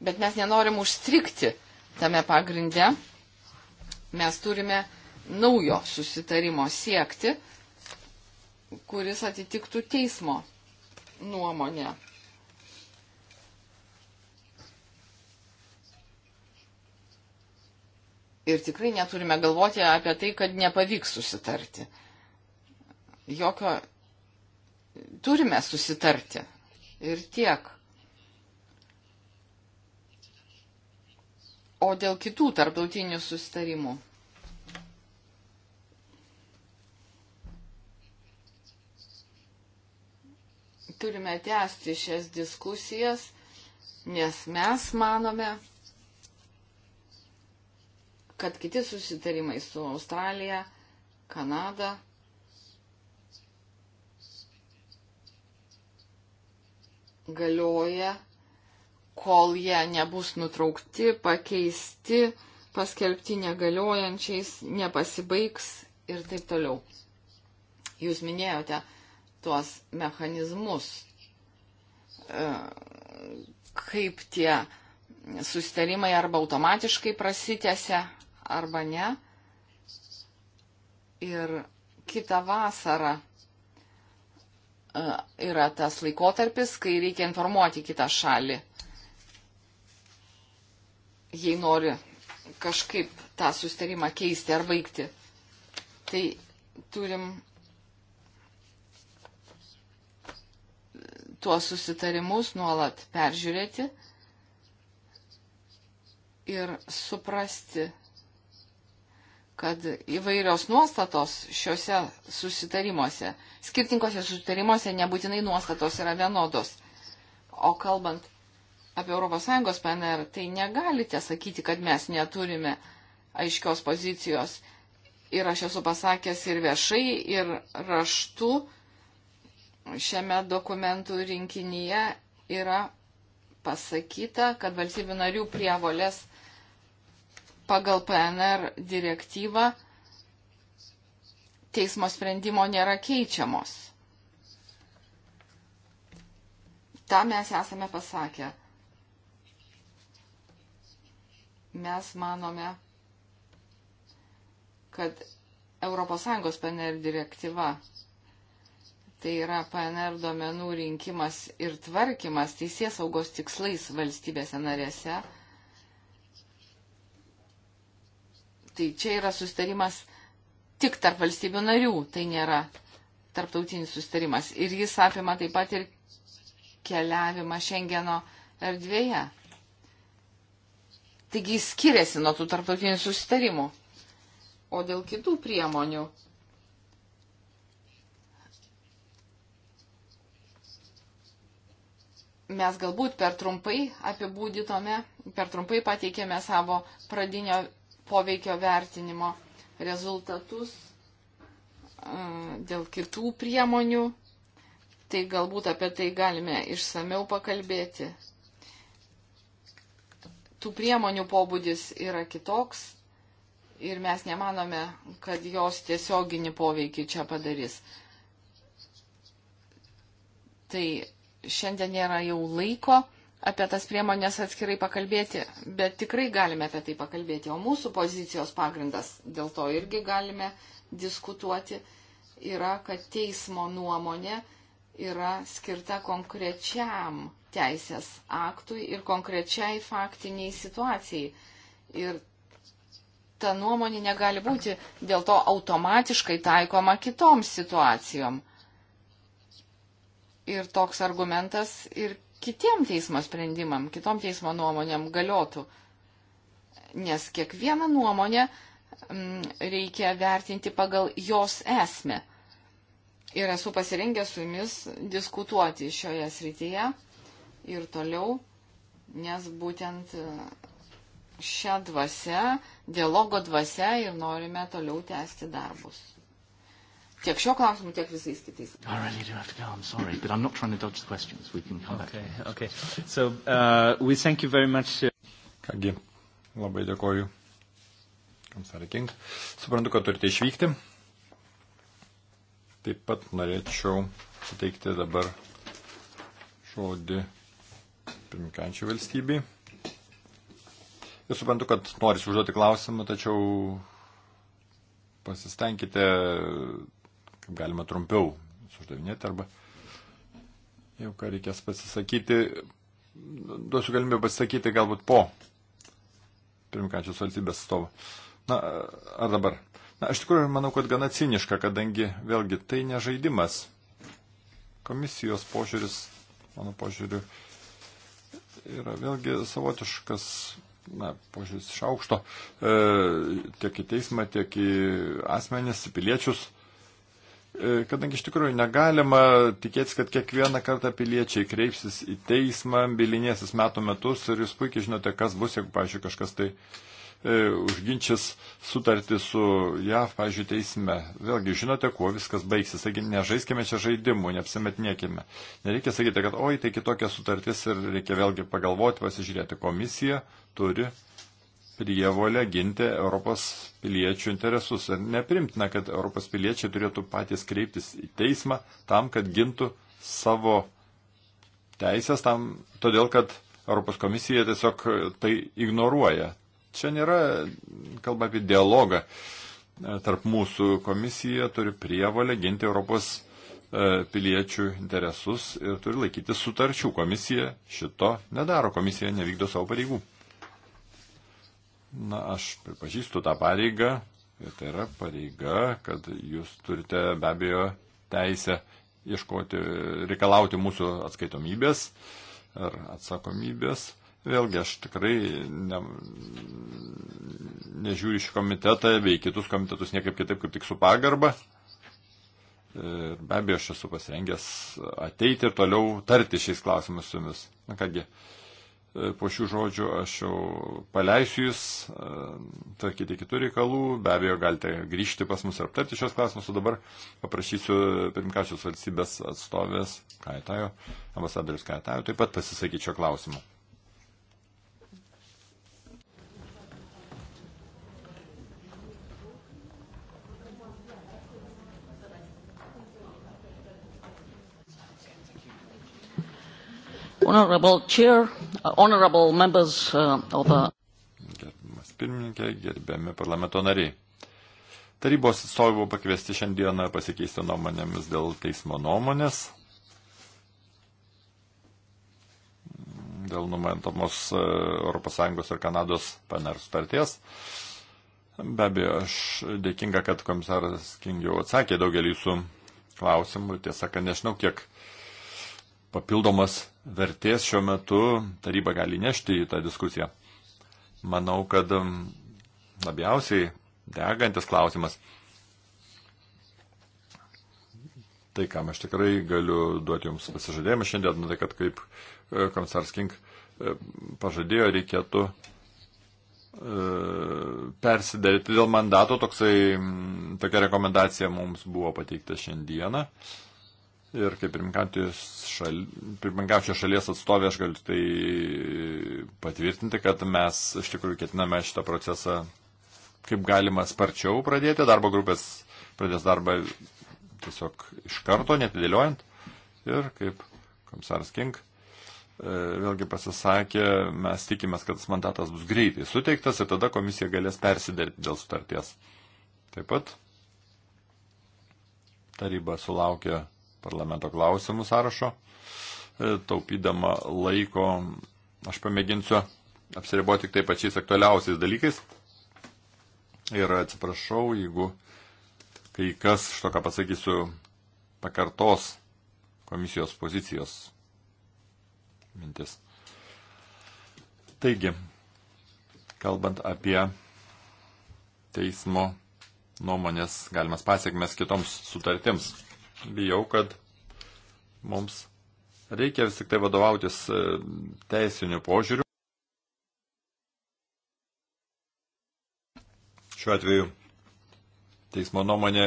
bet mes nenorim užstrikti tame pagrinde. Mes turime naujo susitarimo siekti, kuris atitiktų teismo nuomonę. Ir tikrai neturime galvoti apie tai, kad nepavyks susitarti. Jokio turime susitarti. Ir tiek. O dėl kitų tarptautinių susitarimų. Turime tęsti šias diskusijas, nes mes manome, kad kiti susitarimai su Australija, Kanada, galioja, kol jie nebus nutraukti, pakeisti, paskelbti negaliojančiais, nepasibaigs ir taip toliau. Jūs minėjote tuos mechanizmus, e, kaip tie susitarimai arba automatiškai prasitėse, arba ne. Ir kitą vasarą E, yra tas laikotarpis, kai reikia informuoti kitą šalį, jei nori kažkaip tą sustarimą keisti ar baigti. Tai turim tuos susitarimus nuolat peržiūrėti ir suprasti, kad įvairios nuostatos šiuose susitarimuose skirtingose sutarimuose nebūtinai nuostatos yra vienodos. O kalbant apie ES PNR, tai negalite sakyti, kad mes neturime aiškios pozicijos. Ir aš esu pasakęs ir viešai, ir raštu šiame dokumentų rinkinyje yra pasakyta, kad valstybių narių prievolės pagal PNR direktyvą teismo sprendimo nėra keičiamos. Ta mes esame pasakę. Mes manome, kad ES PNR direktyva, tai yra PNR duomenų rinkimas ir tvarkymas teisės saugos tikslais valstybėse narėse, tai čia yra sustarimas tik tarp valstybių narių, tai nėra tarptautinis sustarimas. Ir jis apima taip pat ir keliavimą Šengeno erdvėje. Taigi jis skiriasi nuo tų tarptautinių sustarimų. O dėl kitų priemonių. Mes galbūt per trumpai apibūdytome, per trumpai pateikėme savo pradinio poveikio vertinimo rezultatus dėl kitų priemonių, tai galbūt apie tai galime išsameu pakalbėti. Tų priemonių pobūdis yra kitoks ir mes nemanome, kad jos tiesioginį poveikį čia padarys. Tai šiandien nėra jau laiko apie tas priemonės atskirai pakalbėti, bet tikrai galime apie tai pakalbėti, o mūsų pozicijos pagrindas dėl to irgi galime diskutuoti yra, kad teismo nuomonė yra skirta konkrečiam teisės aktui ir konkrečiai faktiniai situacijai. Ir ta nuomonė negali būti dėl to automatiškai taikoma kitoms situacijom. Ir toks argumentas ir kitiem teismo sprendimam, kitom teismo nuomonėm galiotų. Nes kiekvieną nuomonę m, mm, reikia vertinti pagal jos esmę. Ir esu pasirengęs su jumis diskutuoti šioje srityje ir toliau, nes būtent e, šią dvasę, dialogo dvasę ir norime toliau tęsti darbus. Tiek šio klausimu, tiek visais kitais. I really do have to go. I'm sorry, but I'm not trying to dodge the questions. We can come okay, back. Okay. So, uh, we thank you very much. Kągi, labai dėkoju. Komisarė King. Suprantu, kad turite išvykti. Taip pat norėčiau suteikti dabar žodį pirmininkančių valstybei. Ir suprantu, kad norisi užduoti klausimą, tačiau pasistengkite kaip galima trumpiau uždavinėti arba jau ką reikės pasisakyti, duosiu galimybę pasisakyti galbūt po pirmkančios valstybės atstovo. Na, ar dabar? Na, aš tikrųjų manau, kad gana ciniška, kadangi vėlgi tai ne žaidimas. Komisijos požiūris, mano požiūriu, yra vėlgi savotiškas na, požiūris iš aukšto, e, tiek į teismą, tiek į asmenis, į piliečius. E, E, kadangi iš tikrųjų negalima tikėtis, kad kiekvieną kartą piliečiai kreipsis į teismą, bilinėsis metų metus ir jūs puikiai žinote, kas bus, jeigu, pažiūrėjau, kažkas tai e, užginčis sutartį su JAV, pažiūrėjau, teisme. Vėlgi žinote, kuo viskas baigsis. Taigi nežaiskime čia žaidimų, neapsimetinėkime. Nereikia sakyti, kad oi, tai kitokia sutartis ir reikia vėlgi pagalvoti, pasižiūrėti. Komisija turi prievolę ginti Europos piliečių interesus. Ir neprimtina, kad Europos piliečiai turėtų patys kreiptis į teismą tam, kad gintų savo teisės, tam, todėl kad Europos komisija tiesiog tai ignoruoja. Čia nėra kalba apie dialogą. Tarp mūsų komisija turi prievolę ginti Europos e, piliečių interesus ir turi laikyti sutarčių. Komisija šito nedaro, komisija nevykdo savo pareigų. Na, aš pripažįstu tą pareigą, ir tai yra pareiga, kad jūs turite be abejo teisę ieškoti, reikalauti mūsų atskaitomybės ar atsakomybės. Vėlgi, aš tikrai ne, nežiūriu šį komitetą, bei kitus komitetus niekaip kitaip, kaip tik su pagarba. Ir be abejo, aš esu pasirengęs ateiti ir toliau tarti šiais klausimais su jumis. Na kągi. Uh, E, po šių žodžių aš jau paleisiu jūs, e, tarkite kitų reikalų, be abejo galite grįžti pas mus ir aptarti šios klausimus, o dabar paprašysiu pirmkačios valstybės atstovės Kaitajo, ambasadorius Kaitajo, taip pat pasisakyti šio klausimu. Honorable Chair, uh, honorable members uh, of the... Uh, Gerbimas pirmininkė, gerbiami parlamento nariai. Tarybos atstovai buvo pakviesti šiandieną pasikeisti nuomonėmis dėl teismo nuomonės, dėl numatomos ES ir Kanados PNR sutarties. Be abejo, aš dėkinga, kad komisaras King jau atsakė daugelį jūsų klausimų. Tiesą, kad nežinau, kiek papildomas vertės šiuo metu taryba gali nešti į tą diskusiją. Manau, kad um, labiausiai degantis klausimas. Tai, kam aš tikrai galiu duoti Jums pasižadėjimą šiandien, tai kad kaip e, komisaras King e, pažadėjo, reikėtų e, persidaryti dėl mandato, toksai, tokia rekomendacija mums buvo pateikta šiandieną. Uh, Ir kaip pirmininkaučio šal... šalies atstovė, aš galiu tai patvirtinti, kad mes iš tikrųjų ketiname šitą procesą kaip galima sparčiau pradėti. Darbo grupės pradės darbą tiesiog iš karto, netidėliojant. Ir kaip komisaras King e, vėlgi pasisakė, mes tikimės, kad tas mandatas bus greitai suteiktas ir tada komisija galės persidaryti dėl sutarties. Taip pat taryba sulaukė parlamento klausimų sąrašo. E, taupydama laiko aš pamėginsiu apsiriboti tik tai pačiais aktualiausiais dalykais. Ir atsiprašau, jeigu kai kas, šito ką pasakysiu, pakartos komisijos pozicijos mintis. Taigi, kalbant apie teismo nuomonės galimas pasiekmes kitoms sutartims bijau, kad mums reikia vis tik tai vadovautis e, teisiniu požiūriu. Šiuo atveju teismo nuomonė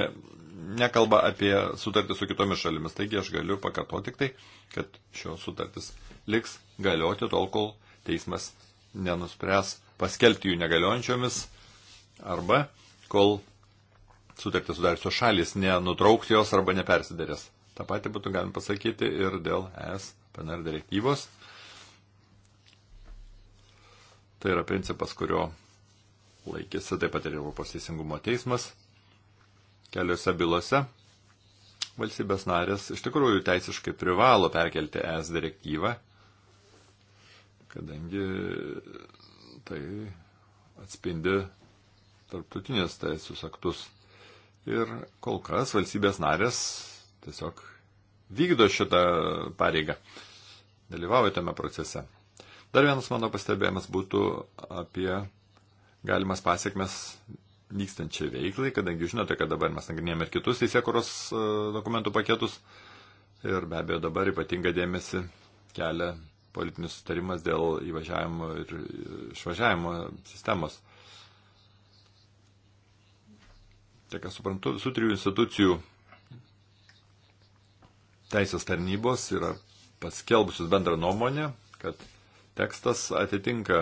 nekalba apie sutartį su kitomis šalimis, taigi aš galiu pakartoti tik tai, kad šios sutartis liks galioti tol, kol teismas nenuspręs paskelbti jų negaliojančiomis arba kol sutartį sudariusios šalis, nenutraukti jos arba nepersidarės. Ta pati būtų galima pasakyti ir dėl ES PNR direktyvos. Tai yra principas, kurio laikėsi taip pat ir Europos teisingumo teismas keliose bylose. Valstybės narės iš tikrųjų teisiškai privalo perkelti ES direktyvą, kadangi tai atspindi tarptautinės teisės aktus. Ir kol kas valstybės narės tiesiog vykdo šitą pareigą, dalyvauja tame procese. Dar vienas mano pastebėjimas būtų apie galimas pasiekmes vykstančiai veiklai, kadangi žinote, kad dabar mes nagrinėjame ir kitus teisėkuros e, dokumentų paketus ir be abejo dabar ypatinga dėmesį kelia politinis sutarimas dėl įvažiavimo ir išvažiavimo sistemos. kiek aš suprantu, visų trijų institucijų teisės tarnybos yra paskelbusios bendrą nuomonę, kad tekstas atitinka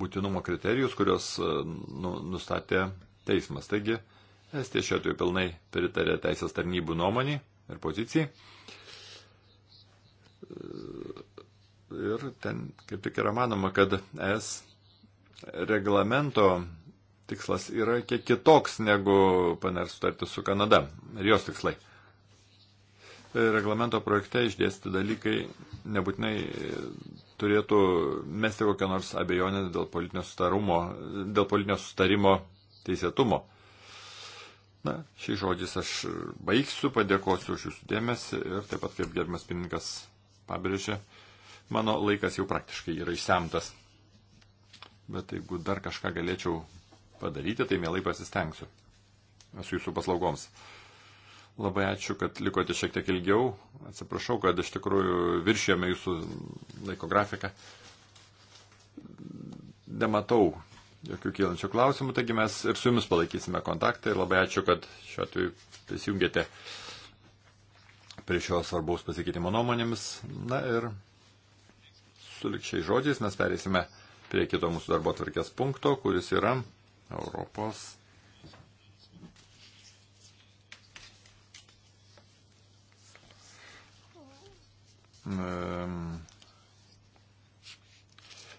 būtinumo kriterijus, kurios e, nu, nustatė teismas. Taigi, Estija šiuo atveju pilnai pritarė teisės tarnybų nuomonį ir pozicijai. E, ir ten kaip tik yra manoma, kad es reglamento tikslas yra kiek kitoks negu PNR sutartis su Kanada ir jos tikslai. Reglamento projekte išdėsti dalykai nebūtinai turėtų mesti kokią nors abejonę dėl politinio, dėl politinio sustarimo teisėtumo. Na, šiais žodžiais aš baigsiu, padėkosiu už jūsų dėmesį ir taip pat kaip gerbimas pirmininkas pabrėžė, mano laikas jau praktiškai yra išsemtas. Bet jeigu dar kažką galėčiau padaryti, tai mielai pasistengsiu. Esu jūsų paslaugoms. Labai ačiū, kad likote šiek tiek ilgiau. Atsiprašau, kad iš tikrųjų viršėjome jūsų laiko grafiką. Nematau jokių kylančių klausimų, taigi mes ir su jumis palaikysime kontaktą ir labai ačiū, kad šiuo atveju prisijungėte prie šio svarbaus pasikeitimo nuomonėmis. Na ir sulikščiai žodžiais mes perėsime prie kito mūsų darbo tvarkės punkto, kuris yra Europos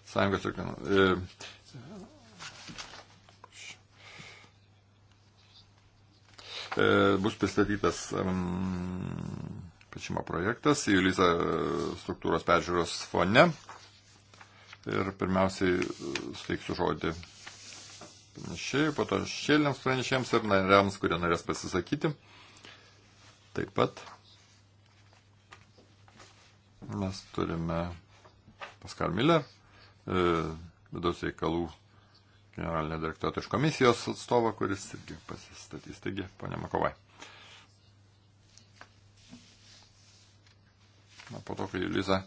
sąjungos ir e, bus pristatytas pačimo projektas į Julisa struktūros peržiūros fone. Ir pirmiausiai steiksiu žodį pranešėjui, po to šėliniams pranešėjams ir nariams, kurie norės pasisakyti. Taip pat mes turime Paskal Miller, e, vidaus reikalų generalinio direktorato iš komisijos atstovą, kuris irgi pasistatys. Taigi, ponia Makovai. Na, po to, kai Liza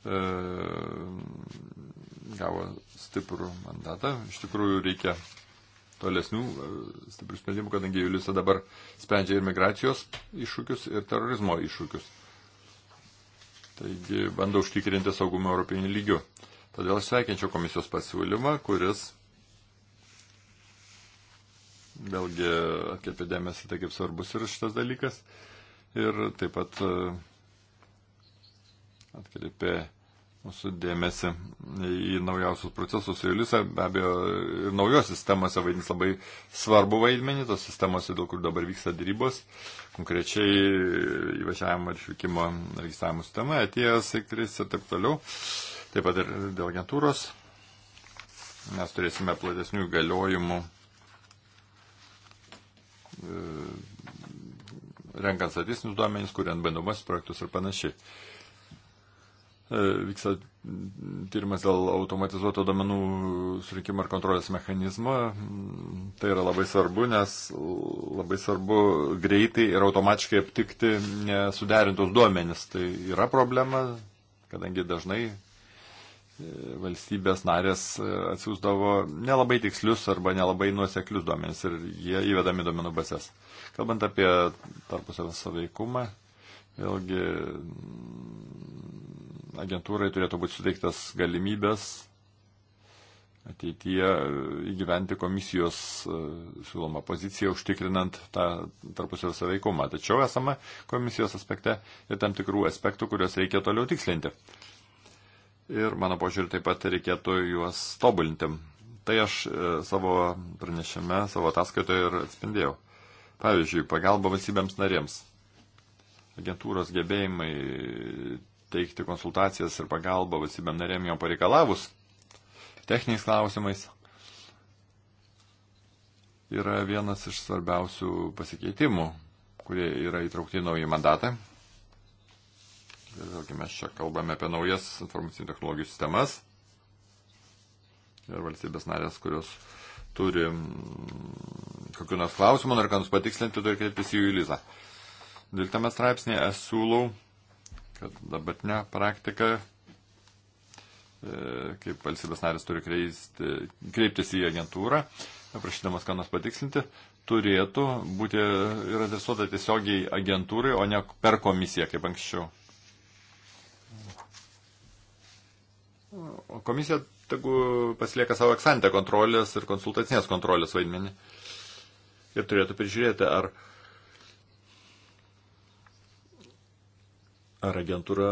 E, gavo stiprų mandatą. Iš tikrųjų reikia tolesnių e, stiprių sprendimų, kadangi Julisa dabar sprendžia ir migracijos iššūkius, ir terorizmo iššūkius. Taigi bando užtikrinti saugumą europinį lygių. Todėl sveikinčiau komisijos pasiūlymą, kuris vėlgi atkreipia dėmesį, tai kaip svarbus yra šitas dalykas. Ir taip pat e, atkreipė mūsų dėmesį į naujausius procesus. Ir Lisa be abejo ir naujos sistemose vaidins labai svarbu vaidmenį, tos sistemose, dėl kur dabar vyksta dėrybos, konkrečiai įvažiavimo ir išvykimo registravimo sistema, atėjęs e į kris ir taip toliau, taip pat ir dėl agentūros. Mes turėsime platesnių galiojimų e, renkant statistinius duomenys, kuriant bandomas projektus ir panašiai. E, vyksta tyrimas dėl automatizuoto domenų surinkimo ir kontrolės mechanizmo. Tai yra labai svarbu, nes labai svarbu greitai ir automatiškai aptikti nesuderintus duomenis. Tai yra problema, kadangi dažnai e, valstybės narės e, atsiųsdavo nelabai tikslius arba nelabai nuoseklius duomenis ir jie įvedami duomenų bazės. Kalbant apie tarpusavio saveikumą, Vėlgi agentūrai turėtų būti suteiktas galimybės ateityje įgyventi komisijos e, siūlomą poziciją, užtikrinant tą tarpusavio saveikumą. Tačiau esame komisijos aspekte ir tam tikrų aspektų, kuriuos reikia toliau tikslinti. Ir mano požiūrį taip pat reikėtų juos tobulinti. Tai aš e, savo pranešime, savo ataskaitoje ir atspindėjau. Pavyzdžiui, pagalba valstybėms narėms agentūros gebėjimai teikti konsultacijas ir pagalbą valstybėm narėm jo pareikalavus techniniais klausimais yra vienas iš svarbiausių pasikeitimų, kurie yra įtraukti į naują mandatą. Vėlgi mes čia kalbame apie naujas informacinių technologijų sistemas ir valstybės narės, kurios turi mm, kokiu nors klausimu, ar ką nus patikslinti, turi kreiptis į Julizą. Uh, 12 straipsnėje aš siūlau, kad dabartinė praktika, e, kaip valstybės narės turi kreisti, kreiptis į agentūrą, prašydamas ką nors patikslinti, turėtų būti ir adresuota tiesiogiai agentūrai, o ne per komisiją, kaip anksčiau. O komisija tegu pasilieka savo eksantę kontrolės ir konsultacinės kontrolės vaidmenį. Ir turėtų prižiūrėti, ar uh, Ar agentūra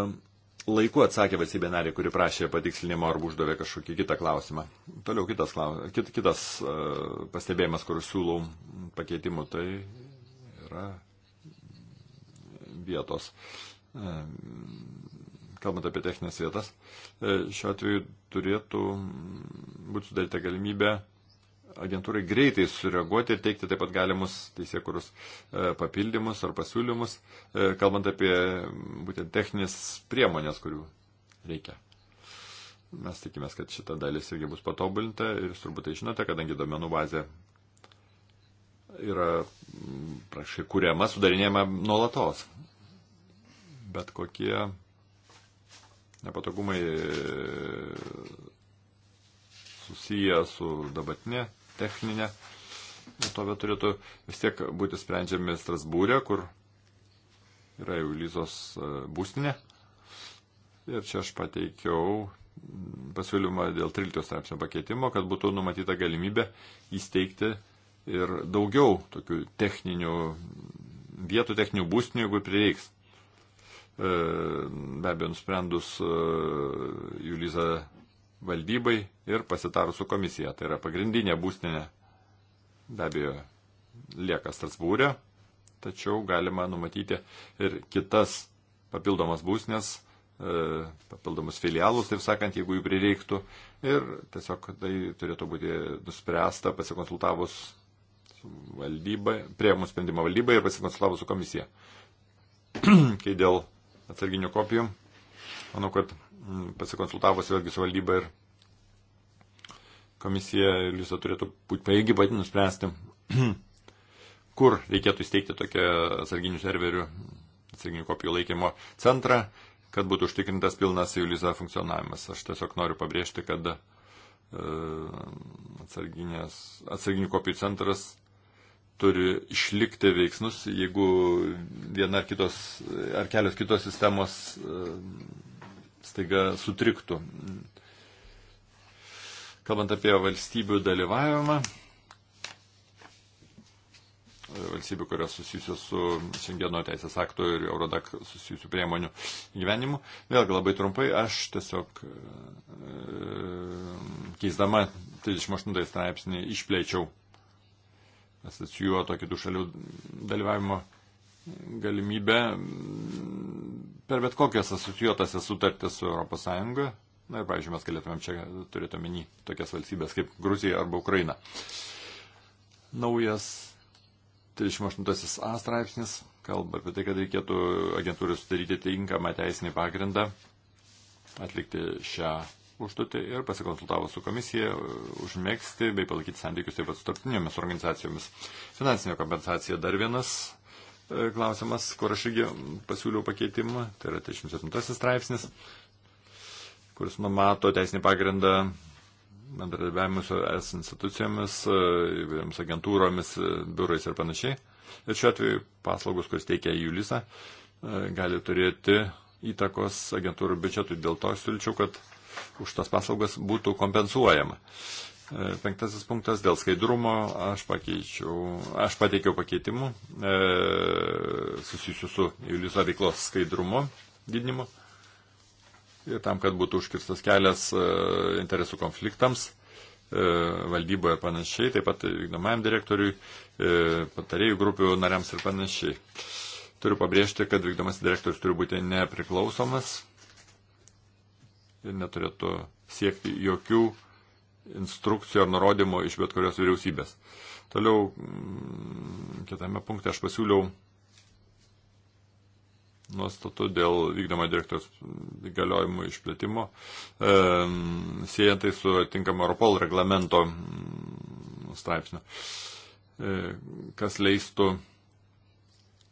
laiku atsakė valstybė narė, kuri prašė patikslinimo arba uždavė kažkokį kitą klausimą. Toliau kitas, klaus, kit, kitas uh, pastebėjimas, kur siūlau pakeitimų, tai yra vietos. Uh, kalbant apie techninės vietas, uh, šiuo atveju turėtų būti sudaryta galimybė uh, agentūrai greitai sureaguoti ir teikti taip pat galimus teisėkurus e, papildymus ar pasiūlymus, e, kalbant apie būtent techninės priemonės, kurių reikia. Mes tikimės, kad šita dalis irgi bus patobulinta ir jūs turbūt tai žinote, kadangi domenų bazė yra prašai kuriama, sudarinėjama nuolatos. Bet kokie nepatogumai e, susiję su dabartinė techninė. Dėl to bet turėtų vis tiek būti sprendžiami Strasbūrė, kur yra jau Lyzos e, būstinė. Ir čia aš pateikiau pasiūlymą dėl 13 straipsnio pakeitimo, kad būtų numatyta galimybė įsteigti ir daugiau tokių techninių vietų, techninių būstinių, jeigu prireiks. E, be abejo, nusprendus e, Julizą valdybai ir pasitarus su komisija. Tai yra pagrindinė būstinė, be abejo, lieka Strasbūrė, tačiau galima numatyti ir kitas papildomas būstinės, e, papildomus filialus, taip sakant, jeigu jų prireiktų. Ir tiesiog tai turėtų būti nuspręsta pasikonsultavus valdyba, prieimus sprendimą valdybai ir pasikonsultavus su komisija. Kai dėl atsarginių kopijų, manau, kad Mm, pasikonsultavosi vėlgi su valdyba ir komisija ir jūs turėtų būti paėgi pati nuspręsti, kur reikėtų įsteigti tokią atsarginių serverių, atsarginių kopijų laikymo centrą, kad būtų užtikrintas pilnas Juliza funkcionavimas. Aš tiesiog noriu pabrėžti, kad e, atsarginių kopijų centras turi išlikti veiksnus, jeigu viena ar kitos, ar kelios kitos sistemos e, staiga sutriktų. Kalbant apie valstybių dalyvavimą, valstybių, kurios susijusios su Šengeno teisės aktų ir Eurodak susijusių priemonių gyvenimu. Vėlgi labai trumpai, aš tiesiog e, keisdama 38 straipsnį išplėčiau asocijuo tokį tų šalių dalyvavimo galimybę per bet kokias asociuotasias sutartis su ES. Na ir, pavyzdžiui, mes galėtumėm čia turėti omeny tokias valstybės kaip Gruzija arba Ukraina. Naujas 38 A straipsnis kalba apie tai, kad reikėtų agentūrai sudaryti tinkamą teisinį pagrindą atlikti šią užduotį ir pasikonsultavo su komisija, užmėgsti bei palaikyti santykius taip pat su tarptinėmis organizacijomis. Finansinė kompensacija dar vienas E, klausimas, kur aš irgi pasiūliau pakeitimą, tai yra 37 straipsnis, kuris numato teisinį pagrindą bendradarbiavimui su es institucijomis, e, įvairiams agentūromis, e, biurais ir panašiai. Ir šiuo atveju paslaugos, kuris teikia Julisa, gali turėti įtakos agentūrų biudžetui. Dėl to siūlyčiau, kad už tas paslaugas būtų kompensuojama. Uh, E, penktasis punktas dėl skaidrumo aš, aš pateikiau pakeitimų e, susijusiu su Juliuso veiklos skaidrumo didinimu ir tam, kad būtų užkirstas kelias e, interesų konfliktams e, valdyboje ir panašiai, taip pat vykdomajam direktoriui, e, patarėjų grupių nariams ir panašiai. Turiu pabrėžti, kad vykdomas direktorius turi būti nepriklausomas ir neturėtų siekti jokių instrukcijų ar nurodymų iš bet kurios vyriausybės. Toliau mm, kitame punkte aš pasiūliau nuostatų dėl vykdomo direktoriaus galiojimų išplėtimo, e, siejant tai su tinkamo Europol reglamento mm, straipsniu, e, kas leistų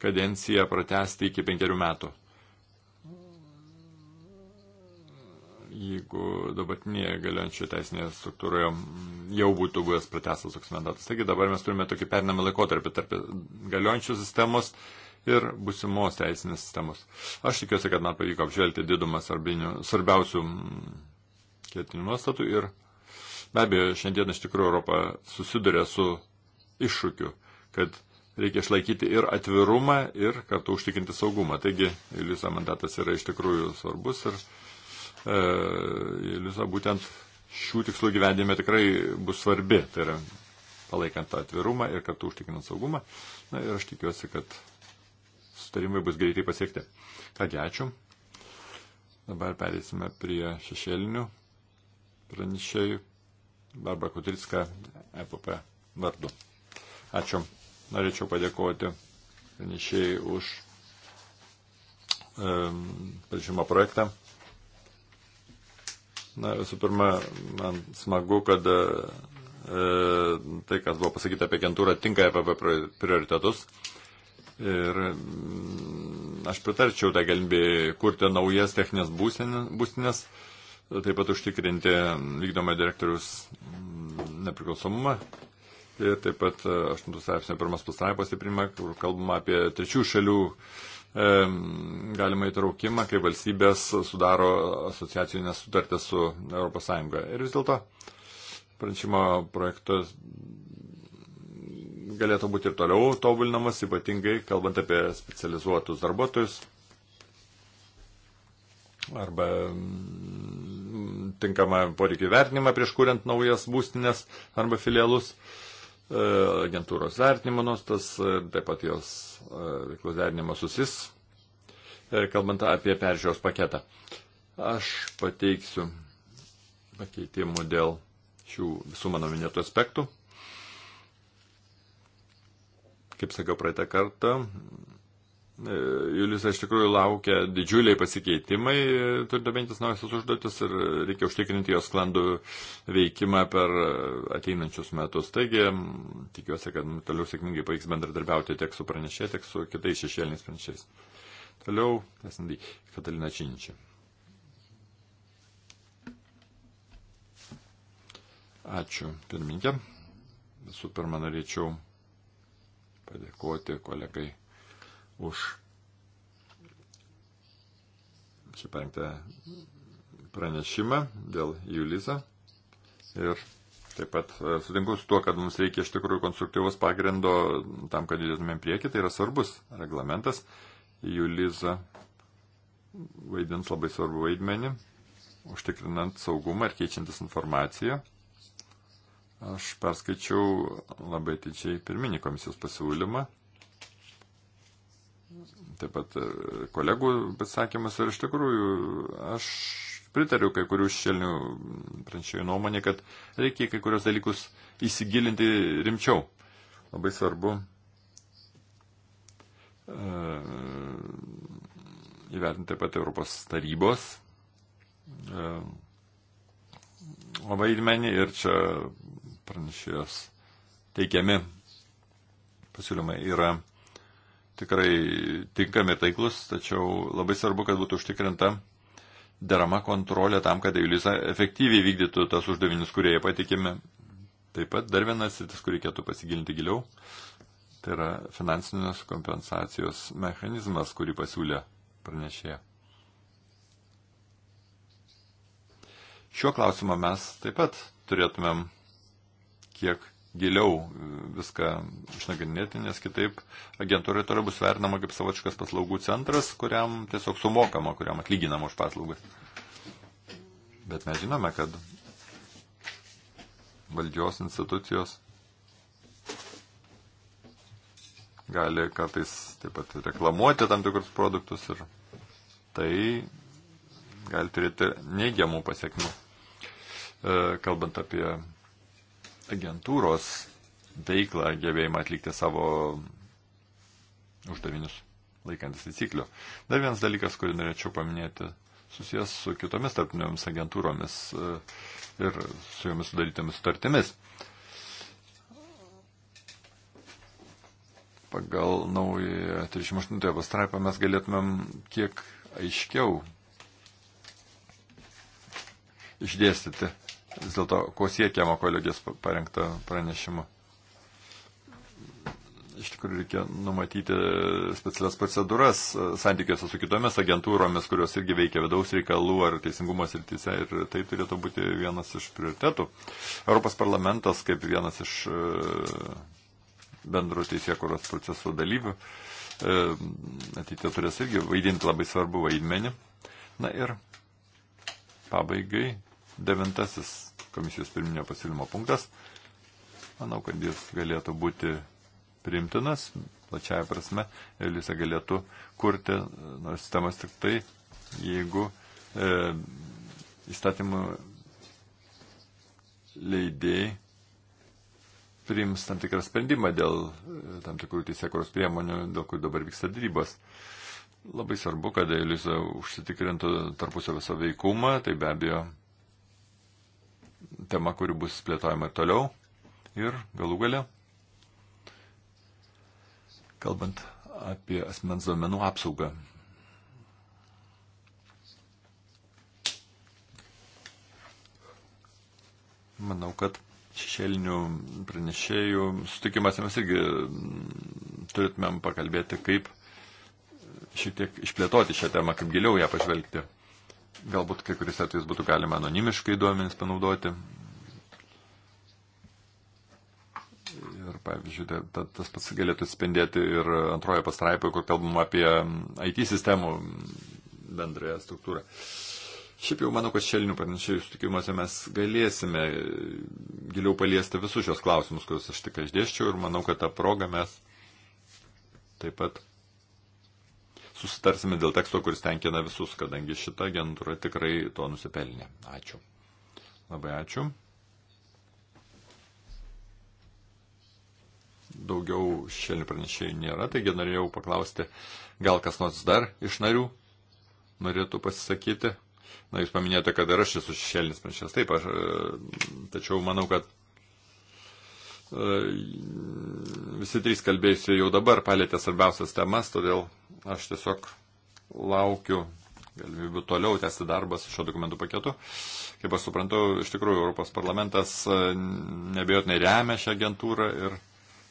kadenciją pratesti iki penkerių metų. jeigu dabartinėje galiojančioje teisinėje struktūroje jau būtų buvęs pratestas toks mandatas. Taigi dabar mes turime tokį perinamą laikotarpį tarp galiojančios sistemos ir busimos teisinės sistemos. Aš tikiuosi, kad man pavyko apžvelgti didumą svarbiausių ketinių nuostatų ir be abejo, šiandien iš tikrųjų Europą susiduria su iššūkiu, kad reikia išlaikyti ir atvirumą, ir kartu užtikrinti saugumą. Taigi, Iliuso mandatas yra iš tikrųjų svarbus ir E, Liza būtent šių tikslų gyvendime tikrai bus svarbi, tai yra palaikant tą atvirumą ir kartu užtikrinant saugumą. Na ir aš tikiuosi, kad sutarimai bus greitai pasiekti. Kągi, ačiū. Dabar perėsime prie šešėlinių pranešėjų. Barbara Kudritska, EPP vardu. Ačiū. Norėčiau padėkoti pranešėjai už um, pažymą projektą. Na, visų pirma, man smagu, kad e, e, tai, kas buvo pasakyta apie agentūrą, tinka apie prioritetus. Ir mm, aš pritarčiau tą tai galimybę kurti naujas techninės būstinės, taip pat užtikrinti vykdomą direktorius mm, nepriklausomumą. Ir taip pat 8 e, straipsnio pirmas pastraipos įprima, kur kalbama apie trečių šalių uh, galima įtraukimą, kai valstybės sudaro asociacijų nesutartę su ES. Ir vis dėlto pranešimo projektas galėtų būti ir toliau tobulinamas, ypatingai kalbant apie specializuotus darbuotojus arba mm, tinkamą poreikį vertinimą prieš kuriant naujas būstinės arba filialus. Uh, E, agentūros vertinimo nuostas, e, taip pat jos e, veiklos derinimo susis, kalbant apie peržiūros paketą. Aš pateiksiu pakeitimų dėl šių visų mano minėtų aspektų. Kaip sakiau praeitą kartą, E, Julius iš tikrųjų laukia didžiuliai pasikeitimai, e, turint omenytis naujasis užduotis ir reikia užtikrinti jos sklandų veikimą per e, ateinančius metus. Taigi, tikiuosi, kad toliau sėkmingai pavyks bendradarbiauti tiek su pranešė, tiek su kitais šešėliniais pranešiais. Toliau, esant į Katalina Činčią. Ačiū, pirmininkė. Visų pirma, norėčiau padėkoti kolegai už šį penktą pranešimą dėl Julisa. Ir taip pat e, sutinku su tuo, kad mums reikia iš tikrųjų konstruktyvus pagrindo tam, kad judėtumėm prieki. Tai yra svarbus reglamentas. Julisa vaidins labai svarbu vaidmenį, užtikrinant saugumą ir keičiantis informaciją. Aš perskaičiau labai tyčiai pirminį komisijos pasiūlymą taip pat e, kolegų pasakymas ir iš tikrųjų aš pritariu kai kurių šelnių pranešėjų nuomonė, kad reikia kai kurios dalykus įsigilinti rimčiau. Labai svarbu e, įvertinti taip pat Europos tarybos e, vaidmenį ir čia pranešėjos teikiami pasiūlymai yra tikrai tinkami ir taiklus, tačiau labai svarbu, kad būtų užtikrinta derama kontrolė tam, kad Eulisa efektyviai vykdytų tas uždavinius, kurie jie patikimi. Taip pat dar vienas sritis, kur reikėtų pasigilinti giliau, tai yra finansinės kompensacijos mechanizmas, kurį pasiūlė pranešėja. Šiuo klausimu mes taip pat turėtumėm kiek giliau viską išnagrinėti, nes kitaip agentūra toliau bus vertinama kaip savočiškas paslaugų centras, kuriam tiesiog sumokama, kuriam atlyginama už paslaugas. Bet mes žinome, kad valdžios institucijos gali kartais taip pat reklamuoti tam tikrus produktus ir tai gali turėti neigiamų pasiekmių. E, kalbant apie agentūros veiklą, gebėjimą atlikti savo uždavinius laikantis taisyklių. Dar vienas dalykas, kurį norėčiau paminėti, susijęs su kitomis tarpinėmis agentūromis e, ir su jomis sudarytomis sutartimis. Pagal naują 38 pastraipą mes galėtumėm kiek aiškiau išdėstyti vis dėlto, ko siekiama kolegės parengta pranešimu. Iš tikrųjų reikia numatyti specialias procedūras e, santykiuose su kitomis agentūromis, kurios irgi veikia vidaus reikalų ar teisingumo srityse ir tai turėtų būti vienas iš prioritetų. Europos parlamentas kaip vienas iš e, bendro teisėkuros proceso dalyvių e, ateitie turės irgi vaidinti labai svarbu vaidmenį. Na ir pabaigai devintasis komisijos pirminio pasiūlymo punktas. Manau, kad jis galėtų būti priimtinas, plačiaja prasme, ir jis galėtų kurti nors nu, sistemas tik tai, jeigu e, įstatymų leidėjai priims tam tikrą sprendimą dėl e, tam tikrų teisėkuros priemonių, dėl kurių dabar vyksta dėrybos. Labai svarbu, kad Elisa užsitikrintų tarpusavio saveikumą, tai be abejo tema, kuri bus plėtojama ir toliau. Ir galų gale, kalbant apie asmens duomenų apsaugą. Manau, kad šešėlinių pranešėjų sutikimas mes irgi turėtumėm pakalbėti, kaip šiek tiek išplėtoti šią temą, kaip giliau ją pažvelgti. Galbūt kai kuris atvejs būtų galima anonimiškai duomenys panaudoti. Ir, pavyzdžiui, ta, ta, tas pats galėtų spendėti ir antroje pastraipoje, kur kalbam apie IT sistemų bendrąją struktūrą. Šiaip jau manau, kad šelinių pranešėjų sutikimuose mes galėsime giliau paliesti visus šios klausimus, kuriuos aš tik išdėščiau ir manau, kad tą progą mes taip pat susitarsime dėl teksto, kuris tenkina visus, kadangi šita agentūra tikrai to nusipelnė. Ačiū. Labai ačiū. Daugiau šiandien pranešėjų nėra, taigi norėjau paklausti, gal kas nors dar iš narių norėtų pasisakyti. Na, jūs paminėjote, kad ir aš esu šešėlinis pranešęs, taip, aš, e, tačiau manau, kad e, visi trys kalbėjusi jau dabar palėtė svarbiausias temas, todėl Aš tiesiog laukiu galimybių toliau tęsti darbą su šio dokumentų paketu. Kaip aš suprantu, iš tikrųjų Europos parlamentas e, nebejotinai remia šią agentūrą ir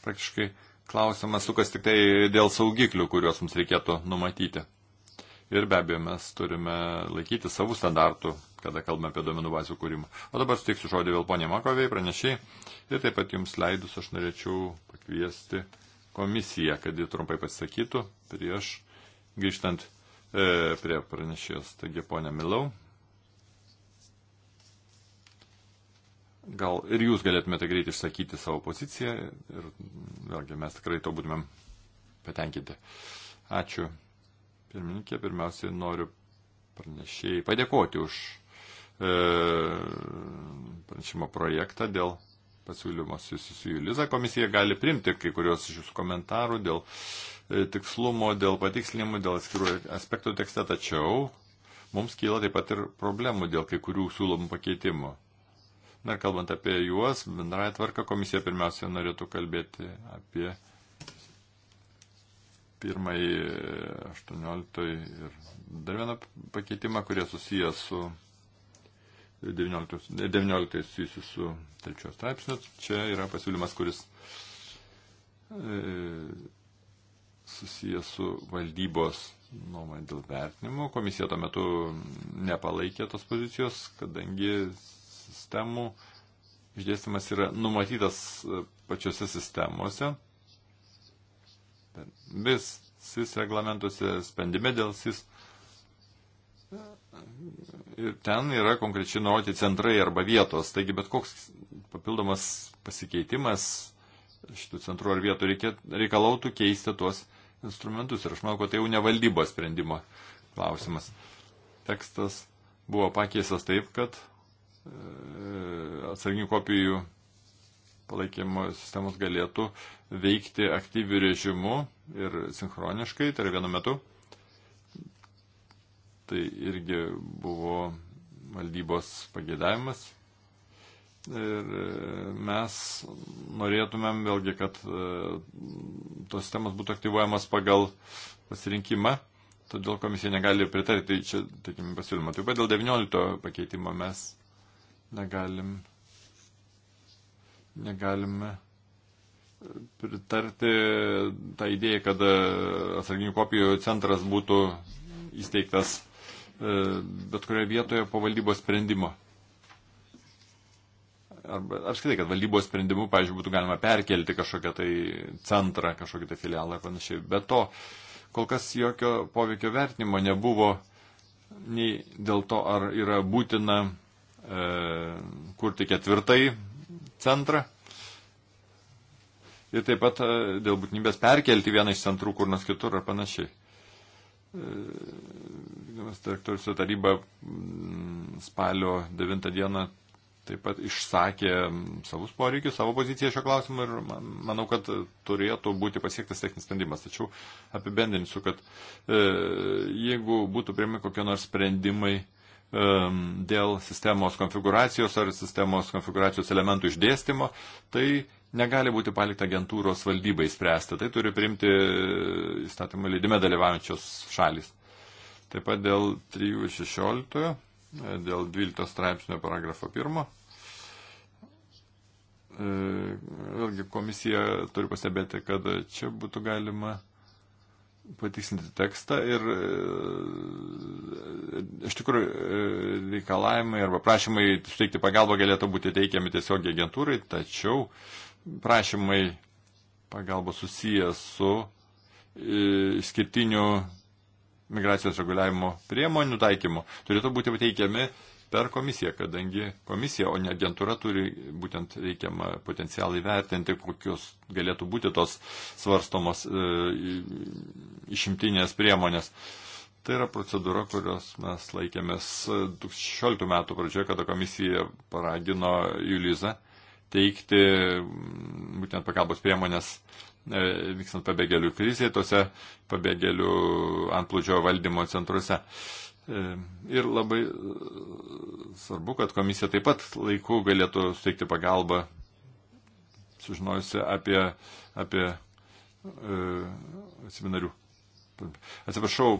praktiškai klausimas sukas tik tai dėl saugiklių, kuriuos mums reikėtų numatyti. Ir be abejo, mes turime laikyti savų standartų, kada kalbame apie duomenų bazių kūrimą. O dabar sutiksiu žodį vėl ponė Makoviai, pranešiai. Ir taip pat jums leidus aš norėčiau pakviesti komisiją, kad ji trumpai pasisakytų prieš grįžtant e, prie pranešėjos. Taigi, ponė Milau, gal ir jūs galėtumėte greit išsakyti savo poziciją ir vėlgi mes tikrai to būtumėm patenkinti. Ačiū. Pirmininkė, pirmiausiai noriu pranešėjai padėkoti už e, pranešimo projektą dėl pasiūlymus susijusių. Liza komisija gali primti kai kurios iš jūsų komentarų dėl e, tikslumo, dėl patikslinimų, dėl atskirų aspektų tekste, tačiau mums kyla taip pat ir problemų dėl kai kurių siūlomų pakeitimų. Na ir kalbant apie juos, bendrąją tvarką komisija pirmiausia norėtų kalbėti apie pirmąjį 18 e, ir dar vieną pakeitimą, kurie susijęs su 19, 19 susijusiu su trečios straipsniu. Čia yra pasiūlymas, kuris e, susijęs su valdybos nuomonė dėl vertinimo. Komisija tuo metu nepalaikė tos pozicijos, kadangi sistemų išdėstymas yra numatytas e, pačiose sistemose. Vis SIS reglamentuose, spendime dėl SIS Ir ten yra konkrečiai nurodyti centrai arba vietos. Taigi bet koks papildomas pasikeitimas šitų centrų ar vietų reikia, reikalautų keisti tuos instrumentus. Ir aš manau, kad tai jau ne valdybos sprendimo klausimas. Tekstas buvo pakeistas taip, kad e, atsarginių kopijų palaikymo sistemos galėtų veikti aktyvių režimų ir sinchroniškai, tai yra vienu metu. Tai irgi buvo valdybos pagėdavimas. Ir e, mes norėtumėm vėlgi, kad e, tos temas būtų aktyvuojamas pagal pasirinkimą, todėl komisija negali pritarti tai čia, tarkim, pasiūlymą. Taip pat dėl 19 pakeitimo mes negalim, negalime pritarti tą idėją, kad e, atsarginių kopijų centras būtų įsteigtas E, bet kurioje vietoje po valdybos sprendimo. Arba apskritai, kad valdybos sprendimu, pavyzdžiui, būtų galima perkelti kažkokią tai centrą, kažkokią tai filialą ir panašiai. Be to, kol kas jokio poveikio vertinimo nebuvo nei dėl to, ar yra būtina e, kurti ketvirtai centrą. Ir taip pat e, dėl būtinybės perkelti vieną iš centrų kur nors kitur ar panašiai. E, Vykdomas direktorius ir taryba mm, spalio 9 dieną taip pat išsakė mm, savus poreikius, savo poziciją šio klausimu ir manau, kad turėtų būti pasiektas techninis sprendimas. Tačiau apibendrinsiu, kad e, jeigu būtų priimi kokie nors sprendimai e, dėl sistemos konfiguracijos ar sistemos konfiguracijos elementų išdėstymo, tai negali būti palikta agentūros valdybai spręsti. Tai turi priimti e, įstatymą leidime dalyvaujančios šalis. Taip pat dėl 3 ir 16, e, dėl 12 straipsnio paragrafo 1. E, vėlgi komisija turi pastebėti, kad čia būtų galima patiksinti tekstą ir e, iš tikrųjų reikalavimai arba prašymai suteikti pagalbą galėtų būti teikiami tiesiog agentūrai, tačiau prašymai pagalbos susijęs su išskirtiniu migracijos reguliavimo priemonių taikymo turėtų būti pateikiami per komisiją, kadangi komisija, o ne agentūra turi būtent reikiamą potencialą įvertinti, kokios galėtų būti tos svarstomos e, išimtinės priemonės. Tai yra procedūra, kurios mes laikėmės 2016 metų pradžioje, kada komisija paragino Julizą teikti būtent pagalbos priemonės E, vykstant pabėgėlių krizėje, tose pabėgėlių antplūdžio valdymo centruose. E, ir labai svarbu, kad komisija taip pat laiku galėtų suteikti pagalbą, sužinojusi apie, apie e, seminarių Atsiprašau,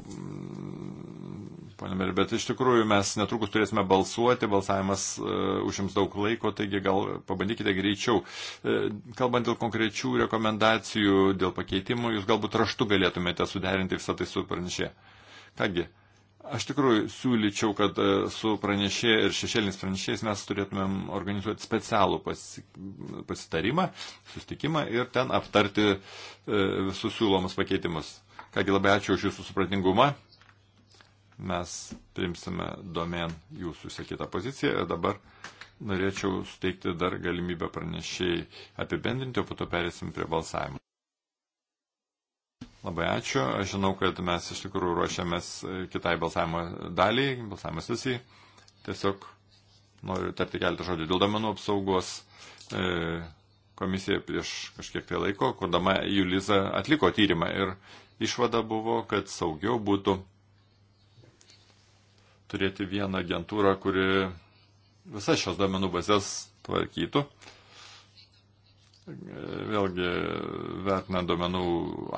ponė Meri, bet iš tikrųjų mes netrukus turėsime balsuoti, balsavimas uh, užims daug laiko, taigi gal pabandykite greičiau. Uh, kalbant dėl konkrečių rekomendacijų, dėl pakeitimų, jūs galbūt raštu galėtumėte suderinti visą tai su pranešė. Kągi, aš tikrųjų siūlyčiau, kad uh, su pranešė ir šešėlinis pranešėjais mes turėtumėm organizuoti specialų pas, pasitarimą, sustikimą ir ten aptarti uh, visus siūlomus pakeitimus. Kągi labai ačiū už jūsų supratingumą. Mes primsime domen jūsų sakytą poziciją ir dabar norėčiau suteikti dar galimybę pranešėjai apibendrinti, o po to perėsim prie balsavimo. Labai ačiū. Aš žinau, kad mes iš tikrųjų ruošiamės kitai balsavimo daliai, balsavimo sesijai. Tiesiog noriu tarti keletą žodžių dėl domenų apsaugos. E, komisija prieš kažkiek tai laiko, kurdama Julizą atliko tyrimą ir išvada buvo, kad saugiau būtų turėti vieną agentūrą, kuri visas šios domenų bazės tvarkytų. Vėlgi vertinant domenų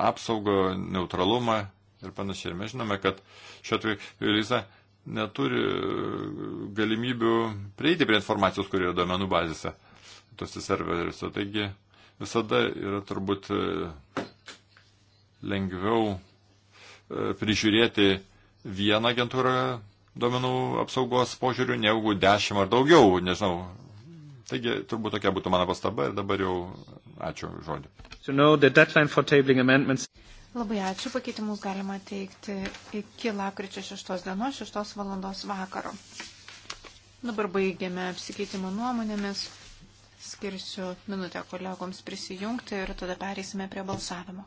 apsaugą, neutralumą ir panašiai. Ir mes žinome, kad šiuo atveju Elisa neturi galimybių prieiti prie informacijos, kurie yra domenų bazėse, tose serveriuose. Taigi visada yra turbūt lengviau e, prižiūrėti vieną agentūrą duomenų apsaugos požiūrių, negu dešimt ar daugiau, nežinau. Taigi, turbūt tokia būtų mano pastaba ir dabar jau ačiū žodį. Labai ačiū, pakeitimus galima teikti iki lakryčio 6 dienos, 6 valandos vakaro. Dabar baigiame apsikeitimą nuomonėmis, skirsiu minutę kolegoms prisijungti ir tada pereisime prie balsavimo.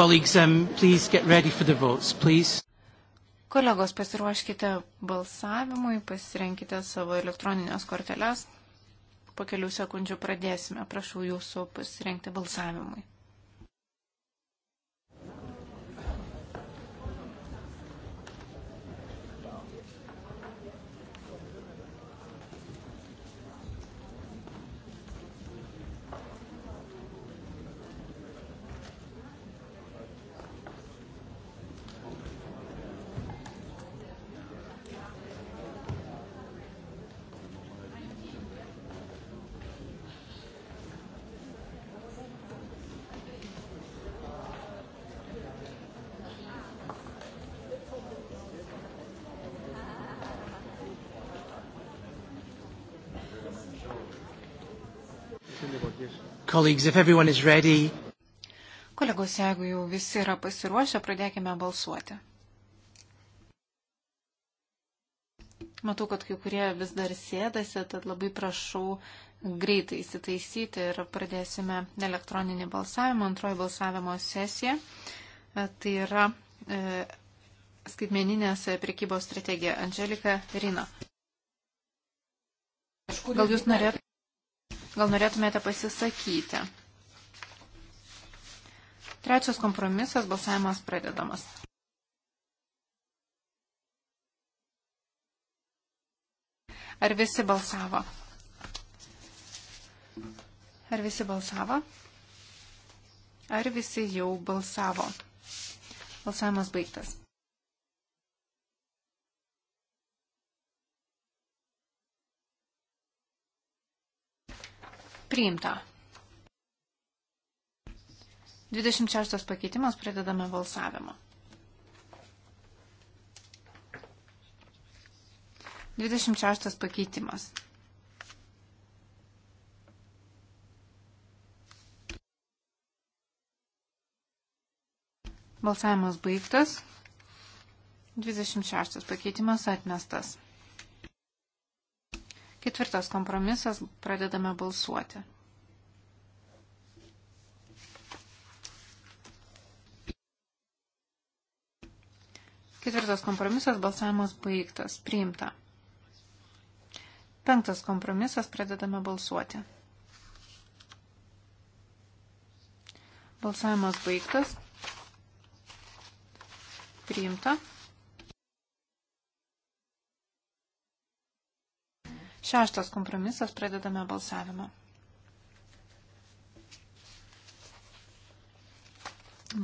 Colleagues, um, please get ready for the votes, please. Kolegos, pasiruoškite balsavimui, pasirenkite savo elektroninės korteles. Po kelių sekundžių pradėsime. Prašau jūsų pasirengti balsavimui. Kolegos, jeigu jau visi yra pasiruošę, pradėkime balsuoti. Matau, kad kai kurie vis dar sėdasi, tad labai prašau greitai įsitaisyti ir pradėsime elektroninį balsavimą, antroji balsavimo sesija. Tai yra e, skaitmeninės prekybos strategija Angelika Rina. Gal jūs norėtumėte? Gal norėtumėte pasisakyti? Trečias kompromisas, balsavimas pradedamas. Ar visi balsavo? Ar visi balsavo? Ar visi jau balsavo? Balsavimas baigtas. priimta. 26 pakeitimas pradedame balsavimą. 26 pakeitimas. Balsavimas baigtas. 26 pakeitimas atmestas. Ketvirtas kompromisas, pradedame balsuoti. Ketvirtas kompromisas, balsavimas baigtas, priimta. Penktas kompromisas, pradedame balsuoti. Balsavimas baigtas, priimta. Šeštas kompromisas, pradedame balsavimą.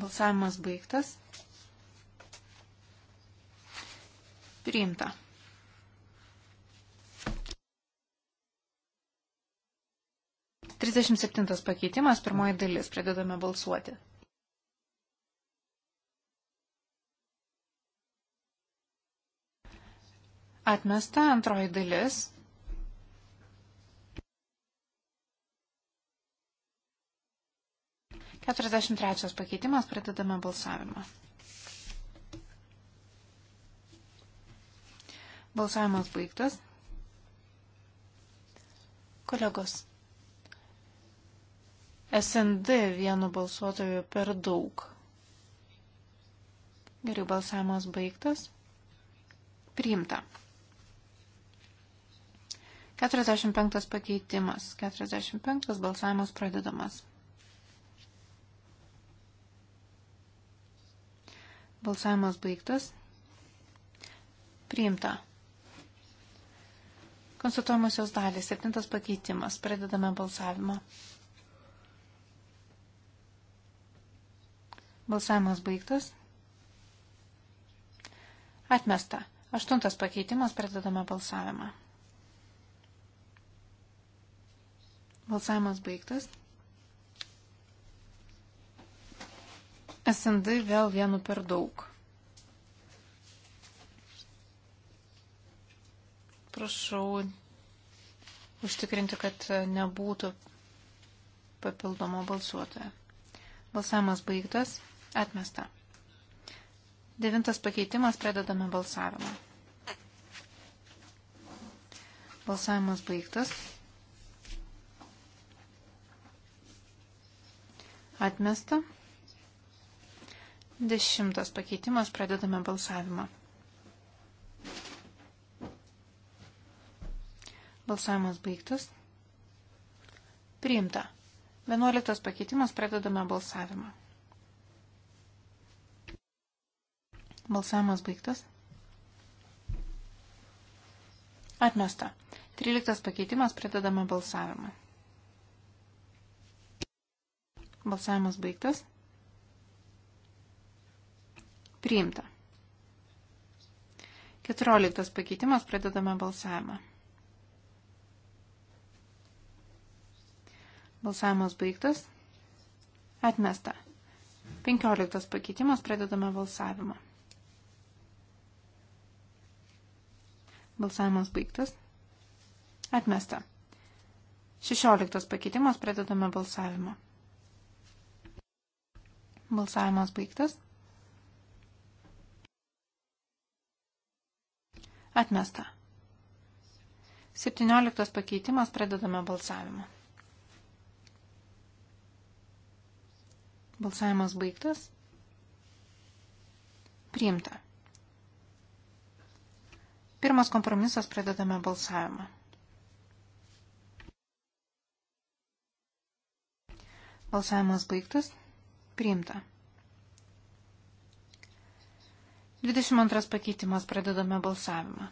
Balsavimas baigtas. Priimta. Trisdešimt septintas pakeitimas, pirmoji dalis, pradedame balsuoti. Atmesta antroji dalis. 43 pakeitimas, pradedame balsavimą. Balsavimas baigtas. Kolegos, SND vienu balsuotoju per daug. Gerai, balsavimas baigtas. Priimta. 45 pakeitimas. 45 balsavimas pradedamas. Balsavimas baigtas. Priimta. Konstatuojamosios dalys. Septintas pakeitimas. Pradedame balsavimą. Balsavimas baigtas. Atmesta. Aštuntas pakeitimas. Pradedame balsavimą. Balsavimas baigtas. SND vėl vienu per daug. Prašau užtikrinti, kad nebūtų papildomo balsuotojo. Balsavimas baigtas, atmesta. Devintas pakeitimas, pradedame balsavimą. Balsavimas baigtas. Atmesta. Dešimtas pakeitimas, pradedame balsavimą. Balsavimas baigtas. Priimta. Vienuoliktas pakeitimas, pradedame balsavimą. Balsavimas baigtas. Atmesta. Tryliktas pakeitimas, pradedame balsavimą. Balsavimas baigtas. Priimta. 14 pakeitimas pradedame balsavimą. Balsavimas baigtas. Atmesta. 15 pakeitimas pradedame balsavimą. Balsavimas baigtas. Atmesta. 16 pakeitimas pradedame balsavimą. Balsavimas baigtas. Atmesta. 17 pakeitimas pradedame balsavimą. Balsavimas baigtas. Priimta. Pirmas kompromisas pradedame balsavimą. Balsavimas baigtas. Priimta. 22 pakeitimas pradedame balsavimą.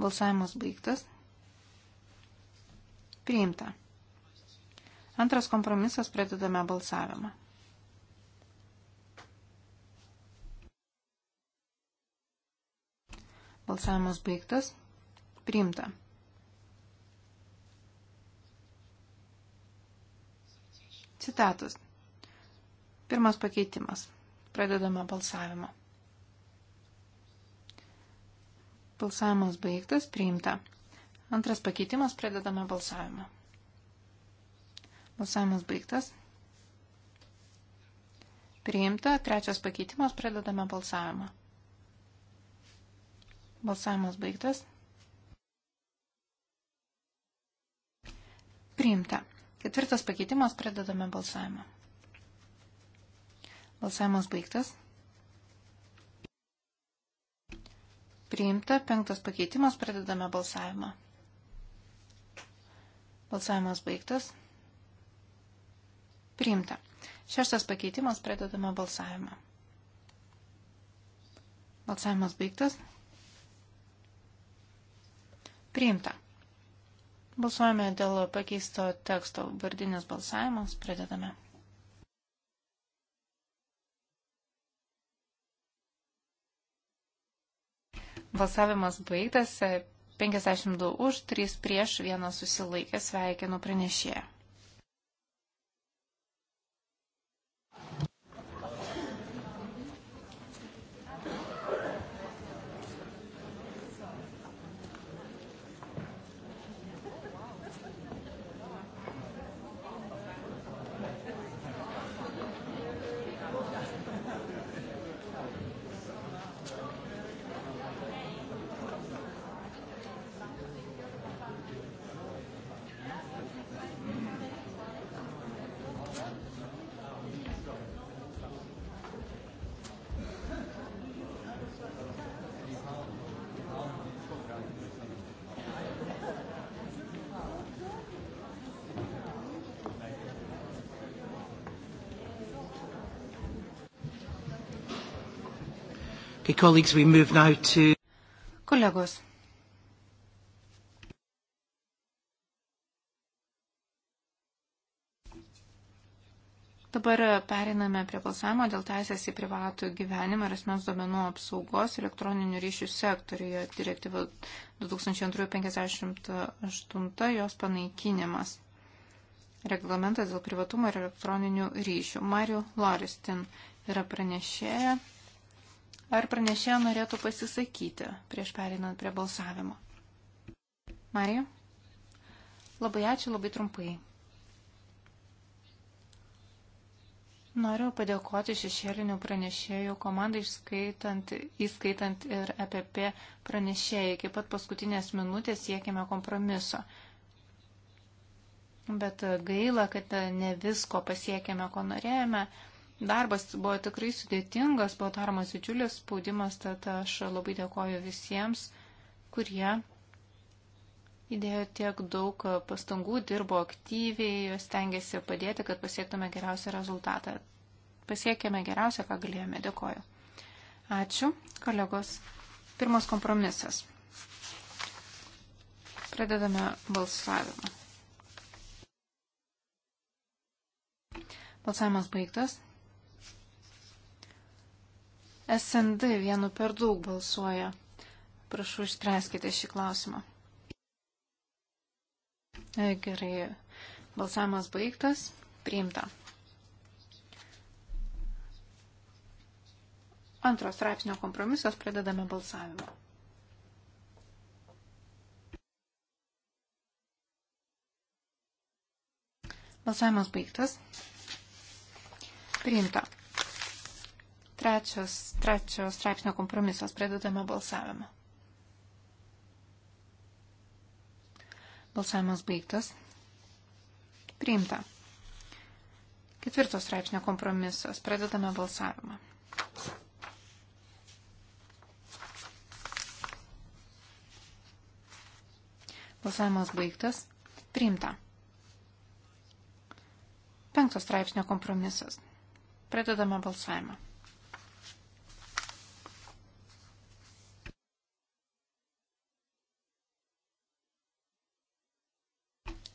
Balsavimas baigtas. Priimta. Antras kompromisas pradedame balsavimą. Balsavimas baigtas. Priimta. Citatus. Pirmas pakeitimas. Pradedame balsavimą. Balsavimas baigtas, priimta. Antras pakeitimas, pradedame balsavimą. Balsavimas baigtas. Priimta. Trečias pakeitimas, pradedame balsavimą. Balsavimas baigtas. Priimta. Ketvirtas pakeitimas, pradedame balsavimą. Balsavimas baigtas. Priimta penktas pakeitimas, pradedame balsavimą. Balsavimas baigtas. Priimta. Šeštas pakeitimas, pradedame balsavimą. Balsavimas baigtas. Priimta. Balsuojame dėl pakeisto teksto vardinės balsavimas, pradedame. Balsavimas baigtas. 52 už, 3 prieš, 1 susilaikė. Sveikinu pranešėją. colleagues, we move now to... Kolegos. Dabar periname prie balsavimo dėl teisės į privatų gyvenimą ir asmens duomenų apsaugos elektroninių ryšių sektoriuje direktyva 2258 jos panaikinimas. Reglamentas dėl privatumo ir elektroninių ryšių. Mariu Loristin yra pranešėja. Ar pranešėja norėtų pasisakyti prieš pereinant prie balsavimo? Marija? Labai ačiū, labai trumpai. Noriu padėkoti šešėlinių pranešėjų komandai, išskaitant, įskaitant ir EPP pranešėjai. Iki pat paskutinės minutės siekime kompromiso. Bet gaila, kad ne visko pasiekėme, ko norėjome. Darbas buvo tikrai sudėtingas, buvo daromas didžiulis spaudimas, tad aš labai dėkoju visiems, kurie įdėjo tiek daug pastangų, dirbo aktyviai, stengiasi padėti, kad pasiektume geriausią rezultatą. Pasiekėme geriausią, ką galėjome. Dėkoju. Ačiū, kolegos. Pirmas kompromisas. Pradedame balsavimą. Balsavimas baigtas. SND vienu per daug balsuoja. Prašau, išspręskite šį klausimą. E, gerai, balsavimas baigtas, priimta. Antros straipsnio kompromisos pradedame balsavimą. Balsavimas baigtas. Priimta. Trečios, trečios straipsnio kompromisas. Pradedame balsavimą. Balsavimas baigtas. Priimta. Ketvirtos straipsnio kompromisas. Pradedame balsavimą. Balsavimas baigtas. Priimta. Penktos straipsnio kompromisas. Pradedame balsavimą.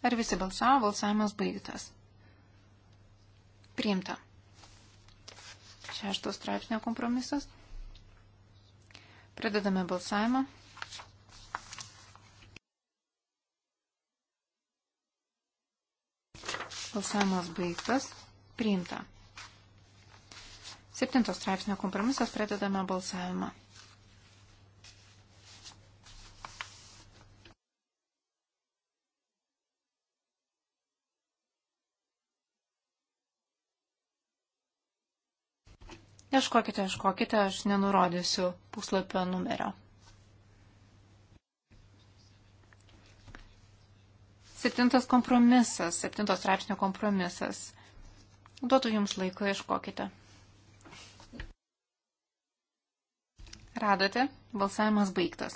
Ar visi balsavo? Balsavimas baigtas. Priimta. Šešto straipsnio kompromisas. Pradedame balsavimą. Balsavimas baigtas. Priimta. Septinto straipsnio kompromisas pradedame balsavimą. Ieškokite, ieškokite, aš nenurodysiu puslapio numerio. 7 kompromisas, 7 straipsnio kompromisas. Duotų jums laiko, ieškokite. Radote, balsavimas baigtas.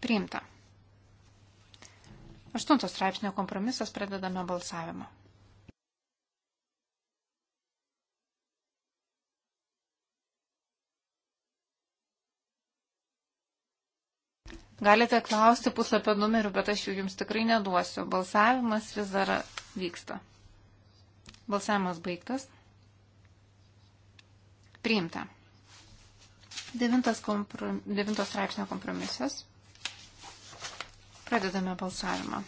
Priimta. Aštuntos straipsnio kompromisas pradedame balsavimą. Galite klausti puslapio numerių, bet aš jų jums tikrai neduosiu. Balsavimas vis dar vyksta. Balsavimas baigtas. Priimta. Devintas, komprom... Devintos straipsnio kompromisas. Pradedame balsavimą.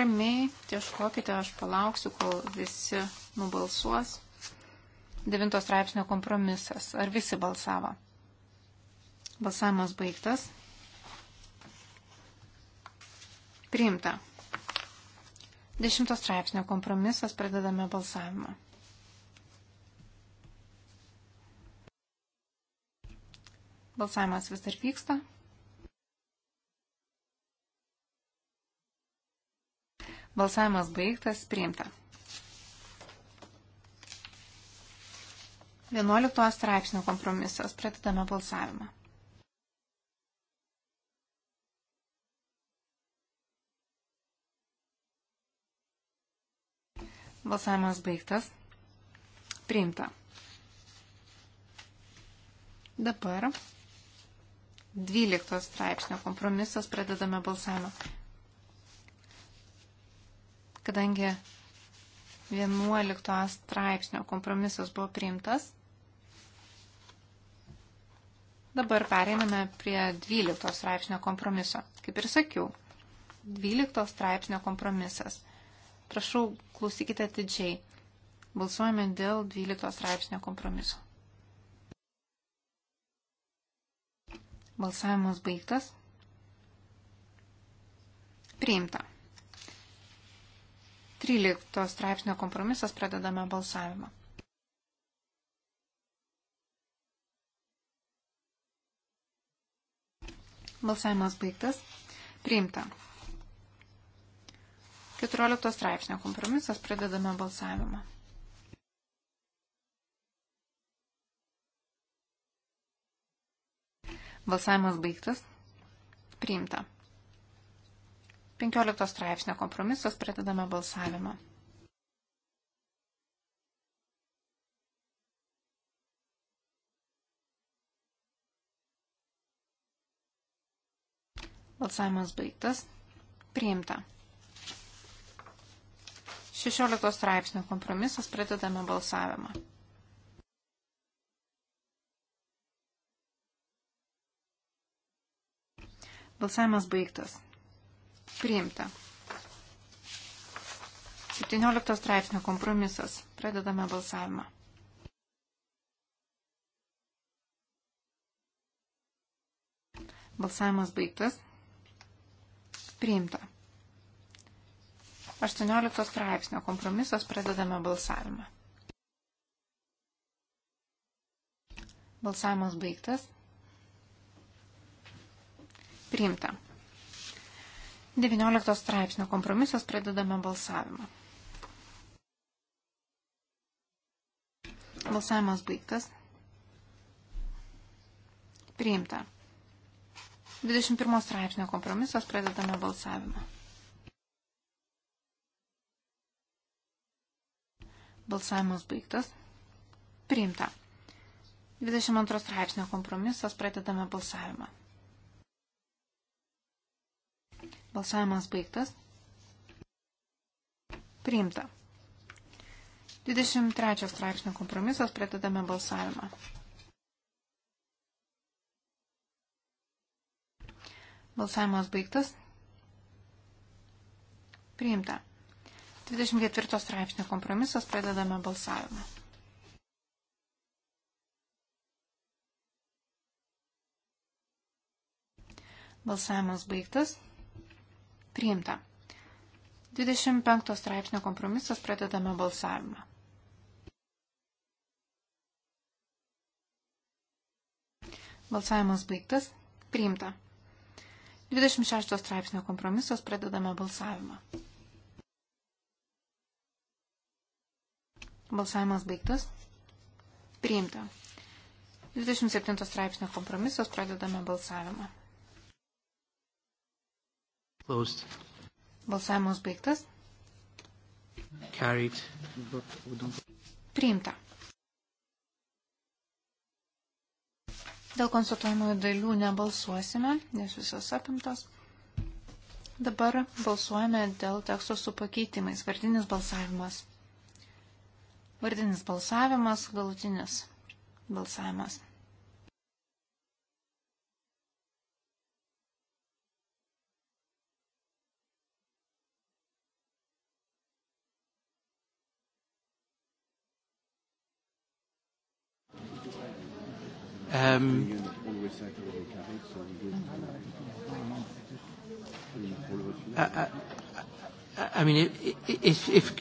Ramiai ieškokite, aš palauksiu, kol visi nubalsuos. Devintos straipsnio kompromisas. Ar visi balsavo? Balsavimas baigtas. Priimta. Dešimtos straipsnio kompromisas pradedame balsavimą. Balsavimas vis dar vyksta. Balsavimas baigtas, priimta. 11 straipsnio kompromisas. Pradedame balsavimą. Balsavimas baigtas. Priimta. Dabar 12 straipsnio kompromisas pradedame balsavimą. Kadangi 11 straipsnio kompromisas buvo priimtas, dabar pereiname prie 12 straipsnio kompromiso. Kaip ir sakiau, 12 straipsnio kompromisas – Prašau, klausykite atidžiai. Balsuojame dėl 12 straipsnio kompromiso. Balsavimas baigtas. Priimta. 13 straipsnio kompromisas pradedame balsavimą. Balsavimas baigtas. Priimta. 14 straipsnio kompromisas pradedame balsavimą. Balsavimas baigtas. Priimta. 15 straipsnio kompromisas pradedame balsavimą. Balsavimas baigtas. Priimta. 16 straipsnio kompromisas pradedame balsavimą. Balsavimas baigtas. Priimta. 17 straipsnio kompromisas. Pradedame balsavimą. Balsavimas baigtas. Priimta. 18 straipsnio kompromisas pradedame balsavimą. Balsavimas baigtas. Priimta. 19 straipsnio kompromisas pradedame balsavimą. Balsavimas baigtas. Priimta. 21 straipsnio kompromisas pradedame balsavimą. Balsavimas baigtas. Priimta. 22 straipsnio kompromisas pradedame balsavimą. Balsavimas baigtas. Priimta. 23 straipsnio kompromisas pradedame balsavimą. Balsavimas baigtas. Priimta. 24 straipsnio kompromisas pradedame balsavimą. Balsavimas baigtas. Priimta. 25 straipsnio kompromisas pradedame balsavimą. Balsavimas baigtas. Priimta. 26 straipsnio kompromisas pradedame balsavimą. Balsavimas baigtas. Priimta. 27 straipsnio kompromisas pradedame balsavimą. Closed. Balsavimas baigtas. Carried. Priimta. Dėl konstatuojamųjų dalių nebalsuosime, nes visos apimtos. Dabar balsuojame dėl teksto su pakeitimais. Vardinis balsavimas. Vardinis balsavimas, galutinis balsavimas. Um, I, I, I mean, if, if,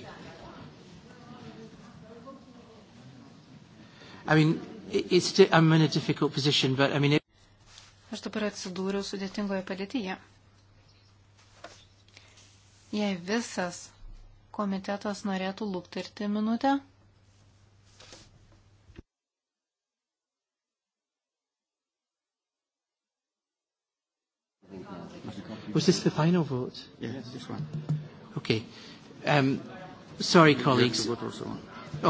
I mean, it's, I'm in a difficult position, but I mean... It... Aš dabar atsidūriau sudėtingoje padėtyje. Jei visas komitetas norėtų lūptirti minutę, Was this the final vote? Yes, yeah, this one. Okay. Um, sorry, colleagues.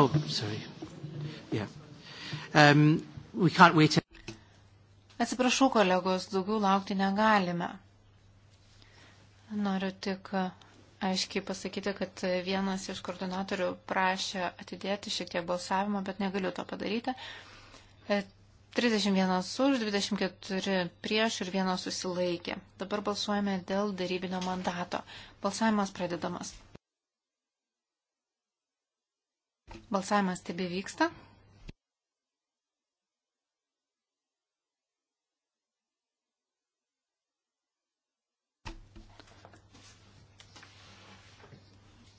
Oh, sorry. Yeah. Um, Atsiprašau, kolegos, daugiau laukti negalime. Noriu tik uh, aiškiai pasakyti, kad vienas iš koordinatorių prašė atidėti šiek tiek balsavimą, bet negaliu to padaryti. 31 e, už, 24 prieš ir vienas susilaikė. Dabar balsuojame dėl darybinio mandato. Balsavimas pradedamas. Balsavimas tebe vyksta.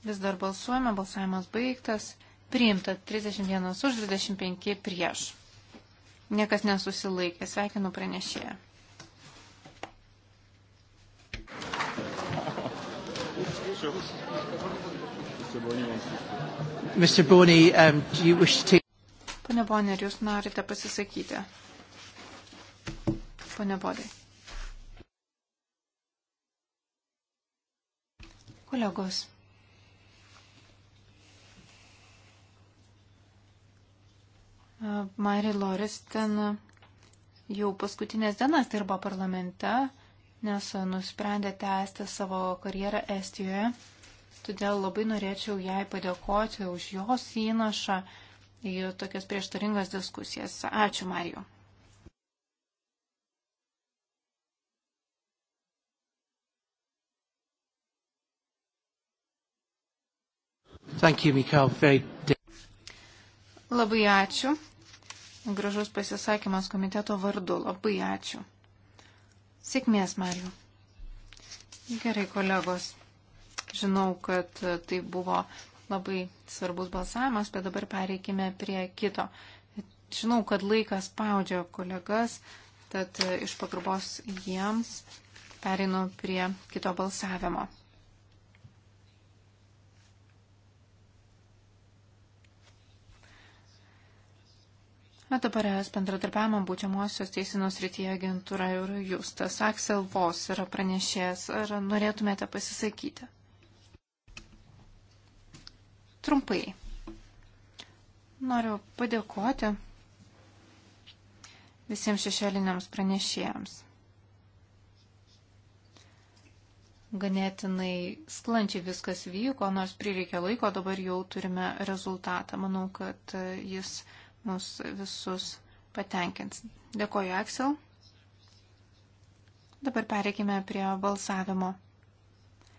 Vis dar balsuojame, balsavimas baigtas. Priimta 31 už 25 prieš. Niekas nesusilaikė. Sveikinu pranešėją. Um, Pane Bonė, ar jūs norite pasisakyti? Pane Bodai. Kolegos. Mari Loristin jau paskutinės dienas dirbo parlamente, nes nusprendė tęsti savo karjerą Estijoje. Todėl labai norėčiau jai padėkoti už jos įnašą į tokias prieštaringas diskusijas. Ačiū, Mariju. Thank you, Mikhail. Very Labai ačiū. Gražus pasisakymas komiteto vardu. Labai ačiū. Sėkmės, Mariu. Gerai, kolegos. Žinau, kad tai buvo labai svarbus balsavimas, bet dabar pareikime prie kito. Žinau, kad laikas spaudžia kolegas, tad iš pagarbos jiems pereinu prie kito balsavimo. Na, dabar es bendradarbiavimo būčiamosios teisinos rytyje agentūra ir Justas Aksel Vos yra pranešėjęs. Ar norėtumėte pasisakyti? Trumpai. Noriu padėkoti visiems šešėliniams pranešėjams. Ganėtinai sklančiai viskas vyko, nors prireikė laiko, dabar jau turime rezultatą. Manau, kad jis mus visus patenkins. Dėkoju, Aksel. Dabar pereikime prie balsavimo.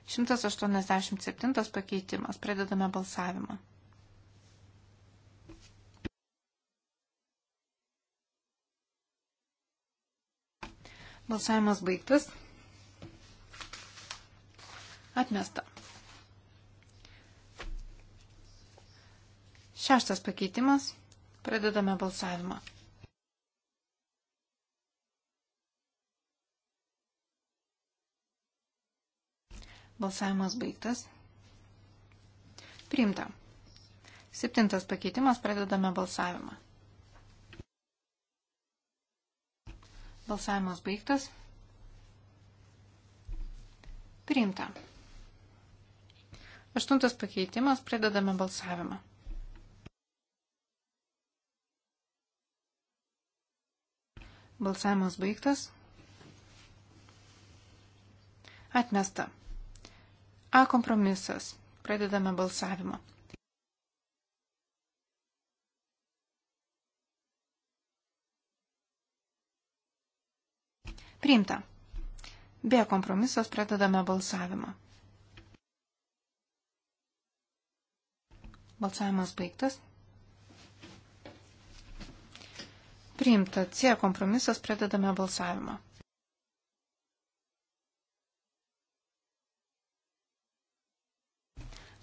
187 pakeitimas. Pradedame balsavimą. Balsavimas baigtas. Atmesta. Šeštas pakeitimas. Pradedame balsavimą. Balsavimas baigtas. Priimta. Septintas pakeitimas pradedame balsavimą. Balsavimas baigtas. Priimta. Aštuntas pakeitimas pradedame balsavimą. Balsavimas baigtas. Atmesta. A kompromisas. Pradedame balsavimą. Priimta. B kompromisas pradedame balsavimą. Balsavimas baigtas. Priimta C kompromisas, pradedame balsavimą.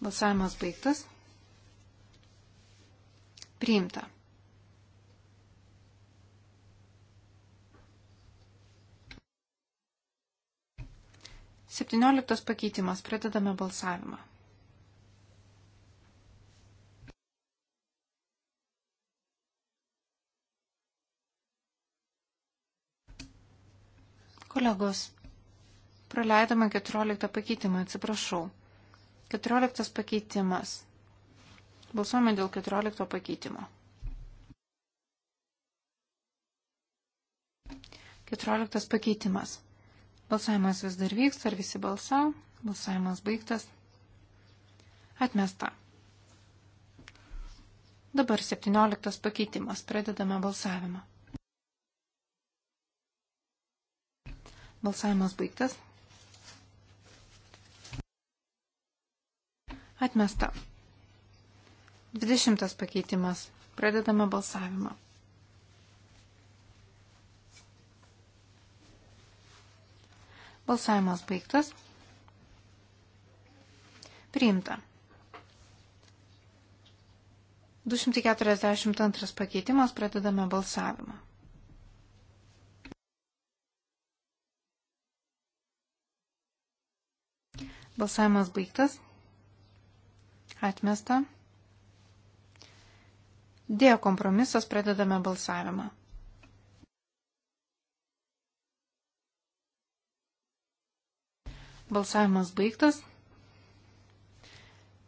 Balsavimas baigtas. Priimta. Septynioliktas pakeitimas, pradedame balsavimą. Kolegos, praleidome 14 pakeitimą, atsiprašau. 14 pakeitimas. Balsuojame dėl 14 pakeitimo. 14 pakeitimas. Balsavimas vis dar vyksta, ar visi balsavo? Balsavimas baigtas. Atmesta. Dabar 17 pakeitimas. Pradedame balsavimą. Balsavimas baigtas. Atmesta. 20 pakeitimas. Pradedame balsavimą. Balsavimas baigtas. Priimta. 242 pakeitimas. Pradedame balsavimą. Balsavimas baigtas. Atmesta. Dėjo kompromisas, pradedame balsavimą. Balsavimas baigtas.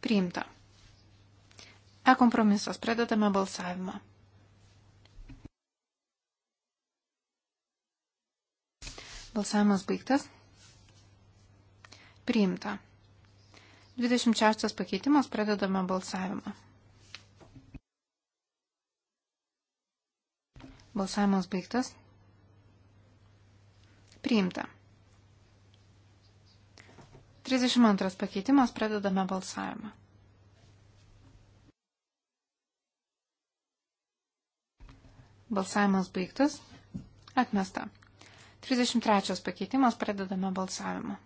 Priimta. E kompromisas, pradedame balsavimą. Balsavimas baigtas. Priimta. 26 pakeitimas pradedame balsavimą. Balsavimas baigtas. Priimta. 32 pakeitimas pradedame balsavimą. Balsavimas baigtas. Atmesta. 33 pakeitimas pradedame balsavimą.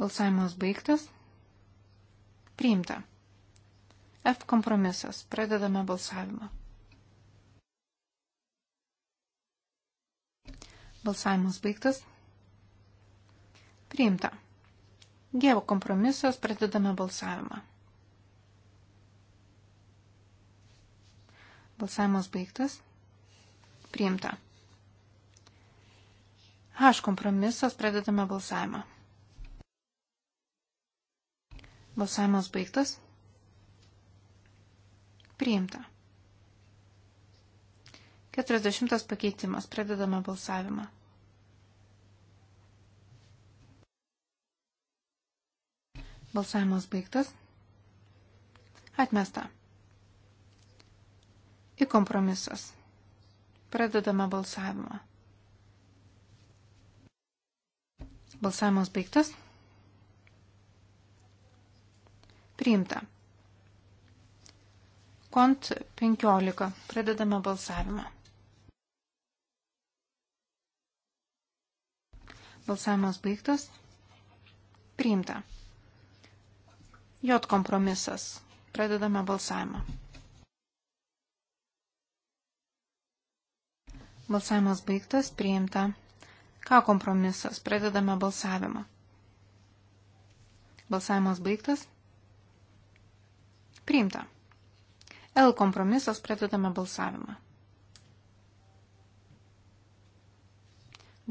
Balsavimas baigtas. Priimta. F kompromisas. Pradedame balsavimą. Balsavimas baigtas. Priimta. G kompromisas. Pradedame balsavimą. Balsavimas baigtas. Priimta. H kompromisas. Pradedame balsavimą. Balsavimas baigtas. Priimta. 40 pakeitimas. Pradedame balsavimą. Balsavimas baigtas. Atmesta. Į kompromisas. Pradedame balsavimą. Balsavimas baigtas. Priimta. Kont 15. Pradedame balsavimą. Balsavimas baigtas. Priimta. J kompromisas. Pradedame balsavimą. Balsavimas baigtas. Priimta. K kompromisas. Pradedame balsavimą. Balsavimas baigtas. Priimta. L kompromisas pradedame balsavimą.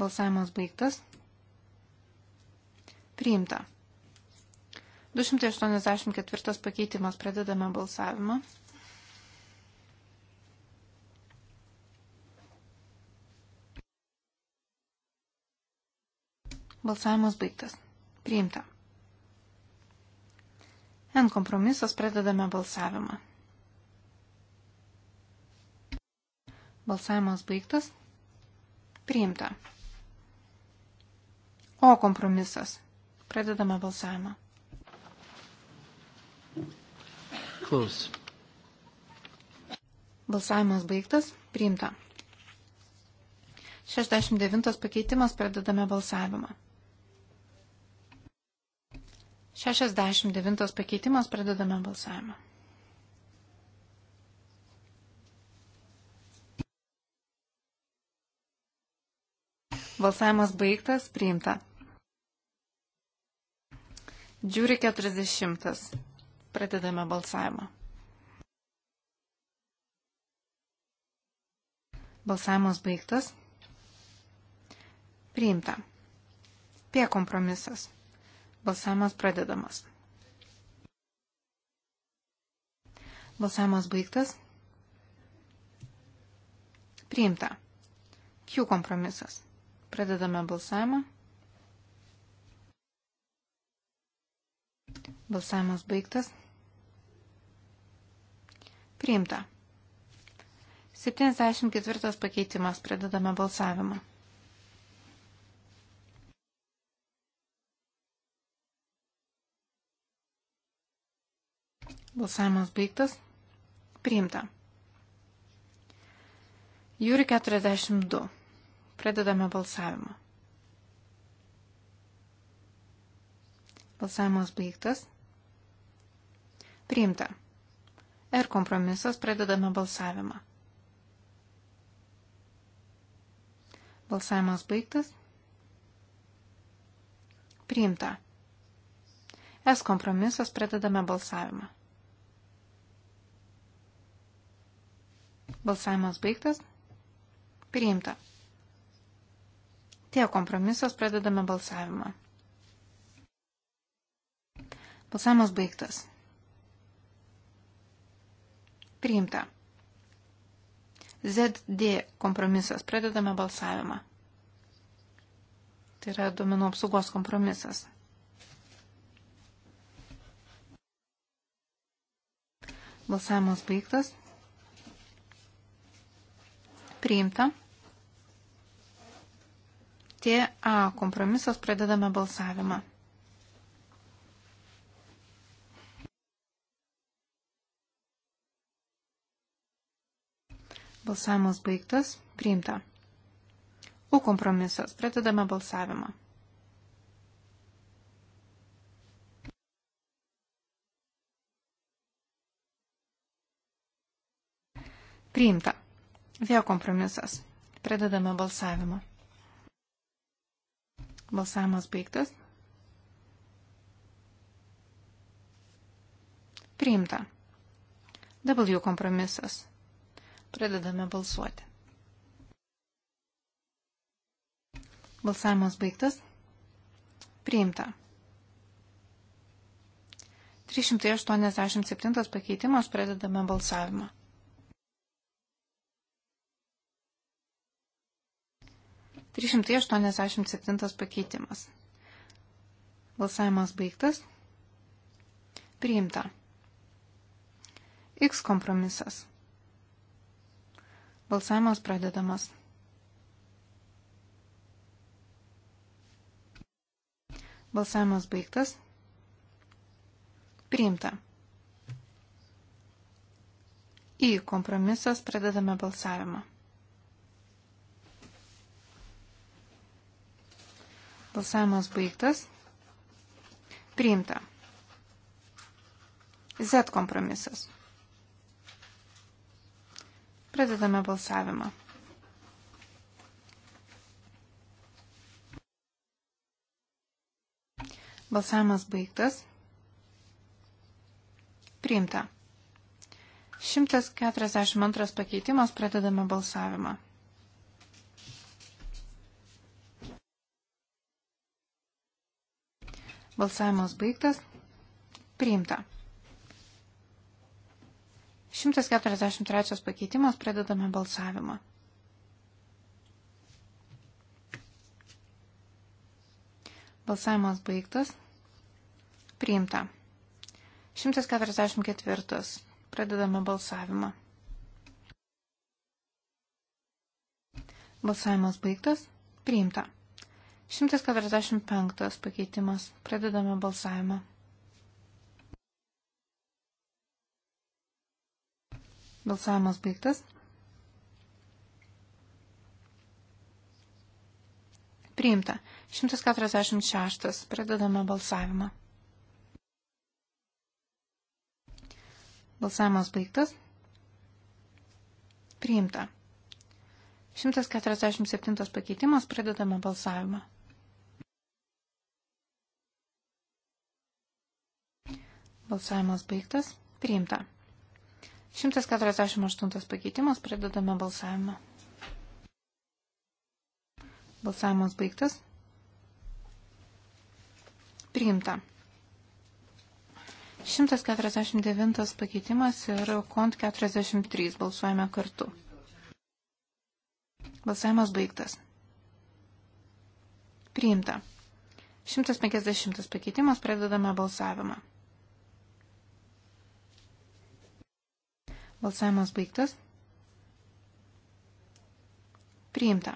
Balsavimas baigtas. Priimta. 284 pakeitimas pradedame balsavimą. Balsavimas baigtas. Priimta. N kompromisas pradedame balsavimą. Balsavimas baigtas. Priimta. O kompromisas. Pradedame balsavimą. Close. Balsavimas baigtas. Priimta. 69 pakeitimas pradedame balsavimą. 69 pakeitimas pradedame balsavimą. Balsavimas baigtas, priimta. Džiūri 40. Pradedame balsavimą. Balsavimas baigtas. Priimta. P kompromisas. Balsavimas pradedamas. Balsavimas baigtas. Priimta. Q kompromisas. Pradedame balsavimą. Balsavimas baigtas. Priimta. 74 pakeitimas. Pradedame balsavimą. Balsavimas baigtas. Priimta. Jūri 42. Pradedame balsavimą. Balsavimas baigtas. Priimta. Ir kompromisas pradedame balsavimą. Balsavimas baigtas. Priimta. S kompromisas pradedame balsavimą. Balsavimas baigtas. Priimta. Tie kompromisas pradedame balsavimą. Balsavimas baigtas. Priimta. ZD kompromisas. Pradedame balsavimą. Tai yra duomenų apsaugos kompromisas. Balsavimas baigtas. Priimta. TA kompromisas pradedame balsavimą. Balsavimas baigtas. Priimta. U kompromisas. Pradedame balsavimą. Priimta. Vėl kompromisas. Pradedame balsavimą. Balsavimas baigtas. Priimta. W kompromisas. Pradedame balsuoti. Balsavimas baigtas. Priimta. 387 pakeitimas pradedame balsavimą. 387 pakeitimas. Balsavimas baigtas. Priimta. X kompromisas. Balsavimas pradedamas. Balsavimas baigtas. Priimta. Į kompromisas pradedame balsavimą. Balsavimas baigtas. Priimta. Z kompromisas. Pradedame balsavimą. Balsavimas baigtas. Priimta. 142 pakeitimas pradedame balsavimą. Balsavimas baigtas. Priimta. 143 pakeitimas pradedame balsavimą. Balsavimas baigtas. Priimta. 144. Pradedame balsavimą. Balsavimas baigtas. Priimta. 145 pakeitimas. Pradedame balsavimą. Balsavimas baigtas. Priimta. 146. Pradedame balsavimą. Balsavimas baigtas. Priimta. 147 pakeitimas. Pradedame balsavimą. Balsavimas baigtas. Priimta. 148 pakeitimas. Pradedame balsavimą. Balsavimas baigtas. Priimta. 149 pakeitimas ir kont 43. Balsuojame kartu. Balsavimas baigtas. Priimta. 150 pakeitimas. Pradedame balsavimą. Balsavimas baigtas. Priimta.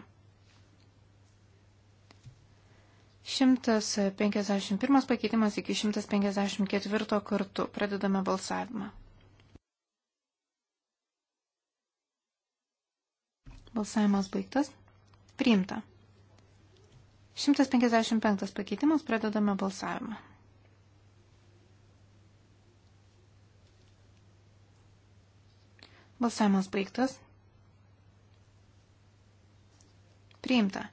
151 pakeitimas iki 154 kartų. Pradedame balsavimą. Balsavimas baigtas. Priimta. 155 pakeitimas. Pradedame balsavimą. Balsavimas baigtas. Priimta.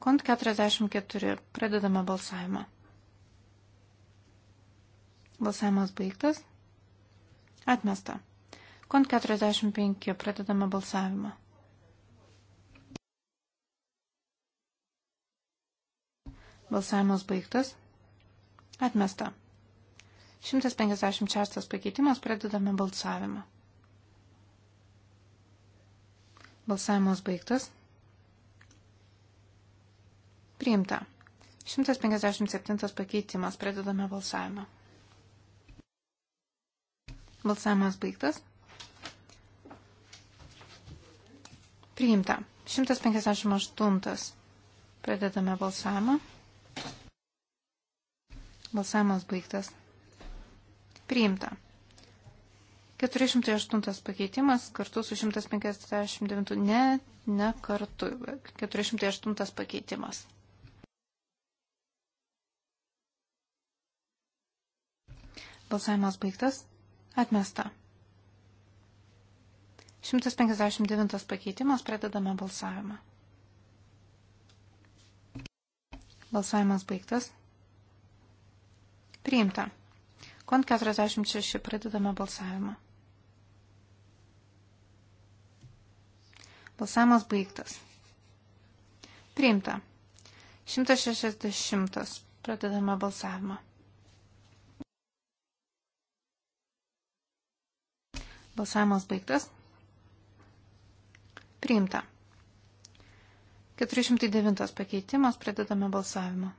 Kont 44. Pradedame balsavimą. Balsavimas baigtas. Atmesta. Kont 45. Pradedame balsavimą. Balsavimas baigtas. Atmesta. 156 pakeitimas pradedame balsavimą. Balsavimas baigtas. Priimta. 157 pakeitimas. Pradedame balsavimą. Balsavimas baigtas. Priimta. 158. Pradedame balsavimą. Balsavimas baigtas. Priimta. 408 pakeitimas kartu su 159. Ne, ne kartu. 408 pakeitimas. Balsavimas baigtas. Atmesta. 159 pakeitimas. Pradedame balsavimą. Balsavimas baigtas. Priimta. Kont 46 pradedame balsavimą. Balsavimas baigtas. Priimta. 160. Pradedame balsavimą. Balsavimas baigtas. Priimta. 409 pakeitimas. Pradedame balsavimą.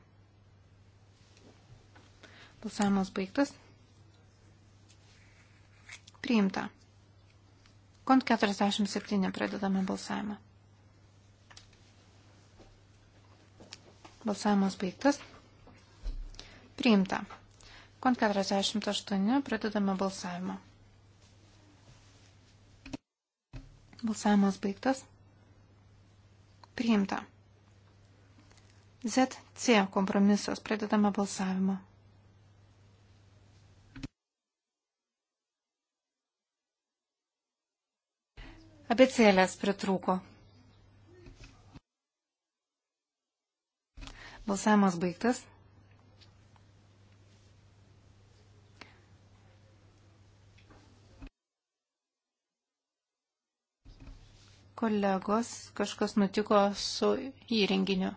Balsavimas baigtas. Priimta. Kont 47 pradedame balsavimą. Balsavimas baigtas. Priimta. Kont 48 pradedame balsavimą. Balsavimas baigtas. Priimta. ZC kompromisas pradedame balsavimą. Abecėlės pritrūko. Balsavimas baigtas. Kolegos, kažkas nutiko su įrenginiu.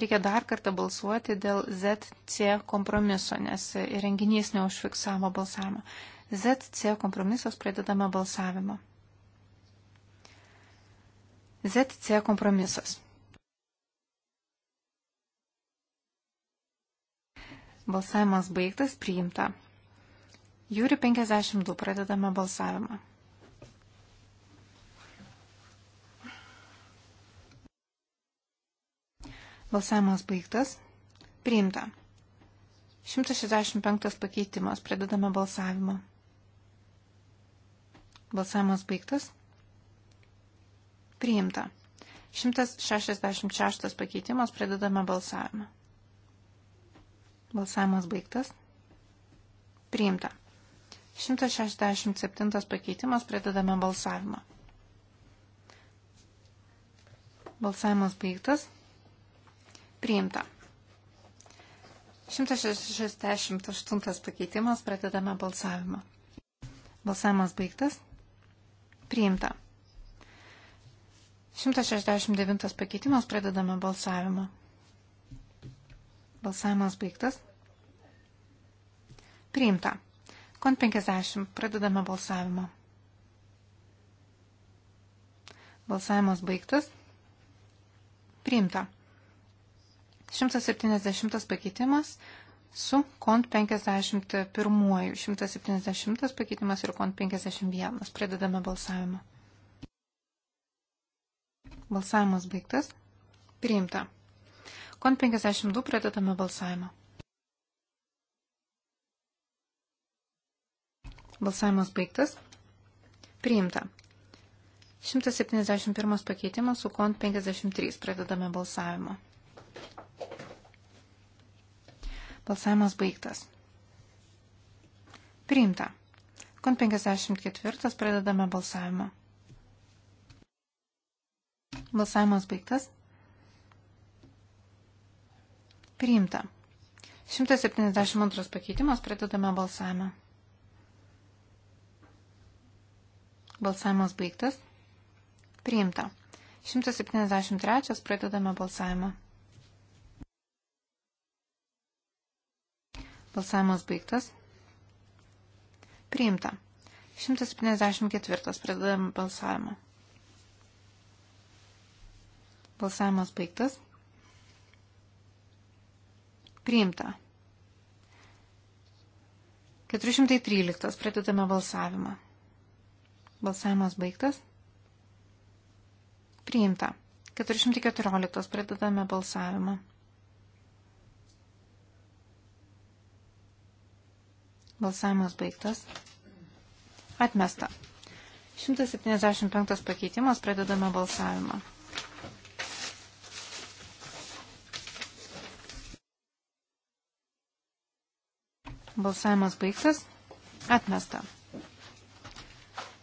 Reikia dar kartą balsuoti dėl ZC kompromiso, nes įrenginys neužfiksavo balsavimo. ZC kompromisos pradedame balsavimą. ZC kompromisas. Balsavimas baigtas, priimta. Jūri 52 pradedame balsavimą. Balsavimas baigtas. Priimta. 165 pakeitimas. Pradedame balsavimą. Balsavimas baigtas. Priimta. 166 pakeitimas, pradedame balsavimą. Balsavimas baigtas. Priimta. 167 pakeitimas, pradedame balsavimą. Balsavimas baigtas. Priimta. 168 pakeitimas, pradedame balsavimą. Balsavimas baigtas. Priimta. 169 pakeitimas pradedame balsavimą. Balsavimas baigtas. Priimta. Kon 50 pradedame balsavimą. Balsavimas baigtas. Priimta. 170 pakeitimas su kont 51, 170 pakeitimas ir kont 51. Pradedame balsavimą. Balsavimas baigtas. Priimta. Kont 52 pradedame balsavimą. Balsavimas baigtas. Priimta. 171 pakeitimas su kont 53 pradedame balsavimą. Balsavimas baigtas. Priimta. Kon 54 pradedame balsavimą. Balsavimas baigtas. Priimta. 172 pakeitimas pradedame balsavimą. Balsavimas baigtas. Priimta. 173 pradedame balsavimą. Balsavimas baigtas. Priimta. 174. Pradedame balsavimą. Balsavimas baigtas. Priimta. 413. Pradedame balsavimą. Balsavimas baigtas. Priimta. 414. Pradedame balsavimą. Balsavimas baigtas. Atmesta. 175 pakeitimas. Pradedame balsavimą. Balsavimas baigtas. Atmesta.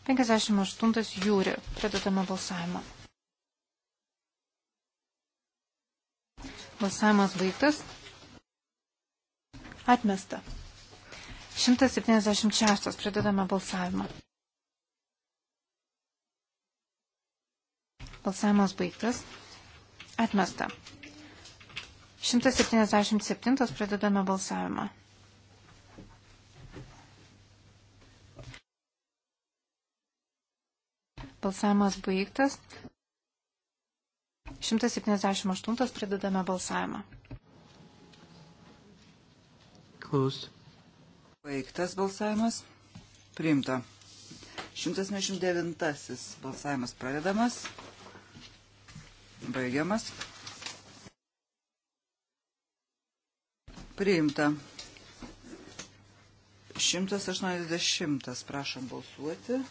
58 jūri. Pradedame balsavimą. Balsavimas baigtas. Atmesta. 176. Pradedame balsavimą. Balsavimas baigtas. Atmesta. 177. Pradedame balsavimą. Balsavimas baigtas. 178 pradedame balsavimą. Closed. Baigtas balsavimas. Priimta. 129 balsavimas pradedamas. Baigiamas. Priimta. 180. Prašom balsuoti.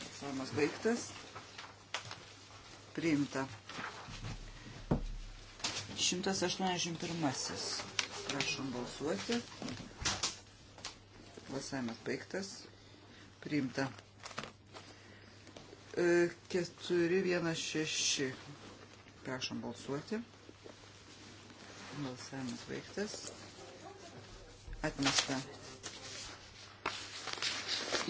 Balsavimas baigtas. Priimta. 181. Prašom balsuoti. Balsavimas baigtas. Priimta. 416. E, Prašom balsuoti. Balsavimas baigtas. Atmesta.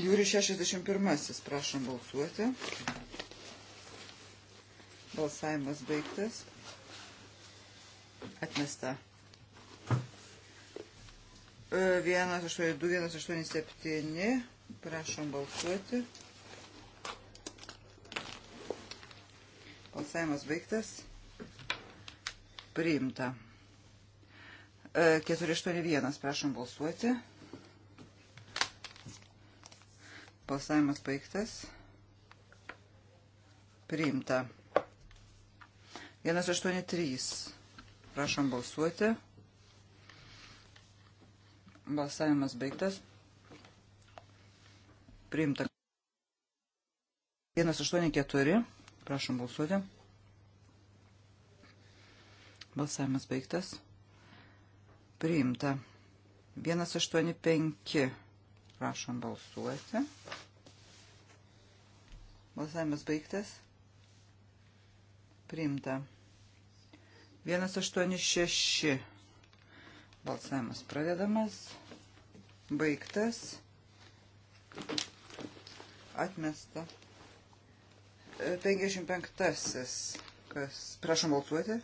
Jūri 61. Prašom balsuoti. Balsavimas baigtas. Atmesta. 182, e, 187. Prašom balsuoti. Balsavimas baigtas. Priimta. 481. E, Prašom balsuoti. Balsavimas baigtas. Priimta. 183. Prašom balsuoti. Balsavimas baigtas. Priimta. 184. Prašom balsuoti. Balsavimas baigtas. Priimta. 185. Prašom balsuoti. Balsavimas baigtas. Priimta. 186. Balsavimas pradedamas. Baigtas. Atmesta. 55. E, Kas? Prašom balsuoti.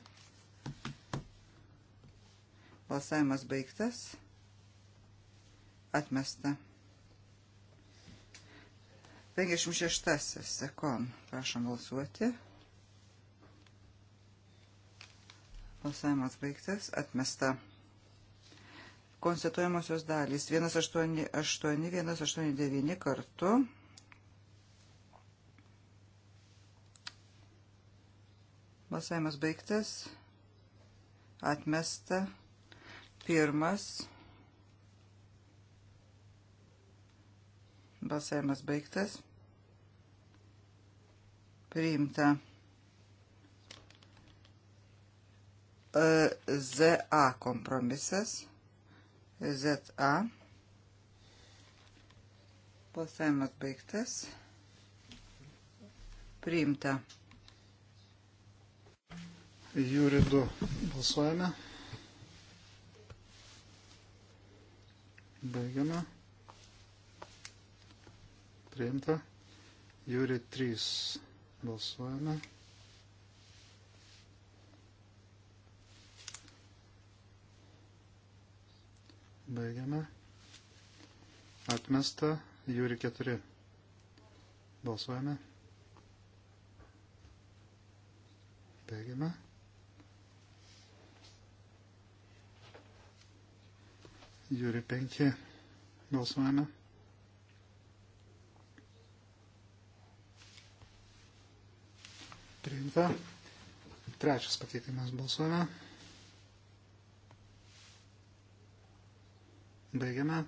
Balsavimas baigtas. Atmesta. 56. Sekon. Prašom balsuoti. Balsavimas baigtas. Atmesta. Konstatuojamosios dalys 188, 189 kartu. Balsavimas baigtas. Atmesta. Pirmas. Balsavimas baigtas. Priimta. ZA kompromisas. ZA. Balsavimas baigtas. Priimta. Jūri 2 balsuojame. Baigiame. Priimta. Jūri 3 balsuojame. Baigiame. Atmesta. Jūri 4. Balsuojame. Baigiame. Jūri 5. Balsuojame. Priimta. Trečias pakeitimas balsuojame. Baigiame.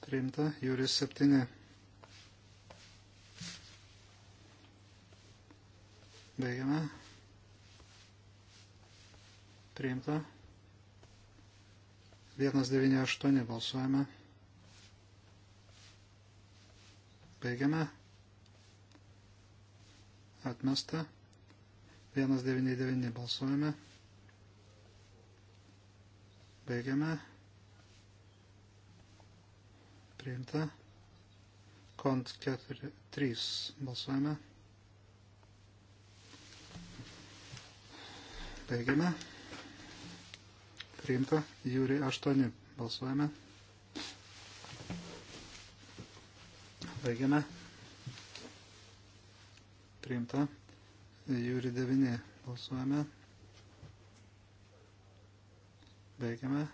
Priimta Juris 7. Baigiame. Priimta. 198 balsuojame. Baigiame. Atmesta. 199 balsuojame. Baigiame. Priimta. Kont 4, 3. Balsuojame. Baigiame. Priimta. Jūri 8. Balsuojame. Baigiame. Priimta. Jūri 9. Balsuojame. Baigiame.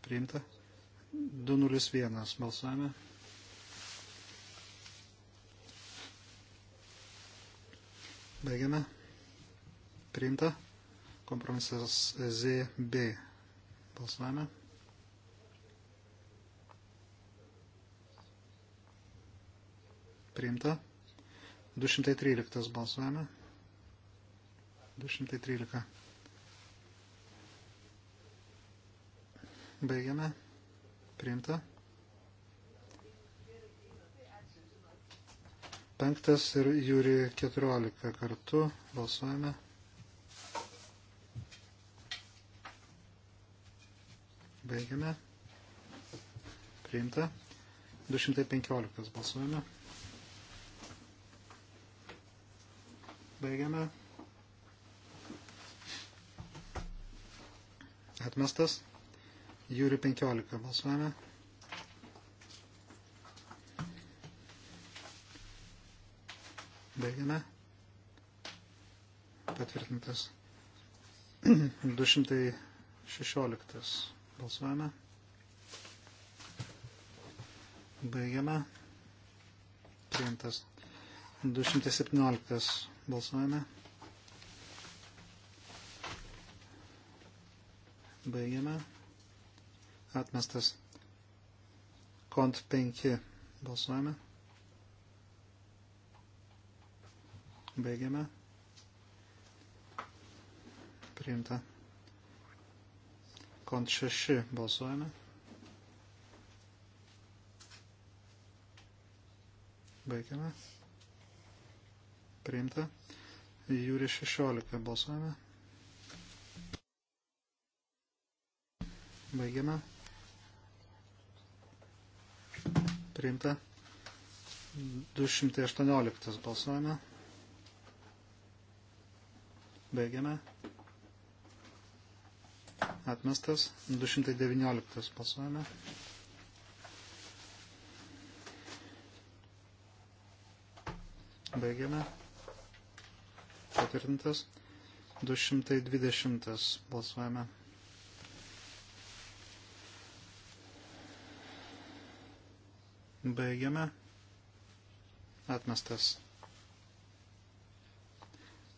Priimta. 201 balsuojame. Baigiame. Priimta. Kompromisas ZB. Balsuojame. Priimta. 213 balsuojame. 213. Baigiame. Priimta. Penktas ir Jūri 14 kartu. Balsuojame. Baigiame. Priimta. 215 balsuojame. Baigiame. Atmestas. Jūri 15. Balsuojame. Baigiame. Patvirtintas. 216. Balsuojame. Baigiame. Priimtas. 217. Balsuojame. Baigiame atmestas. Kont 5 balsuojame. Baigiame. Priimta. Kont 6 balsuojame. Baigiame. Priimta. Jūri 16 balsuojame. Baigiame. priimta. 218 balsuojame. Baigiame. Atmestas. 219 balsuojame. Baigiame. Patvirtintas. 220 balsuojame. Baigiame. Atmestas.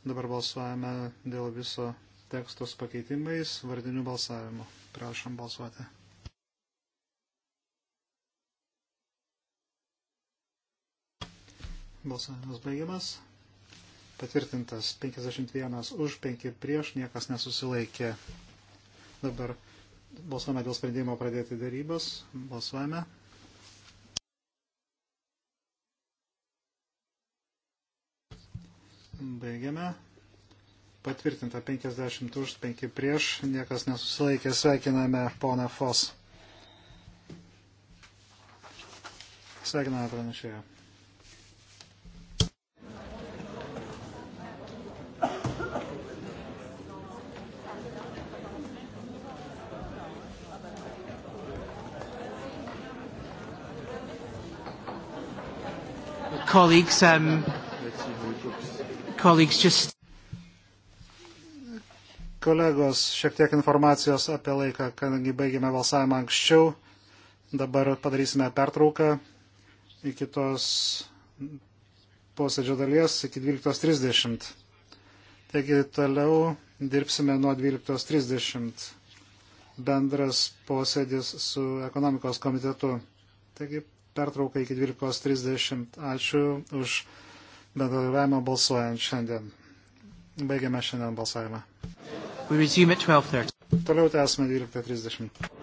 Dabar balsuojame dėl viso tekstus pakeitimais vardinių balsavimų. Prašom balsuoti. Balsavimas baigiamas. Patvirtintas 51 už, 5 prieš, niekas nesusilaikė. Dabar balsuojame dėl sprendimo pradėti darybas. Balsuojame. Baigiame. Patvirtinta 50 už 5 prieš. Niekas nesusilaikė. Sveikiname poną Fos. Sveikiname pranešėją. colleagues, um, Just... Kolegos, šiek tiek informacijos apie laiką, kadangi baigėme balsavimą anksčiau. Dabar padarysime pertrauką iki tos posėdžio dalies, iki 12.30. Taigi toliau dirbsime nuo 12.30 bendras posėdis su ekonomikos komitetu. Taigi pertrauka iki 12.30. Ačiū už bendradarbiavimo balsuojant šiandien. Baigiame šiandien balsavimą. Toliau tęsime 12.30.